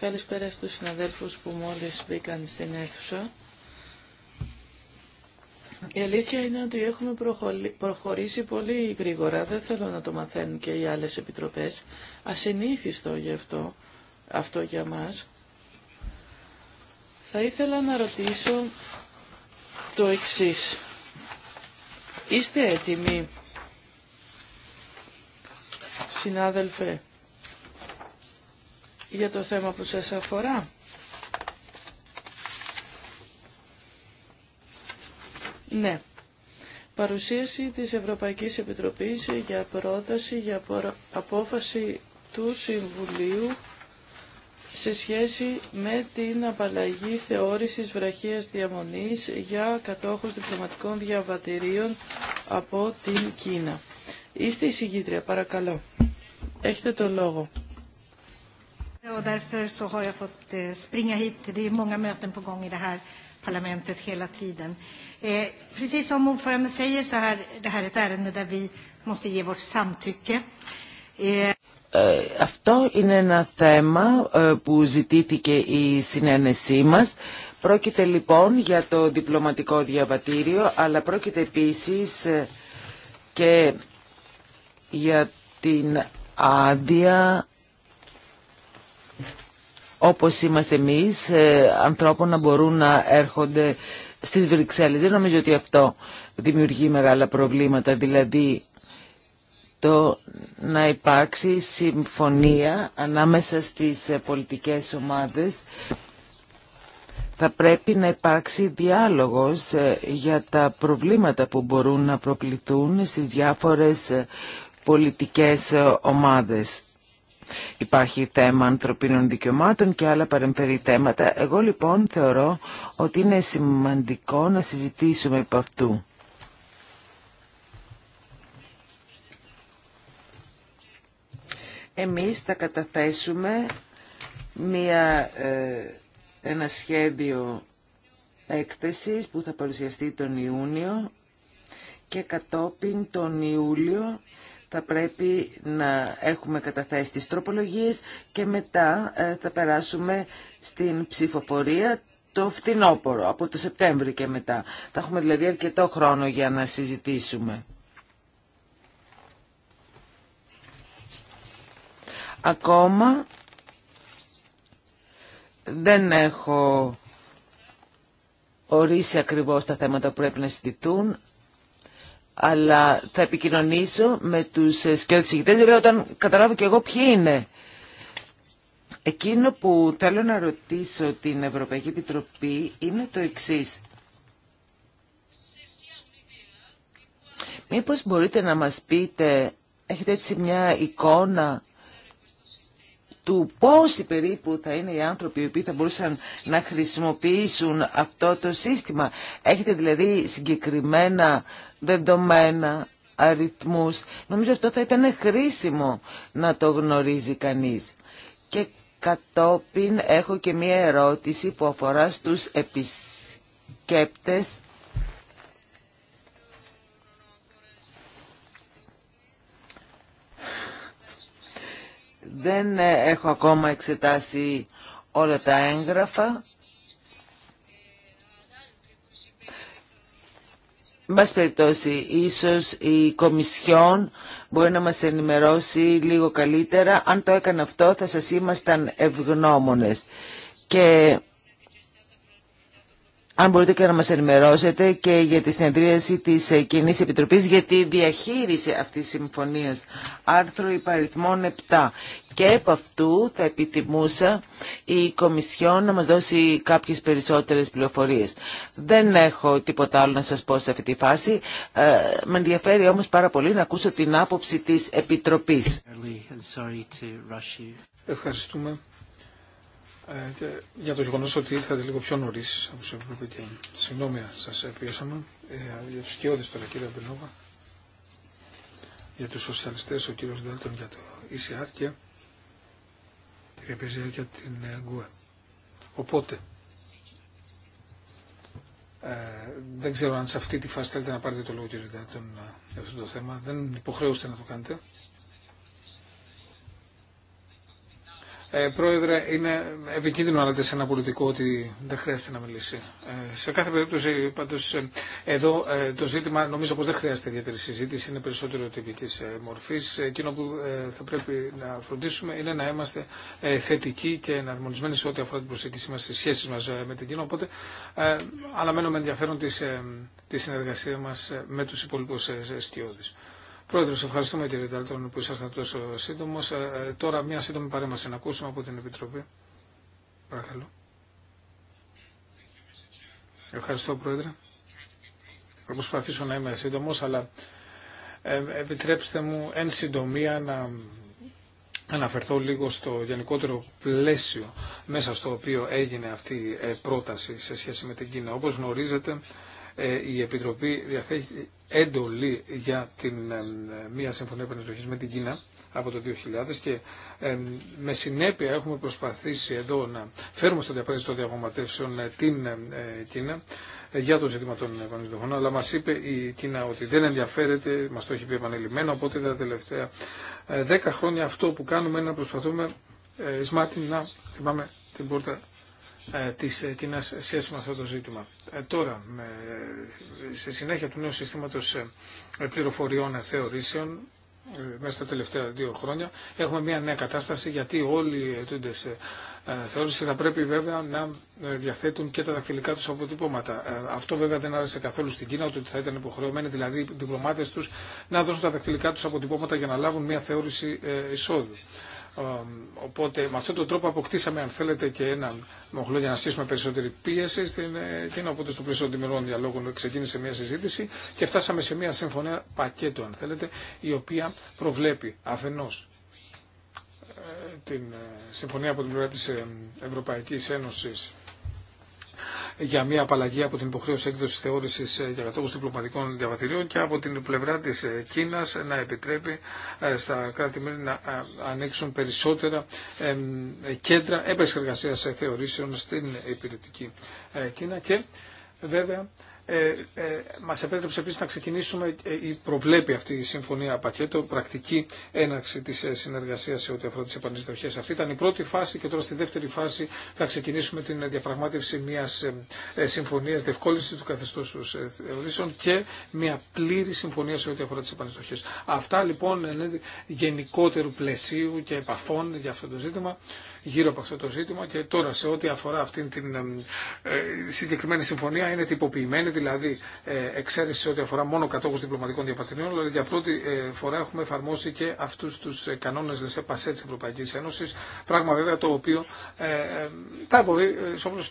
Speaker 2: Καλησπέρα στους συναδέλφους που μόλις μπήκαν στην αίθουσα. Η αλήθεια είναι ότι έχουμε προχωρήσει πολύ γρήγορα. Δεν θέλω να το μαθαίνουν και οι άλλες επιτροπές. Ασυνήθιστο γι' αυτό, για μας. Θα ήθελα να ρωτήσω το εξής. Είστε έτοιμοι συνάδελφε, για το θέμα που σας αφορά. Ναι. Παρουσίαση της Ευρωπαϊκής Επιτροπής για πρόταση για απόφαση του Συμβουλίου σε σχέση με την απαλλαγή θεώρησης βραχίας διαμονής για κατόχους διπλωματικών διαβατηρίων από την Κίνα. Είστε η παρακαλώ. Έχετε το λόγο.
Speaker 1: Αυτό είναι ένα θέμα ε, που ζητήθηκε η συνένεσή μας. Πρόκειται λοιπόν για το διπλωματικό διαβατήριο, αλλά πρόκειται επίσης ε, και για την άδεια όπως είμαστε εμείς ε, ανθρώπων να μπορούν να έρχονται στις Βρυξέλλες. Δεν νομίζω ότι αυτό δημιουργεί μεγάλα προβλήματα. Δηλαδή το να υπάρξει συμφωνία ανάμεσα στις ε, πολιτικές ομάδες θα πρέπει να υπάρξει διάλογος ε, για τα προβλήματα που μπορούν να προκληθούν στις διάφορες πολιτικές ε, ομάδες. Υπάρχει θέμα ανθρωπίνων δικαιωμάτων και άλλα παρεμφερή θέματα. Εγώ λοιπόν θεωρώ ότι είναι σημαντικό να συζητήσουμε από αυτού. Εμείς θα καταθέσουμε μια, ε, ένα σχέδιο έκθεσης που θα παρουσιαστεί τον Ιούνιο και κατόπιν τον Ιούλιο θα πρέπει να έχουμε καταθέσει τις τροπολογίες και μετά ε, θα περάσουμε στην ψηφοφορία το φθινόπωρο, από το Σεπτέμβριο και μετά. Θα έχουμε δηλαδή αρκετό χρόνο για να συζητήσουμε. Ακόμα δεν έχω ορίσει ακριβώς τα θέματα που πρέπει να συζητηθούν, αλλά θα επικοινωνήσω με τους σκιώτες βέβαια όταν καταλάβω και εγώ ποιοι είναι. Εκείνο που θέλω να ρωτήσω την Ευρωπαϊκή Επιτροπή είναι το εξής. Μήπως μπορείτε να μας πείτε, έχετε έτσι μια εικόνα του πόσοι περίπου θα είναι οι άνθρωποι οι οποίοι θα μπορούσαν να χρησιμοποιήσουν αυτό το σύστημα. Έχετε δηλαδή συγκεκριμένα δεδομένα, αριθμούς. Νομίζω αυτό θα ήταν χρήσιμο να το γνωρίζει κανείς. Και κατόπιν έχω και μία ερώτηση που αφορά στους επισκέπτες Δεν ε, έχω ακόμα εξετάσει όλα τα έγγραφα. Μπας περιπτώσει, ίσως η Κομισιόν μπορεί να μας ενημερώσει λίγο καλύτερα. Αν το έκανε αυτό θα σας ήμασταν ευγνώμονες. Και αν μπορείτε και να μας ενημερώσετε και για τη συνεδρίαση της ε, Κοινή Επιτροπής για τη διαχείριση αυτής της συμφωνίας. Άρθρο υπαριθμών 7. Και από αυτού θα επιτιμούσα η Κομισιόν να μας δώσει κάποιες περισσότερες πληροφορίες. Δεν έχω τίποτα άλλο να σας πω σε αυτή τη φάση. Ε, με ενδιαφέρει όμως πάρα πολύ να ακούσω την άποψη της Επιτροπής.
Speaker 3: Ευχαριστούμε. Ε, για το γεγονό ότι ήρθατε λίγο πιο νωρί όπω είπε και συγγνώμη, σα πιέσαμε. Ε, για του κοιόδε τώρα, κύριε Αμπελόβα. Για του σοσιαλιστέ, ο κύριο Ντέλτον, για το ECR και κυρία Πεζιά για την ε, ΓΚΟΕ. Οπότε, δεν ξέρω αν σε αυτή τη φάση θέλετε να πάρετε το λόγο, κύριε Ντέλτον, για αυτό το θέμα. Δεν υποχρεώστε να το κάνετε. Ε, πρόεδρε, είναι επικίνδυνο να λέτε σε ένα πολιτικό ότι δεν χρειάζεται να μιλήσει. Ε, σε κάθε περίπτωση, πάντω, ε, εδώ το ζήτημα νομίζω πω δεν χρειάζεται ιδιαίτερη συζήτηση, είναι περισσότερο τυπική μορφή. Εκείνο που θα πρέπει να φροντίσουμε είναι να είμαστε θετικοί και εναρμονισμένοι σε ό,τι αφορά την προσέγγιση μα, τι σχέσει μα με την Κίνα. Οπότε, αναμένω με ενδιαφέρον τη συνεργασία μα με του υπόλοιπου αισιόδη. Πρόεδρος, ευχαριστούμε κύριε Ταλτών που ήσασταν τόσο σύντομο. Ε, τώρα μια σύντομη παρέμβαση να ακούσουμε από την Επιτροπή. Παρακαλώ. Ευχαριστώ Πρόεδρε. Θα προσπαθήσω να είμαι σύντομο, αλλά ε, επιτρέψτε μου εν συντομία να αναφερθώ λίγο στο γενικότερο πλαίσιο μέσα στο οποίο έγινε αυτή η ε, πρόταση σε σχέση με την Κίνα. Όπως γνωρίζετε, ε, η Επιτροπή διαθέτει έντολη για την, μια συμφωνία επανεισδοχής με την Κίνα από το 2000 και με συνέπεια έχουμε προσπαθήσει εδώ να φέρουμε στο διαπράγμα των διαπραγματεύσεων ε, την ε, Κίνα ε, για το ζήτημα των επανεισδοχών, αλλά μας είπε η Κίνα ότι δεν ενδιαφέρεται, μας το έχει πει επανελειμμένο, οπότε τα τελευταία δέκα χρόνια αυτό που κάνουμε είναι να προσπαθούμε σμάτιν να θυμάμαι την πόρτα της Κίνας σχέση με αυτό το ζήτημα. Ε, τώρα, σε συνέχεια του νέου συστήματος ε, πληροφοριών ε, θεωρήσεων, μέσα στα τελευταία δύο χρόνια, έχουμε μια νέα κατάσταση γιατί όλοι οι ετούντες θεώρηση θα πρέπει βέβαια να διαθέτουν και τα δακτυλικά τους αποτυπώματα. Αυτό βέβαια δεν άρεσε καθόλου στην Κίνα, ότι θα ήταν υποχρεωμένοι δηλαδή οι διπλωμάτες τους να δώσουν τα δακτυλικά τους αποτυπώματα για να λάβουν μια θεώρηση εισόδου. Οπότε με αυτόν τον τρόπο αποκτήσαμε, αν θέλετε, και έναν μοχλό για να στήσουμε περισσότερη πίεση στην ε, Κίνα. Οπότε στο πλαίσιο των διαλόγων ξεκίνησε μια συζήτηση και φτάσαμε σε μια συμφωνία πακέτο αν θέλετε, η οποία προβλέπει αφενό ε, την ε, συμφωνία από την πλευρά τη Ευρωπαϊκή Ένωση για μια απαλλαγή από την υποχρέωση έκδοση θεώρηση ε, για κατόχου διπλωματικών διαβατηρίων και από την πλευρά τη ε, Κίνα να επιτρέπει ε, στα κράτη-μέλη να ανοίξουν περισσότερα κέντρα επεξεργασία θεωρήσεων στην υπηρετική Κίνα. Και βέβαια ε, ε, μας επέτρεψε επίσης να ξεκινήσουμε ή ε, προβλέπει αυτή η συμφωνία πακέτο πρακτική έναρξη της συνεργασίας σε ό,τι αφορά τις επανεισδοχές. Αυτή ήταν η πρώτη αφορα τις αυτη ηταν η πρωτη φαση και τώρα στη δεύτερη φάση θα ξεκινήσουμε την διαπραγμάτευση μιας συμφωνίας διευκόλυνσης του καθεστώς θεωρήσεων και μια πλήρη συμφωνία σε ό,τι αφορά τις επανεισδοχές. Αυτά λοιπόν είναι γενικότερου πλαισίου και επαφών για αυτό το ζήτημα γύρω από αυτό το ζήτημα και τώρα σε ό,τι αφορά αυτήν την ε, συγκεκριμένη συμφωνία είναι τυποποιημένη, δηλαδή ε, εξαίρεση σε ό,τι αφορά μόνο κατόχους διπλωματικών διαπατηρίων, αλλά για πρώτη ε, φορά έχουμε εφαρμόσει και αυτούς τους κανόνες λεσέ πασέ της Ευρωπαϊκής Ένωσης, πράγμα βέβαια το οποίο τα αποδεί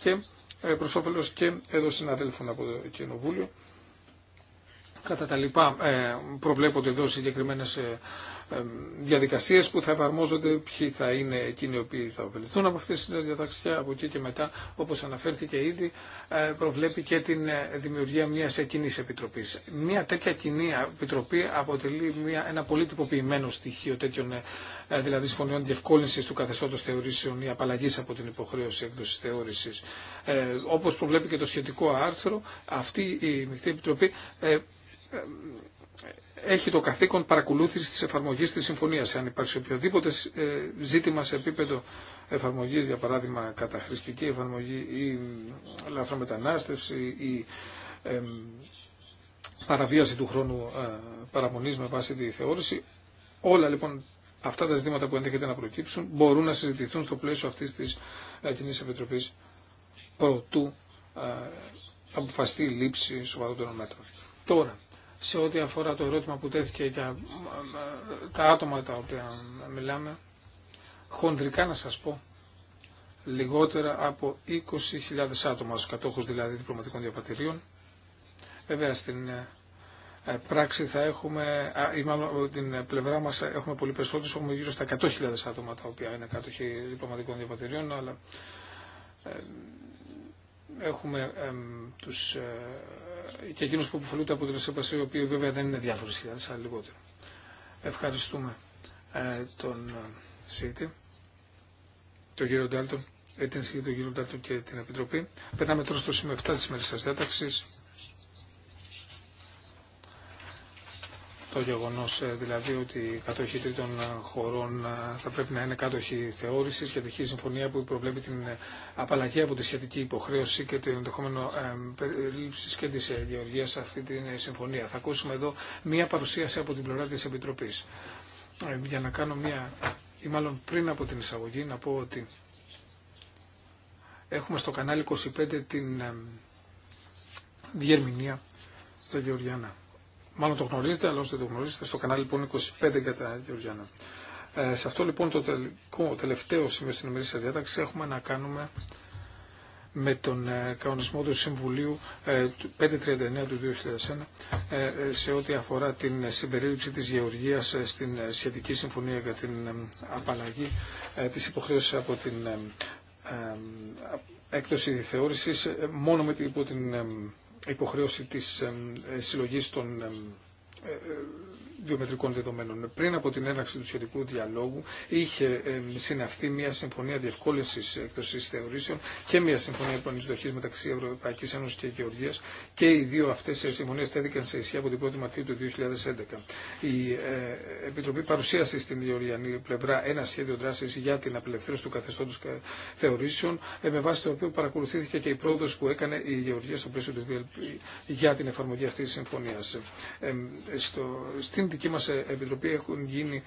Speaker 3: και προς όφελος και εδώ συναδέλφων από το Κοινοβούλιο. Κατά τα λοιπά προβλέπονται εδώ συγκεκριμένες διαδικασίες που θα εφαρμόζονται, ποιοι θα είναι εκείνοι οι οποίοι θα ωφεληθούν από αυτές τις διατάξεις και από εκεί και μετά, όπως αναφέρθηκε ήδη, ε, προβλέπει και την ε, δημιουργία μιας κοινή επιτροπής. Μια τέτοια κοινή επιτροπή αποτελεί μια, ένα πολύ τυποποιημένο στοιχείο τέτοιων ε, δηλαδή συμφωνιών διευκόλυνση του καθεστώτος θεωρήσεων ή απαλλαγή από την υποχρέωση έκδοση θεώρηση. Όπως Όπω προβλέπει και το σχετικό άρθρο, αυτή η μεικτή επιτροπή έχει το καθήκον παρακολούθηση τη εφαρμογή τη συμφωνία. Αν υπάρξει οποιοδήποτε ε, ζήτημα σε επίπεδο εφαρμογή, για παράδειγμα καταχρηστική εφαρμογή ή ε, λαθρομετανάστευση ή ε, παραβίαση του χρόνου παραμονή με βάση τη θεώρηση, όλα λοιπόν αυτά τα ζητήματα που ενδέχεται να προκύψουν μπορούν να συζητηθούν στο πλαίσιο αυτή τη κοινή επιτροπή προτού αποφασιστεί η λήψη σοβαρότερων μέτρων. επιτροπη προτου αποφαστει η ληψη σοβαροτερων μετρων τωρα σε ό,τι αφορά το ερώτημα που τέθηκε για ε, τα άτομα τα οποία μιλάμε, χοντρικά να σας πω, λιγότερα από 20.000 άτομα ως κατόχους δηλαδή διπλωματικών διαπατηρίων. Βέβαια στην ε, ε, πράξη θα έχουμε, ή μάλλον από την πλευρά μας έχουμε πολύ περισσότερους, έχουμε γύρω στα 100.000 άτομα τα οποία είναι κάτοχοι διπλωματικών διαπατηρίων, αλλά έχουμε τους και εκείνου που αποφελούνται από την ΕΣΥΠΑΣΗ, οι οποίοι βέβαια δεν είναι διάφορε χιλιάδε, αλλά λιγότερο. Ευχαριστούμε ε, τον ε, ΣΥΤΗ, τον κύριο Ντάλτον, ε, την ΣΥΤΗ, τον κύριο Ντάλτον και την Επιτροπή. Περνάμε τώρα στο σημείο 7 τη ημέρα τη διάταξη το γεγονός ε, δηλαδή ότι η κατοχή τρίτων ε, χωρών ε, θα πρέπει να είναι κάτοχοι θεώρηση, σχετική συμφωνία που προβλέπει την απαλλαγή από τη σχετική υποχρέωση και το ενδεχόμενο περίληψη και τη γεωργία σε αυτή τη συμφωνία. Θα ακούσουμε εδώ μία παρουσίαση από την πλευρά τη Επιτροπή. Για να κάνω μία, ή μάλλον πριν από την εισαγωγή, να πω ότι έχουμε στο κανάλι 25 την διερμηνία στα Γεωργιανά μάλλον το γνωρίζετε, αλλά όσο δεν το γνωρίζετε, στο κανάλι λοιπόν 25 για τα Ε, σε αυτό λοιπόν το τελικό, τελευταίο σημείο στην ημερήσια διάταξη έχουμε να κάνουμε με τον ε, κανονισμό του Συμβουλίου 539 ε, του 2001 ε, σε ό,τι αφορά την συμπερίληψη της γεωργίας στην σχετική συμφωνία για την απαλλαγή της υποχρέωσης από την έκδοση θεώρησης μόνο με την, υπό την υποχρέωση της ε, συλλογής των ε, ε, βιομετρικών δεδομένων. Πριν από την έναρξη του σχετικού διαλόγου είχε συναυθεί μια συμφωνία διευκόλυνση έκδοση θεωρήσεων και μια συμφωνία επανεισδοχή μεταξύ Ευρωπαϊκή Ένωση και Γεωργία και οι δύο αυτέ συμφωνίε τέθηκαν σε ισχύ από την 1η Μαρτίου του 2011. Η ε, Επιτροπή παρουσίασε στην γεωργιανή πλευρά ένα σχέδιο δράση για την απελευθέρωση του καθεστώτο θεωρήσεων ε, με βάση το οποίο παρακολουθήθηκε και η πρόοδο που έκανε η Γεωργία στο πλαίσιο τη για την εφαρμογή αυτή τη συμφωνία. Ε, στην δική μας ε, Επιτροπή έχουν γίνει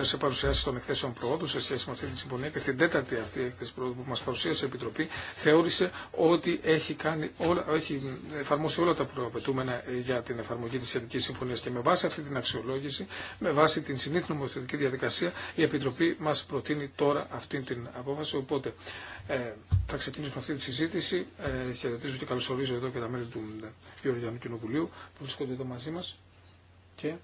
Speaker 3: σε παρουσιάσεις των εκθέσεων προόδου σε σχέση με αυτή τη συμφωνία και στην τέταρτη αυτή έκθεση προόδου που μας παρουσίασε η Επιτροπή θεώρησε ότι έχει, κάνει όλα, έχει εφαρμόσει όλα τα προαπαιτούμενα ε, για την εφαρμογή της σχετικής συμφωνίας και με βάση αυτή την αξιολόγηση, με βάση την μου νομοθετική διαδικασία η Επιτροπή μας προτείνει τώρα αυτή την απόφαση. Οπότε ε, θα ξεκινήσουμε αυτή τη συζήτηση. Ε, χαιρετίζω και καλωσορίζω εδώ και τα μέλη του ε, Γεωργιανού Κοινοβουλίου που βρίσκονται εδώ μαζί μα και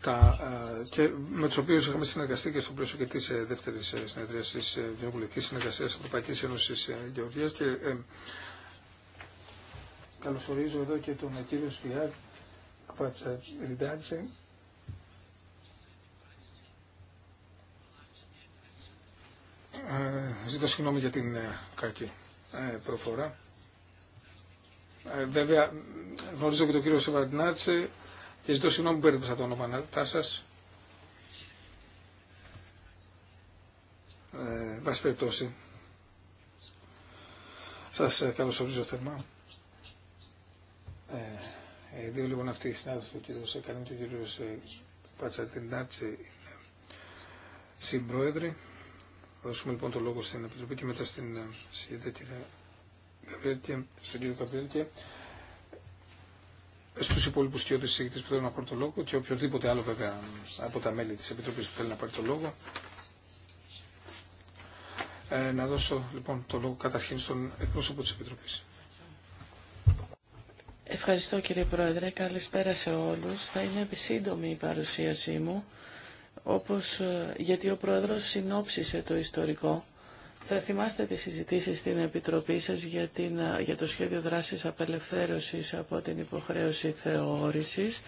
Speaker 3: τα, ε, και με του οποίου είχαμε συνεργαστεί και στο πλαίσιο και τη ε, δεύτερη ε, συνεδρία τη Βιομηχανική Συνεργασία Ευρωπαϊκή Ένωση Γεωργία. Και ε, καλωσορίζω εδώ και τον κύριο Σφιάρ Πατσαριντάτσε. Ε, ζητώ συγγνώμη για την κακή ε, προφορά. Ε, βέβαια γνωρίζω και τον κύριο Σεβαρντινάτσε και ζητώ συγγνώμη που πέρδεψα το όνομα ε, σας. Ε, βάση περιπτώσει. Σας καλωσορίζω θερμά. Ε, ε, δύο λοιπόν αυτοί οι συνάδελφοι, του κύριου Εκανή και ο κύριο Πατσαρτινάτσε είναι συμπρόεδροι. Θα δώσουμε λοιπόν το λόγο στην Επιτροπή και μετά στην συγκεκριμένη και στον κύριο Καπρίλ και στους υπόλοιπους που θέλουν να πάρουν το λόγο και οποιοδήποτε άλλο βέβαια από τα μέλη της Επιτροπής που θέλει να πάρει το λόγο. Ε, να δώσω λοιπόν το λόγο καταρχήν στον εκπρόσωπο της Επιτροπής.
Speaker 2: Ευχαριστώ κύριε Πρόεδρε. Καλησπέρα σε όλους. Θα είναι επισύντομη η παρουσίασή μου, όπως, ε, γιατί ο Πρόεδρος συνόψισε το ιστορικό θα θυμάστε τις συζητήσεις στην Επιτροπή σας για, την, για το σχέδιο δράσης απελευθέρωσης από την υποχρέωση θεώρησης.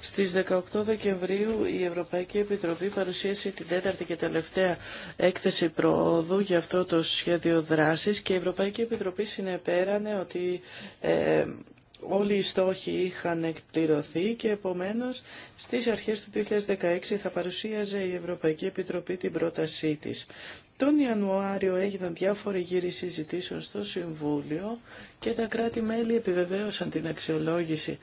Speaker 2: Στις 18 Δεκεμβρίου η Ευρωπαϊκή Επιτροπή παρουσίασε την τέταρτη και τελευταία έκθεση προόδου για αυτό το σχέδιο δράσης και η Ευρωπαϊκή Επιτροπή συνεπέρανε ότι... Ε, όλοι οι στόχοι είχαν εκπληρωθεί και επομένως στις αρχές του 2016 θα παρουσίαζε η Ευρωπαϊκή Επιτροπή την πρότασή της. Τον Ιανουάριο έγιναν διάφοροι γύροι συζητήσεων στο Συμβούλιο και τα κράτη-μέλη επιβεβαίωσαν την αξιολόγηση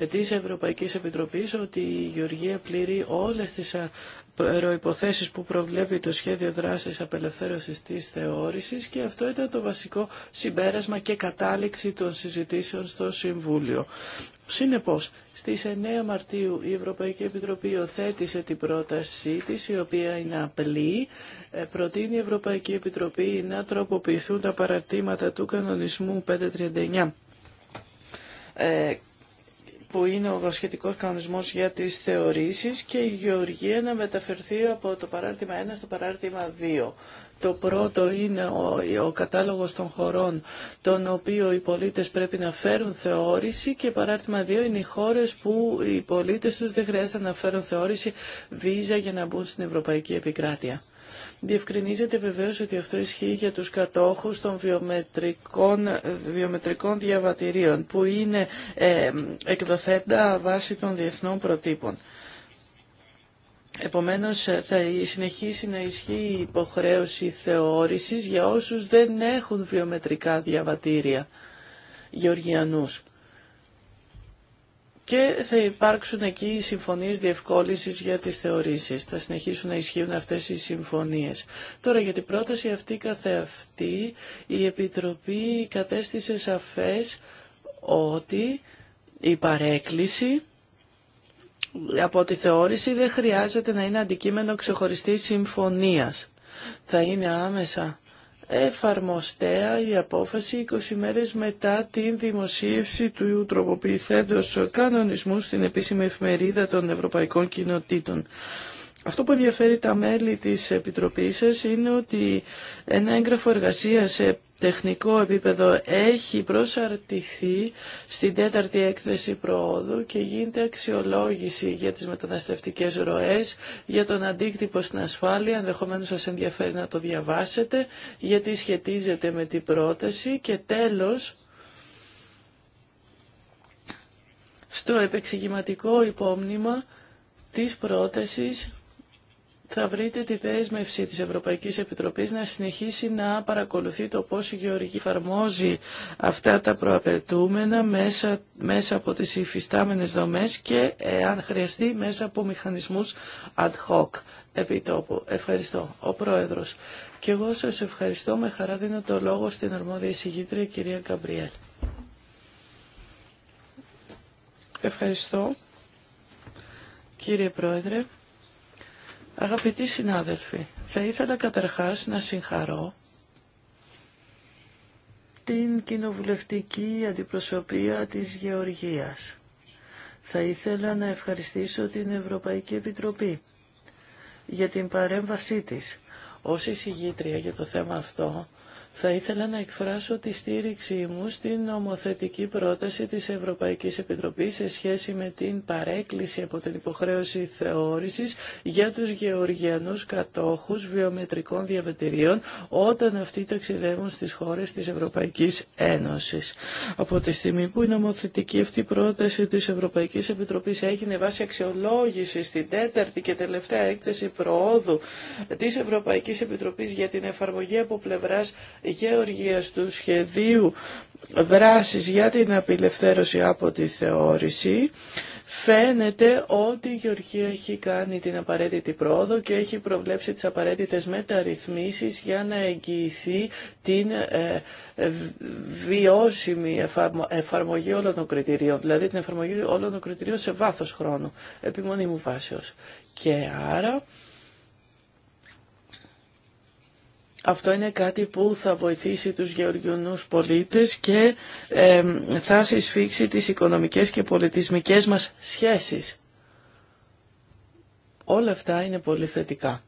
Speaker 2: ε, της Ευρωπαϊκής Επιτροπής ότι η Γεωργία πλήρει όλες τις ε, προϋποθέσεις που προβλέπει το σχέδιο δράσης απελευθέρωσης της θεώρησης και αυτό ήταν το βασικό συμπέρασμα και κατάληξη των συζητήσεων στο Συμβούλιο. Συνεπώς, στις 9 Μαρτίου η Ευρωπαϊκή Επιτροπή οθέτησε την πρότασή της, η οποία είναι απλή. Ε, προτείνει η Ευρωπαϊκή Επιτροπή να τροποποιηθούν τα παρατήματα του κανονισμού 539 που είναι ο σχετικός κανονισμός για τις θεωρήσεις και η γεωργία να μεταφερθεί από το παράρτημα 1 στο παράρτημα 2. Το πρώτο είναι ο, ο κατάλογος των χωρών τον οποίο οι πολίτες πρέπει να φέρουν θεώρηση και παράρτημα 2 είναι οι χώρες που οι πολίτες τους δεν χρειάζεται να φέρουν θεώρηση βίζα για να μπουν στην Ευρωπαϊκή Επικράτεια. Διευκρινίζεται βεβαίως ότι αυτό ισχύει για τους κατόχους των βιομετρικών, διαβατηρίων που είναι ε, εκδοθέντα βάσει των διεθνών προτύπων. Επομένως ε, θα συνεχίσει να ισχύει η υποχρέωση θεώρησης για όσους δεν έχουν βιομετρικά διαβατήρια γεωργιανούς και θα υπάρξουν εκεί οι συμφωνίες διευκόλυσης για τις θεωρήσεις. Θα συνεχίσουν να ισχύουν αυτές οι συμφωνίες. Τώρα για την πρόταση αυτή καθεαυτή η Επιτροπή κατέστησε σαφές ότι η παρέκκληση από τη θεώρηση δεν χρειάζεται να είναι αντικείμενο ξεχωριστής συμφωνίας. Θα είναι άμεσα εφαρμοστέα η απόφαση 20 μέρες μετά την δημοσίευση του τροποποιηθέντος κανονισμού στην επίσημη εφημερίδα των Ευρωπαϊκών Κοινοτήτων. Αυτό που ενδιαφέρει τα μέλη της Επιτροπής σας είναι ότι ένα έγγραφο εργασία σε τεχνικό επίπεδο έχει προσαρτηθεί στην τέταρτη έκθεση προόδου και γίνεται αξιολόγηση για τις μεταναστευτικές ροές, για τον αντίκτυπο στην ασφάλεια, ενδεχομένω σας ενδιαφέρει να το διαβάσετε, γιατί σχετίζεται με την πρόταση και τέλος στο επεξηγηματικό υπόμνημα της πρότασης θα βρείτε τη δέσμευση της Ευρωπαϊκής Επιτροπής να συνεχίσει να παρακολουθεί το πώς η Γεωργική εφαρμόζει αυτά τα προαπαιτούμενα μέσα, μέσα από τις υφιστάμενες δομές και, εάν χρειαστεί, μέσα από μηχανισμούς ad hoc επιτόπου. Ευχαριστώ. Ο Πρόεδρος. Και εγώ σας ευχαριστώ. Με χαρά δίνω το λόγο στην αρμόδια εισηγήτρια κυρία Καμπριέλ. Ευχαριστώ. Κύριε Πρόεδρε. Αγαπητοί συνάδελφοι, θα ήθελα καταρχάς να συγχαρώ την κοινοβουλευτική αντιπροσωπεία της Γεωργίας. Θα ήθελα να ευχαριστήσω την Ευρωπαϊκή Επιτροπή για την παρέμβασή της. Ως εισηγήτρια για το θέμα αυτό, θα ήθελα να εκφράσω τη στήριξή μου στην νομοθετική πρόταση της Ευρωπαϊκής Επιτροπής σε σχέση με την παρέκκληση από την υποχρέωση θεώρησης για τους γεωργιανούς κατόχους βιομετρικών διαβατηρίων όταν αυτοί ταξιδεύουν στις χώρες της Ευρωπαϊκής Ένωσης. Από τη στιγμή που η νομοθετική αυτή πρόταση της Ευρωπαϊκής Επιτροπής έγινε βάση αξιολόγηση στην τέταρτη και τελευταία έκθεση προόδου της Ευρωπαϊκής Επιτροπής για την εφαρμογή από πλευρά γεωργίας του σχεδίου δράσης για την απελευθέρωση από τη θεώρηση φαίνεται ότι η Γεωργία έχει κάνει την απαραίτητη πρόοδο και έχει προβλέψει τις απαραίτητες μεταρρυθμίσεις για να εγγυηθεί την ε, ε, βιώσιμη εφαρμογή όλων των κριτηρίων, δηλαδή την εφαρμογή όλων των κριτηρίων σε βάθος χρόνου, επιμονή μου βάσεως. Και άρα Αυτό είναι κάτι που θα βοηθήσει τους γεωργιονούς πολίτες και θα συσφίξει τις οικονομικές και πολιτισμικές μας σχέσεις. Όλα αυτά είναι πολύ θετικά.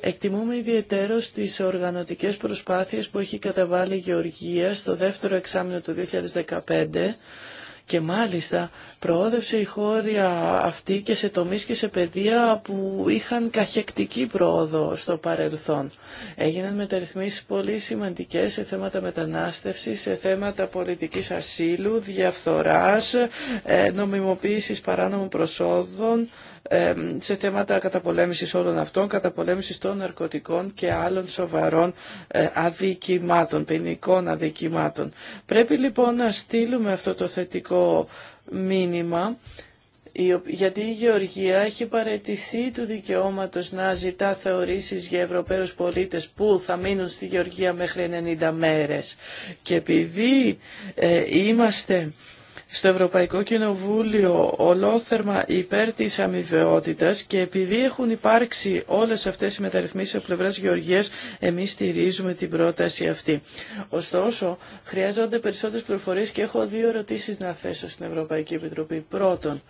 Speaker 2: Εκτιμούμε ιδιαίτερο τις οργανωτικές προσπάθειες που έχει καταβάλει η Γεωργία στο δεύτερο εξάμεινο του 2015 και μάλιστα προόδευσε η χώρα αυτή και σε τομείς και σε παιδεία που είχαν καχεκτική πρόοδο στο παρελθόν. Έγιναν μεταρρυθμίσεις πολύ σημαντικές σε θέματα μετανάστευσης, σε θέματα πολιτικής ασύλου, διαφθοράς, ε, νομιμοποίησης παράνομων προσόδων, σε θέματα καταπολέμησης όλων αυτών, καταπολέμησης των ναρκωτικών και άλλων σοβαρών ε, αδικημάτων, ποινικών αδικημάτων. Πρέπει λοιπόν να στείλουμε αυτό το θετικό μήνυμα γιατί η Γεωργία έχει παρετηθεί του δικαιώματος να ζητά θεωρήσεις για Ευρωπαίους πολίτες που θα μείνουν στη Γεωργία μέχρι 90 μέρες. Και επειδή ε, είμαστε στο Ευρωπαϊκό Κοινοβούλιο ολόθερμα υπέρ της αμοιβαιότητας και επειδή έχουν υπάρξει όλες αυτές οι μεταρρυθμίσεις από πλευράς Γεωργίας, εμείς στηρίζουμε την πρόταση αυτή. Ωστόσο, χρειάζονται περισσότερες πληροφορίες και έχω δύο ερωτήσεις να θέσω στην Ευρωπαϊκή Επιτροπή. Πρώτον,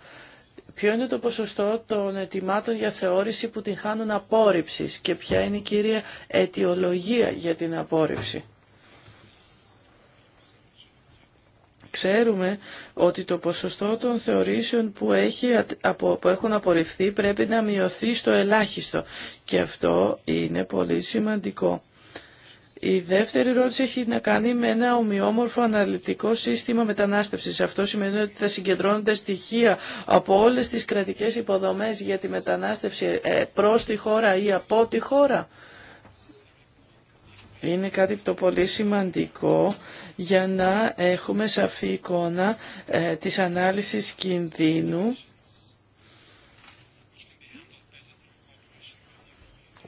Speaker 2: Ποιο είναι το ποσοστό των ετοιμάτων για θεώρηση που την χάνουν απόρριψης και ποια είναι η κυρία αιτιολογία για την απόρριψη. Ξέρουμε ότι το ποσοστό των θεωρήσεων που, έχει, που έχουν απορριφθεί πρέπει να μειωθεί στο ελάχιστο και αυτό είναι πολύ σημαντικό. Η δεύτερη ερώτηση έχει να κάνει με ένα ομοιόμορφο αναλυτικό σύστημα μετανάστευσης. Αυτό σημαίνει ότι θα συγκεντρώνονται στοιχεία από όλες τις κρατικές υποδομές για τη μετανάστευση ε, προς τη χώρα ή από τη χώρα. Είναι κάτι το πολύ σημαντικό για να έχουμε σαφή εικόνα ε, της ανάλυσης κινδύνου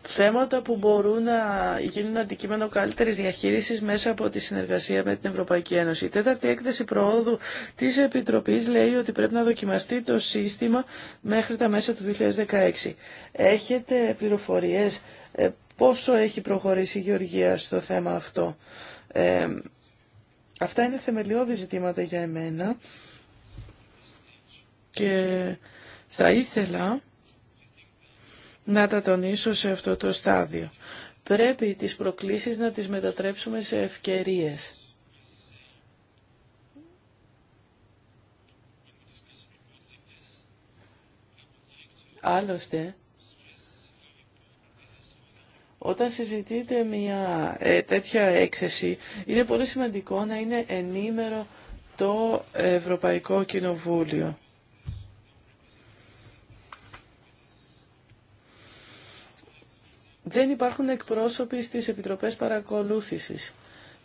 Speaker 2: θέματα που μπορούν να γίνουν αντικείμενο καλύτερης διαχείρισης μέσα από τη συνεργασία με την Ευρωπαϊκή Ένωση. Η τέταρτη έκθεση προόδου της Επιτροπής λέει ότι πρέπει να δοκιμαστεί το σύστημα μέχρι τα μέσα του 2016. Έχετε πληροφορίες ε, πόσο έχει προχωρήσει η Γεωργία στο θέμα αυτό. Ε, Αυτά είναι θεμελιώδη ζητήματα για εμένα και θα ήθελα να τα τονίσω σε αυτό το στάδιο. Πρέπει τις προκλήσεις να τις μετατρέψουμε σε ευκαιρίες. Άλλωστε, όταν συζητείτε μια ε, τέτοια έκθεση, είναι πολύ σημαντικό να είναι ενήμερο το Ευρωπαϊκό Κοινοβούλιο. Δεν υπάρχουν εκπρόσωποι στις Επιτροπές Παρακολούθησης.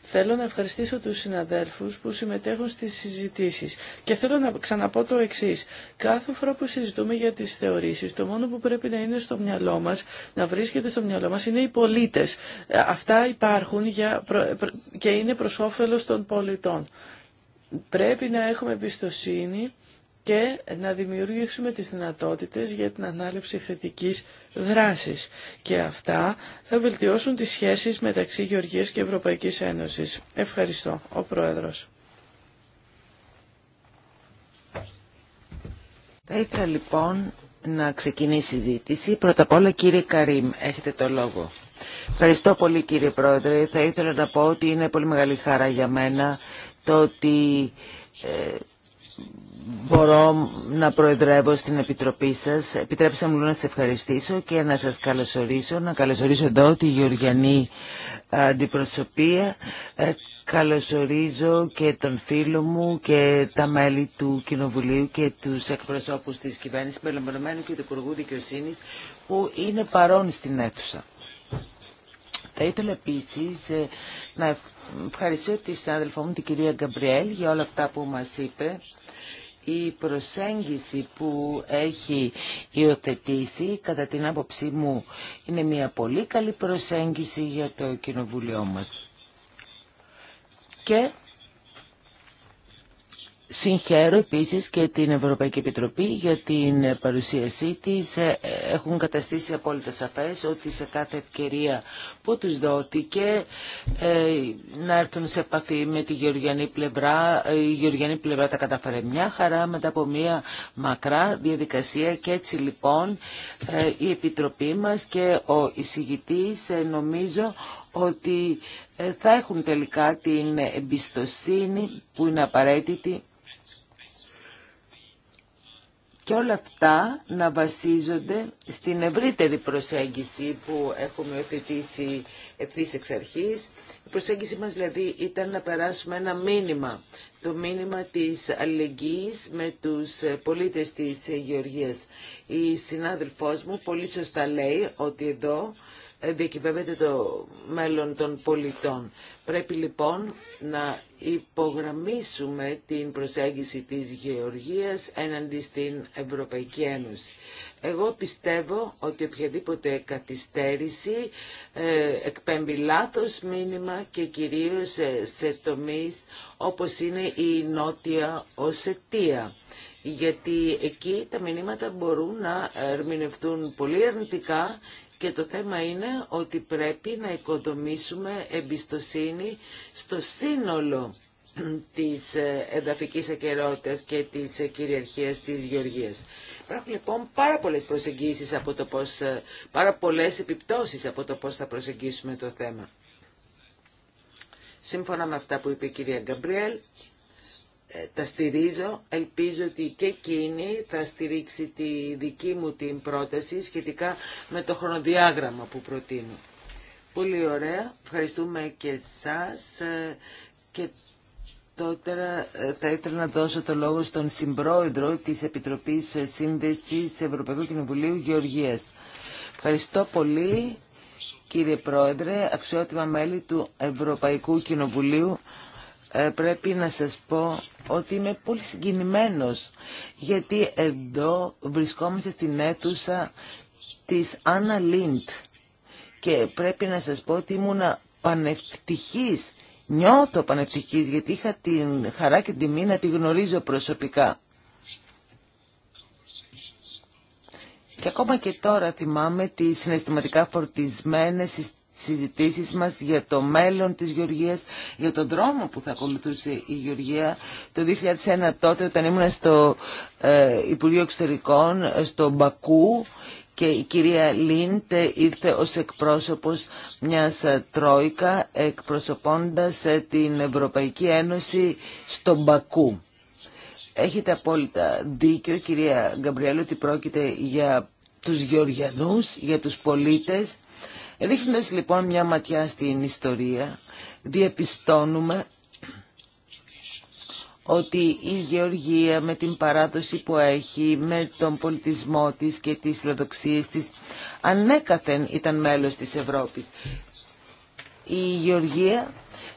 Speaker 2: Θέλω να ευχαριστήσω τους συναδέλφους που συμμετέχουν στις συζητήσεις. Και θέλω να ξαναπώ το εξής. Κάθε φορά που συζητούμε για τις θεωρήσεις, το μόνο που πρέπει να είναι στο μυαλό μας, να βρίσκεται στο μυαλό μας, είναι οι πολίτες. Αυτά υπάρχουν για, και είναι προς όφελος των πολιτών. Πρέπει να έχουμε εμπιστοσύνη και να δημιουργήσουμε τις δυνατότητες για την ανάληψη θετικής δράσεις και αυτά θα βελτιώσουν τις σχέσεις μεταξύ Γεωργίας και Ευρωπαϊκής Ένωσης. Ευχαριστώ, ο Πρόεδρος.
Speaker 1: Θα ήθελα λοιπόν να ξεκινήσει η συζήτηση. Πρώτα απ' όλα κύριε Καρίμ, έχετε το λόγο. Ευχαριστώ πολύ κύριε Πρόεδρε. Θα ήθελα να πω ότι είναι πολύ μεγάλη χαρά για μένα το ότι ε, μπορώ να προεδρεύω στην Επιτροπή σας. Επιτρέψτε μου να σας ευχαριστήσω και να σας καλωσορίσω, να καλωσορίσω εδώ τη Γεωργιανή ε, Αντιπροσωπεία. Ε, καλωσορίζω και τον φίλο μου και τα μέλη του Κοινοβουλίου και τους εκπροσώπους της κυβέρνησης, περιλαμβανομένου και του Υπουργού Δικαιοσύνη που είναι παρόν στην αίθουσα. Θα ήθελα επίση ε, να ευχαριστήσω τη συνάδελφό μου την κυρία Γκαμπριέλ για όλα αυτά που μας είπε η προσέγγιση που έχει υιοθετήσει κατά την άποψή μου είναι μια πολύ καλή προσέγγιση για το κοινοβούλιο μας. Και Συγχαίρω επίσης και την Ευρωπαϊκή Επιτροπή για την παρουσίασή της. Ε, έχουν καταστήσει απόλυτα σαφές ότι σε κάθε ευκαιρία που τους δόθηκε ε, να έρθουν σε επαφή με τη γεωργιανή πλευρά. Ε, η γεωργιανή πλευρά τα καταφέρε μια χαρά μετά από μια μακρά διαδικασία και έτσι λοιπόν η Επιτροπή μας και ο εισηγητής νομίζω ότι θα έχουν τελικά την εμπιστοσύνη που είναι απαραίτητη και όλα αυτά να βασίζονται στην ευρύτερη προσέγγιση που έχουμε επιτήσει ευθύς εξ αρχής. Η προσέγγιση μας δηλαδή ήταν να περάσουμε ένα μήνυμα, το μήνυμα της αλληλεγγύης με τους πολίτες της Γεωργίας. Η συνάδελφός μου πολύ σωστά λέει ότι εδώ διακυβεύεται το μέλλον των πολιτών. Πρέπει λοιπόν να υπογραμμίσουμε την προσέγγιση της γεωργίας έναντι στην Ευρωπαϊκή Ένωση. Εγώ πιστεύω ότι οποιαδήποτε καθυστέρηση ε, εκπέμπει λάθος μήνυμα και κυρίως ε, σε τομείς όπως είναι η Νότια Οσετία γιατί εκεί τα μηνύματα μπορούν να ερμηνευτούν πολύ αρνητικά και το θέμα είναι ότι πρέπει να οικοδομήσουμε εμπιστοσύνη στο σύνολο της ε, εδαφικής ακερότητας και της ε, κυριαρχίας της Γεωργίας. Υπάρχουν λοιπόν πάρα πολλές προσεγγίσεις από το πώς, ε, πάρα πολλές επιπτώσεις από το πώς θα προσεγγίσουμε το θέμα. Σύμφωνα με αυτά που είπε η κυρία Γκαμπριέλ, ε, τα στηρίζω, ελπίζω ότι και εκείνη θα στηρίξει τη δική μου την πρόταση σχετικά με το χρονοδιάγραμμα που προτείνω. Πολύ ωραία, ευχαριστούμε και εσάς ε, και Τώρα ε, θα ήθελα να δώσω το λόγο στον Συμπρόεδρο της Επιτροπής Σύνδεσης Ευρωπαϊκού Κοινοβουλίου Γεωργίας. Ευχαριστώ πολύ κύριε Πρόεδρε, αξιότιμα μέλη του Ευρωπαϊκού Κοινοβουλίου. Ε, πρέπει να σας πω ότι είμαι πολύ συγκινημένος γιατί εδώ βρισκόμαστε στην αίθουσα της Άννα Λίντ και πρέπει να σας πω ότι ήμουν πανευτυχής νιώθω πανευτυχής γιατί είχα την χαρά και την τιμή να τη γνωρίζω προσωπικά και ακόμα και τώρα θυμάμαι τις συναισθηματικά φορτισμένες συζητήσεις μας για το μέλλον της Γεωργίας, για τον δρόμο που θα ακολουθούσε η Γεωργία το 2001 τότε όταν ήμουν στο ε, Υπουργείο Εξωτερικών, ε, στο Μπακού και η κυρία Λίντε ήρθε ως εκπρόσωπος μιας ε, τρόικα εκπροσωπώντας την Ευρωπαϊκή Ένωση στο Μπακού. Έχετε απόλυτα δίκιο κυρία Γκαμπριέλο ότι πρόκειται για τους Γεωργιανούς, για τους πολίτες Ρίχνοντας λοιπόν μια ματιά στην ιστορία, διαπιστώνουμε ότι η Γεωργία με την παράδοση που έχει, με τον πολιτισμό της και τις φιλοδοξίες της, ανέκαθεν ήταν μέλος της Ευρώπης. Η Γεωργία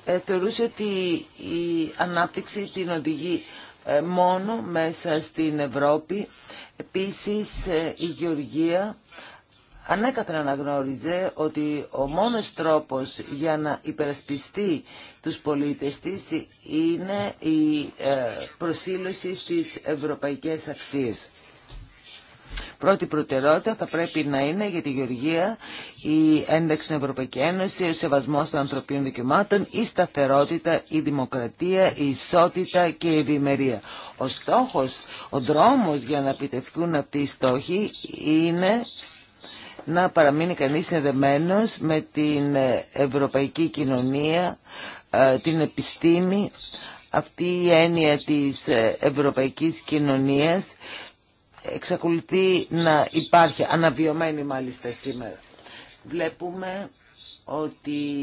Speaker 1: ε, θεωρούσε ότι η ανάπτυξη την οδηγεί ε, μόνο μέσα στην Ευρώπη. Επίσης ε, η Γεωργία ανέκαθεν αναγνώριζε ότι ο μόνος τρόπος για να υπερασπιστεί τους πολίτες της είναι η ε, προσήλωση στις ευρωπαϊκές αξίες. Πρώτη προτεραιότητα θα πρέπει να είναι για τη Γεωργία η ένταξη στην Ευρωπαϊκή Ένωση, ο σεβασμό των ανθρωπίνων δικαιωμάτων, η σταθερότητα, η δημοκρατία, η ισότητα και η ευημερία. Ο στόχος, ο δρόμος για να επιτευχθούν αυτοί οι στόχοι είναι να παραμείνει κανείς συνδεμένος με την ε, ευρωπαϊκή κοινωνία, ε, την επιστήμη, αυτή η έννοια της ε, ευρωπαϊκής κοινωνίας εξακολουθεί να υπάρχει, αναβιωμένη μάλιστα σήμερα. Βλέπουμε ότι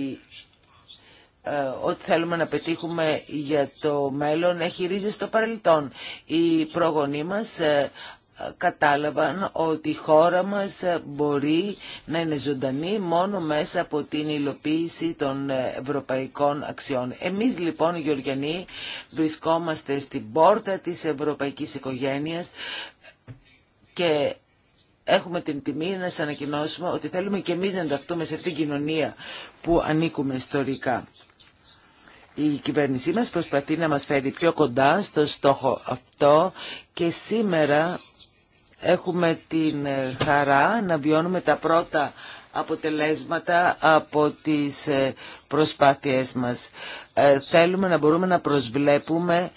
Speaker 1: ό,τι θέλουμε να πετύχουμε για το μέλλον έχει ρίζες στο παρελθόν. Οι πρόγονοί μας κατάλαβαν ότι η χώρα μας μπορεί να είναι ζωντανή μόνο μέσα από την υλοποίηση των ευρωπαϊκών αξιών. Εμείς λοιπόν οι Γεωργιανοί βρισκόμαστε στην πόρτα της ευρωπαϊκής οικογένειας και έχουμε την τιμή να σας ανακοινώσουμε ότι θέλουμε και εμείς να ενταχθούμε σε αυτήν την κοινωνία που ανήκουμε ιστορικά. Η κυβέρνησή μας προσπαθεί να μας φέρει πιο κοντά στο στόχο αυτό και σήμερα Έχουμε την ε, χαρά να βιώνουμε τα πρώτα αποτελέσματα από τις ε, προσπάθειές μας. Ε, θέλουμε να μπορούμε να προσβλέπουμε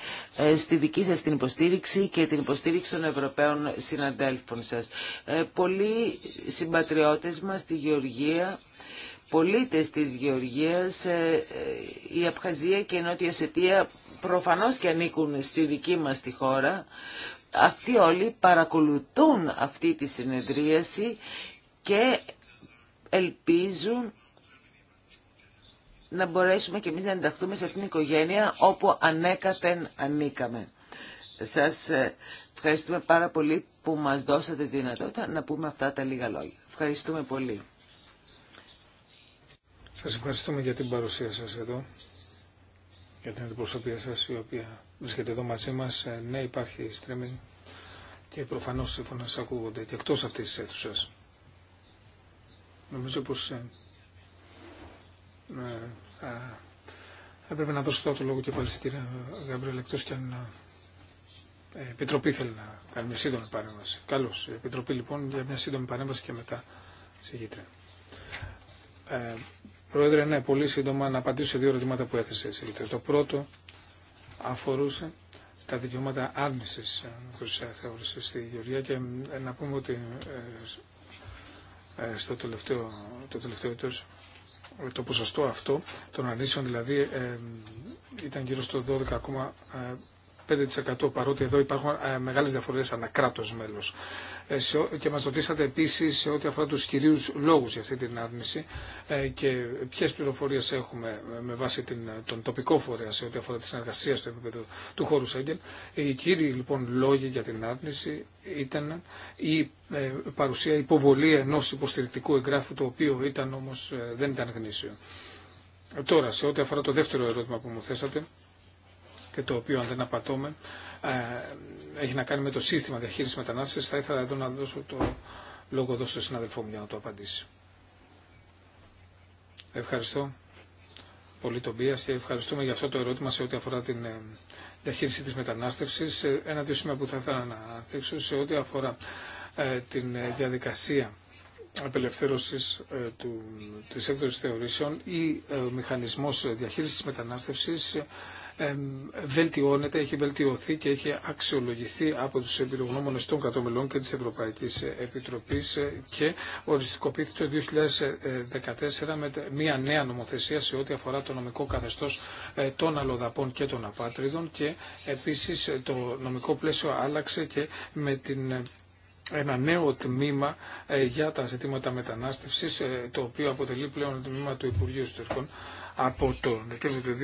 Speaker 1: στη δική σας την υποστήριξη και την υποστήριξη των Ευρωπαίων συναντέλφων σας. Πολλοί συμπατριώτες μας στη Γεωργία πολίτες της Γεωργίας, η Απχαζία και η Νότια Σετία προφανώς και ανήκουν στη δική μας τη χώρα, αυτοί όλοι παρακολουθούν αυτή τη συνεδρίαση και ελπίζουν να μπορέσουμε και εμείς να ενταχθούμε σε αυτήν την οικογένεια όπου ανέκατεν ανήκαμε. Σας ε, ευχαριστούμε πάρα πολύ που μας δώσατε τη δυνατότητα να πούμε αυτά τα λίγα λόγια. Ευχαριστούμε πολύ.
Speaker 3: Σας ευχαριστούμε για την παρουσία σας εδώ για την αντιπροσωπεία σας, η οποία βρίσκεται εδώ μαζί μας. Ε, ναι, υπάρχει streaming και προφανώς οι φωνές ακούγονται και εκτός αυτής της αίθουσας. Νομίζω πως ε, ε, θα έπρεπε να δώσω το λόγο και πάλι στην κυρία εκτός και αν η Επιτροπή θέλει να κάνει μια σύντομη παρέμβαση. Καλώς. Η Επιτροπή λοιπόν για μια σύντομη παρέμβαση και μετά συγγήτρια. Ε, Πρόεδρε, ναι, πολύ σύντομα να απαντήσω σε δύο ερωτήματα που έθεσε εσύ. Το πρώτο αφορούσε τα δικαιώματα άρνηση ε, ε, θεώρηση στη Γεωργία και ε, να πούμε ότι στο τελευταίο, το τελευταίο το ποσοστό αυτό των αρνήσεων δηλαδή ήταν γύρω στο 12,5% παρότι εδώ υπάρχουν μεγάλες διαφορές ανά κράτος μέλος. Ε, και μας ρωτήσατε επίσης σε ό,τι αφορά τους κυρίους λόγους για αυτή την άρνηση ε, και ποιες πληροφορίες έχουμε με βάση την, τον τοπικό φορέα σε ό,τι αφορά τη συνεργασία στο επίπεδο του χώρου Σέγγεν. Ε, οι κύριοι λοιπόν λόγοι για την άρνηση ήταν η παρουσία υποβολή ενός υποστηρικτικού εγγράφου το οποίο ήταν όμως δεν ήταν γνήσιο. Τώρα, σε ό,τι αφορά το δεύτερο ερώτημα που μου θέσατε και το οποίο αν δεν απατώμε έχει να κάνει με το σύστημα διαχείρισης μετανάστευση. θα ήθελα εδώ να δώσω το λόγο εδώ στον συναδελφό μου για να το απαντήσει. Ευχαριστώ πολύ τον Πίας και ευχαριστούμε για αυτό το ερώτημα σε ό,τι αφορά την ε, διαχείριση της μετανάστευσης. Ένα-δύο σημεία που θα ήθελα να θίξω σε ό,τι αφορά ε, την ε, διαδικασία απελευθέρωσης του, της έκδοσης θεωρήσεων ή ο μηχανισμός διαχείρισης μετανάστευσης βελτιώνεται, έχει βελτιωθεί και έχει αξιολογηθεί από τους εμπειρογνώμονες των κατομελών και της Ευρωπαϊκής Επιτροπής και οριστικοποιήθηκε το 2014 με μια νέα νομοθεσία σε ό,τι αφορά το νομικό καθεστώς ε, των αλλοδαπών και των απάτριδων και επίσης ε, το νομικό πλαίσιο άλλαξε και με την ε, ένα νέο τμήμα για τα ζητήματα μετανάστευσης, το οποίο αποτελεί πλέον τμήμα του Υπουργείου Στουρκών από το Δεκέμβριο του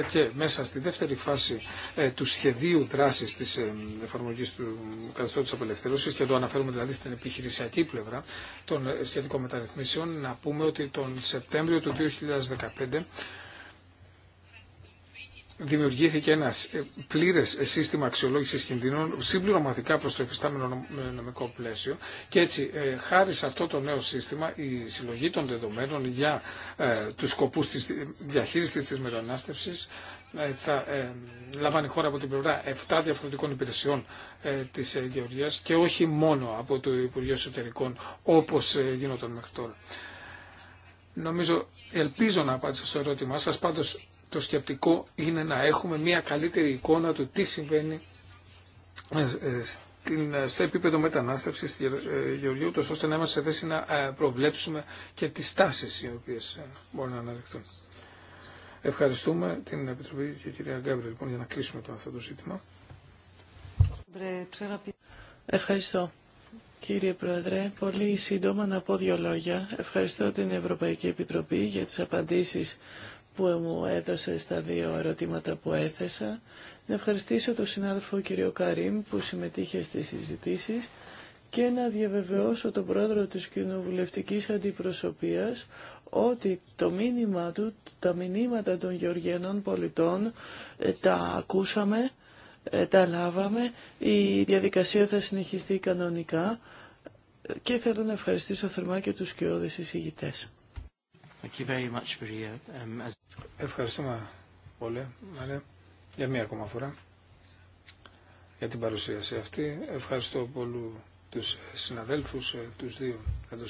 Speaker 3: 2014 και μέσα στη δεύτερη φάση ε, του σχεδίου δράσης της ε, εφαρμογή του καθεστώτος απελευθέρωση και εδώ αναφέρουμε δηλαδή στην επιχειρησιακή πλευρά των ε, σχετικών μεταρρυθμίσεων να πούμε ότι τον Σεπτέμβριο του 2015 δημιουργήθηκε ένα ε, πλήρε ε, σύστημα αξιολόγηση κινδύνων συμπληρωματικά προ το εφιστάμενο ε, νομικό πλαίσιο και έτσι χάρη σε αυτό το νέο σύστημα η συλλογή των δεδομένων για του σκοπού τη διαχείριση τη μετανάστευση θα λαμβάνει χώρα από την πλευρά 7 διαφορετικών υπηρεσιών τη Γεωργία και όχι μόνο από το Υπουργείο Εσωτερικών όπω γίνονταν μέχρι τώρα. Νομίζω, ελπίζω να απάντησα στο ερώτημά σας, πάντως το σκεπτικό είναι να έχουμε μια καλύτερη εικόνα του τι συμβαίνει ε, ε, ε, σε επίπεδο μετανάστευση Γεωργίου, τόσο ώστε να είμαστε σε θέση να προβλέψουμε και τις τάσεις οι οποίες μπορούν να αναδειχθούν. Ευχαριστούμε την Επιτροπή και κυρία Γκέμπρε λοιπόν, για να κλείσουμε το αυτό το ζήτημα.
Speaker 2: Ευχαριστώ. Κύριε Πρόεδρε, πολύ σύντομα να πω δύο λόγια. Ευχαριστώ την Ευρωπαϊκή Επιτροπή για τις απαντήσεις που μου έδωσε στα δύο ερωτήματα που έθεσα. Να ευχαριστήσω τον συνάδελφο κύριο Καρίμ που συμμετείχε στις συζητήσεις και να διαβεβαιώσω τον πρόεδρο της κοινοβουλευτικής αντιπροσωπείας ότι το μήνυμα του, τα μηνύματα των γεωργιανών πολιτών ε, τα ακούσαμε, ε, τα λάβαμε, η διαδικασία θα συνεχιστεί κανονικά ε, και θέλω να ευχαριστήσω θερμά και τους κοιόδες εισηγητές.
Speaker 3: Um, ευχαριστούμε πολύ, Μαρία, για μία ακόμα φορά για την παρουσίαση αυτή. Ευχαριστώ πολύ τους συναδέλφους, τους δύο εδώ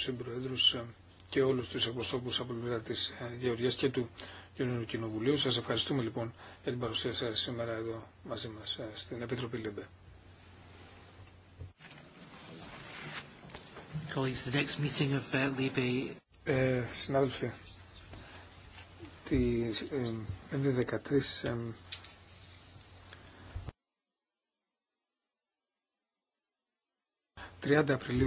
Speaker 3: και όλους τους εκπροσώπους από την της Γεωργίας και του Κοινωνικού Κοινοβουλίου. Σας ευχαριστούμε λοιπόν για την παρουσία σας σήμερα εδώ μαζί μας στην Επιτροπή ΛΕΜΠΕ. the next uh, ε, συνάδελφοι, τη ε, 13 ε,
Speaker 1: ...30 Απριλίου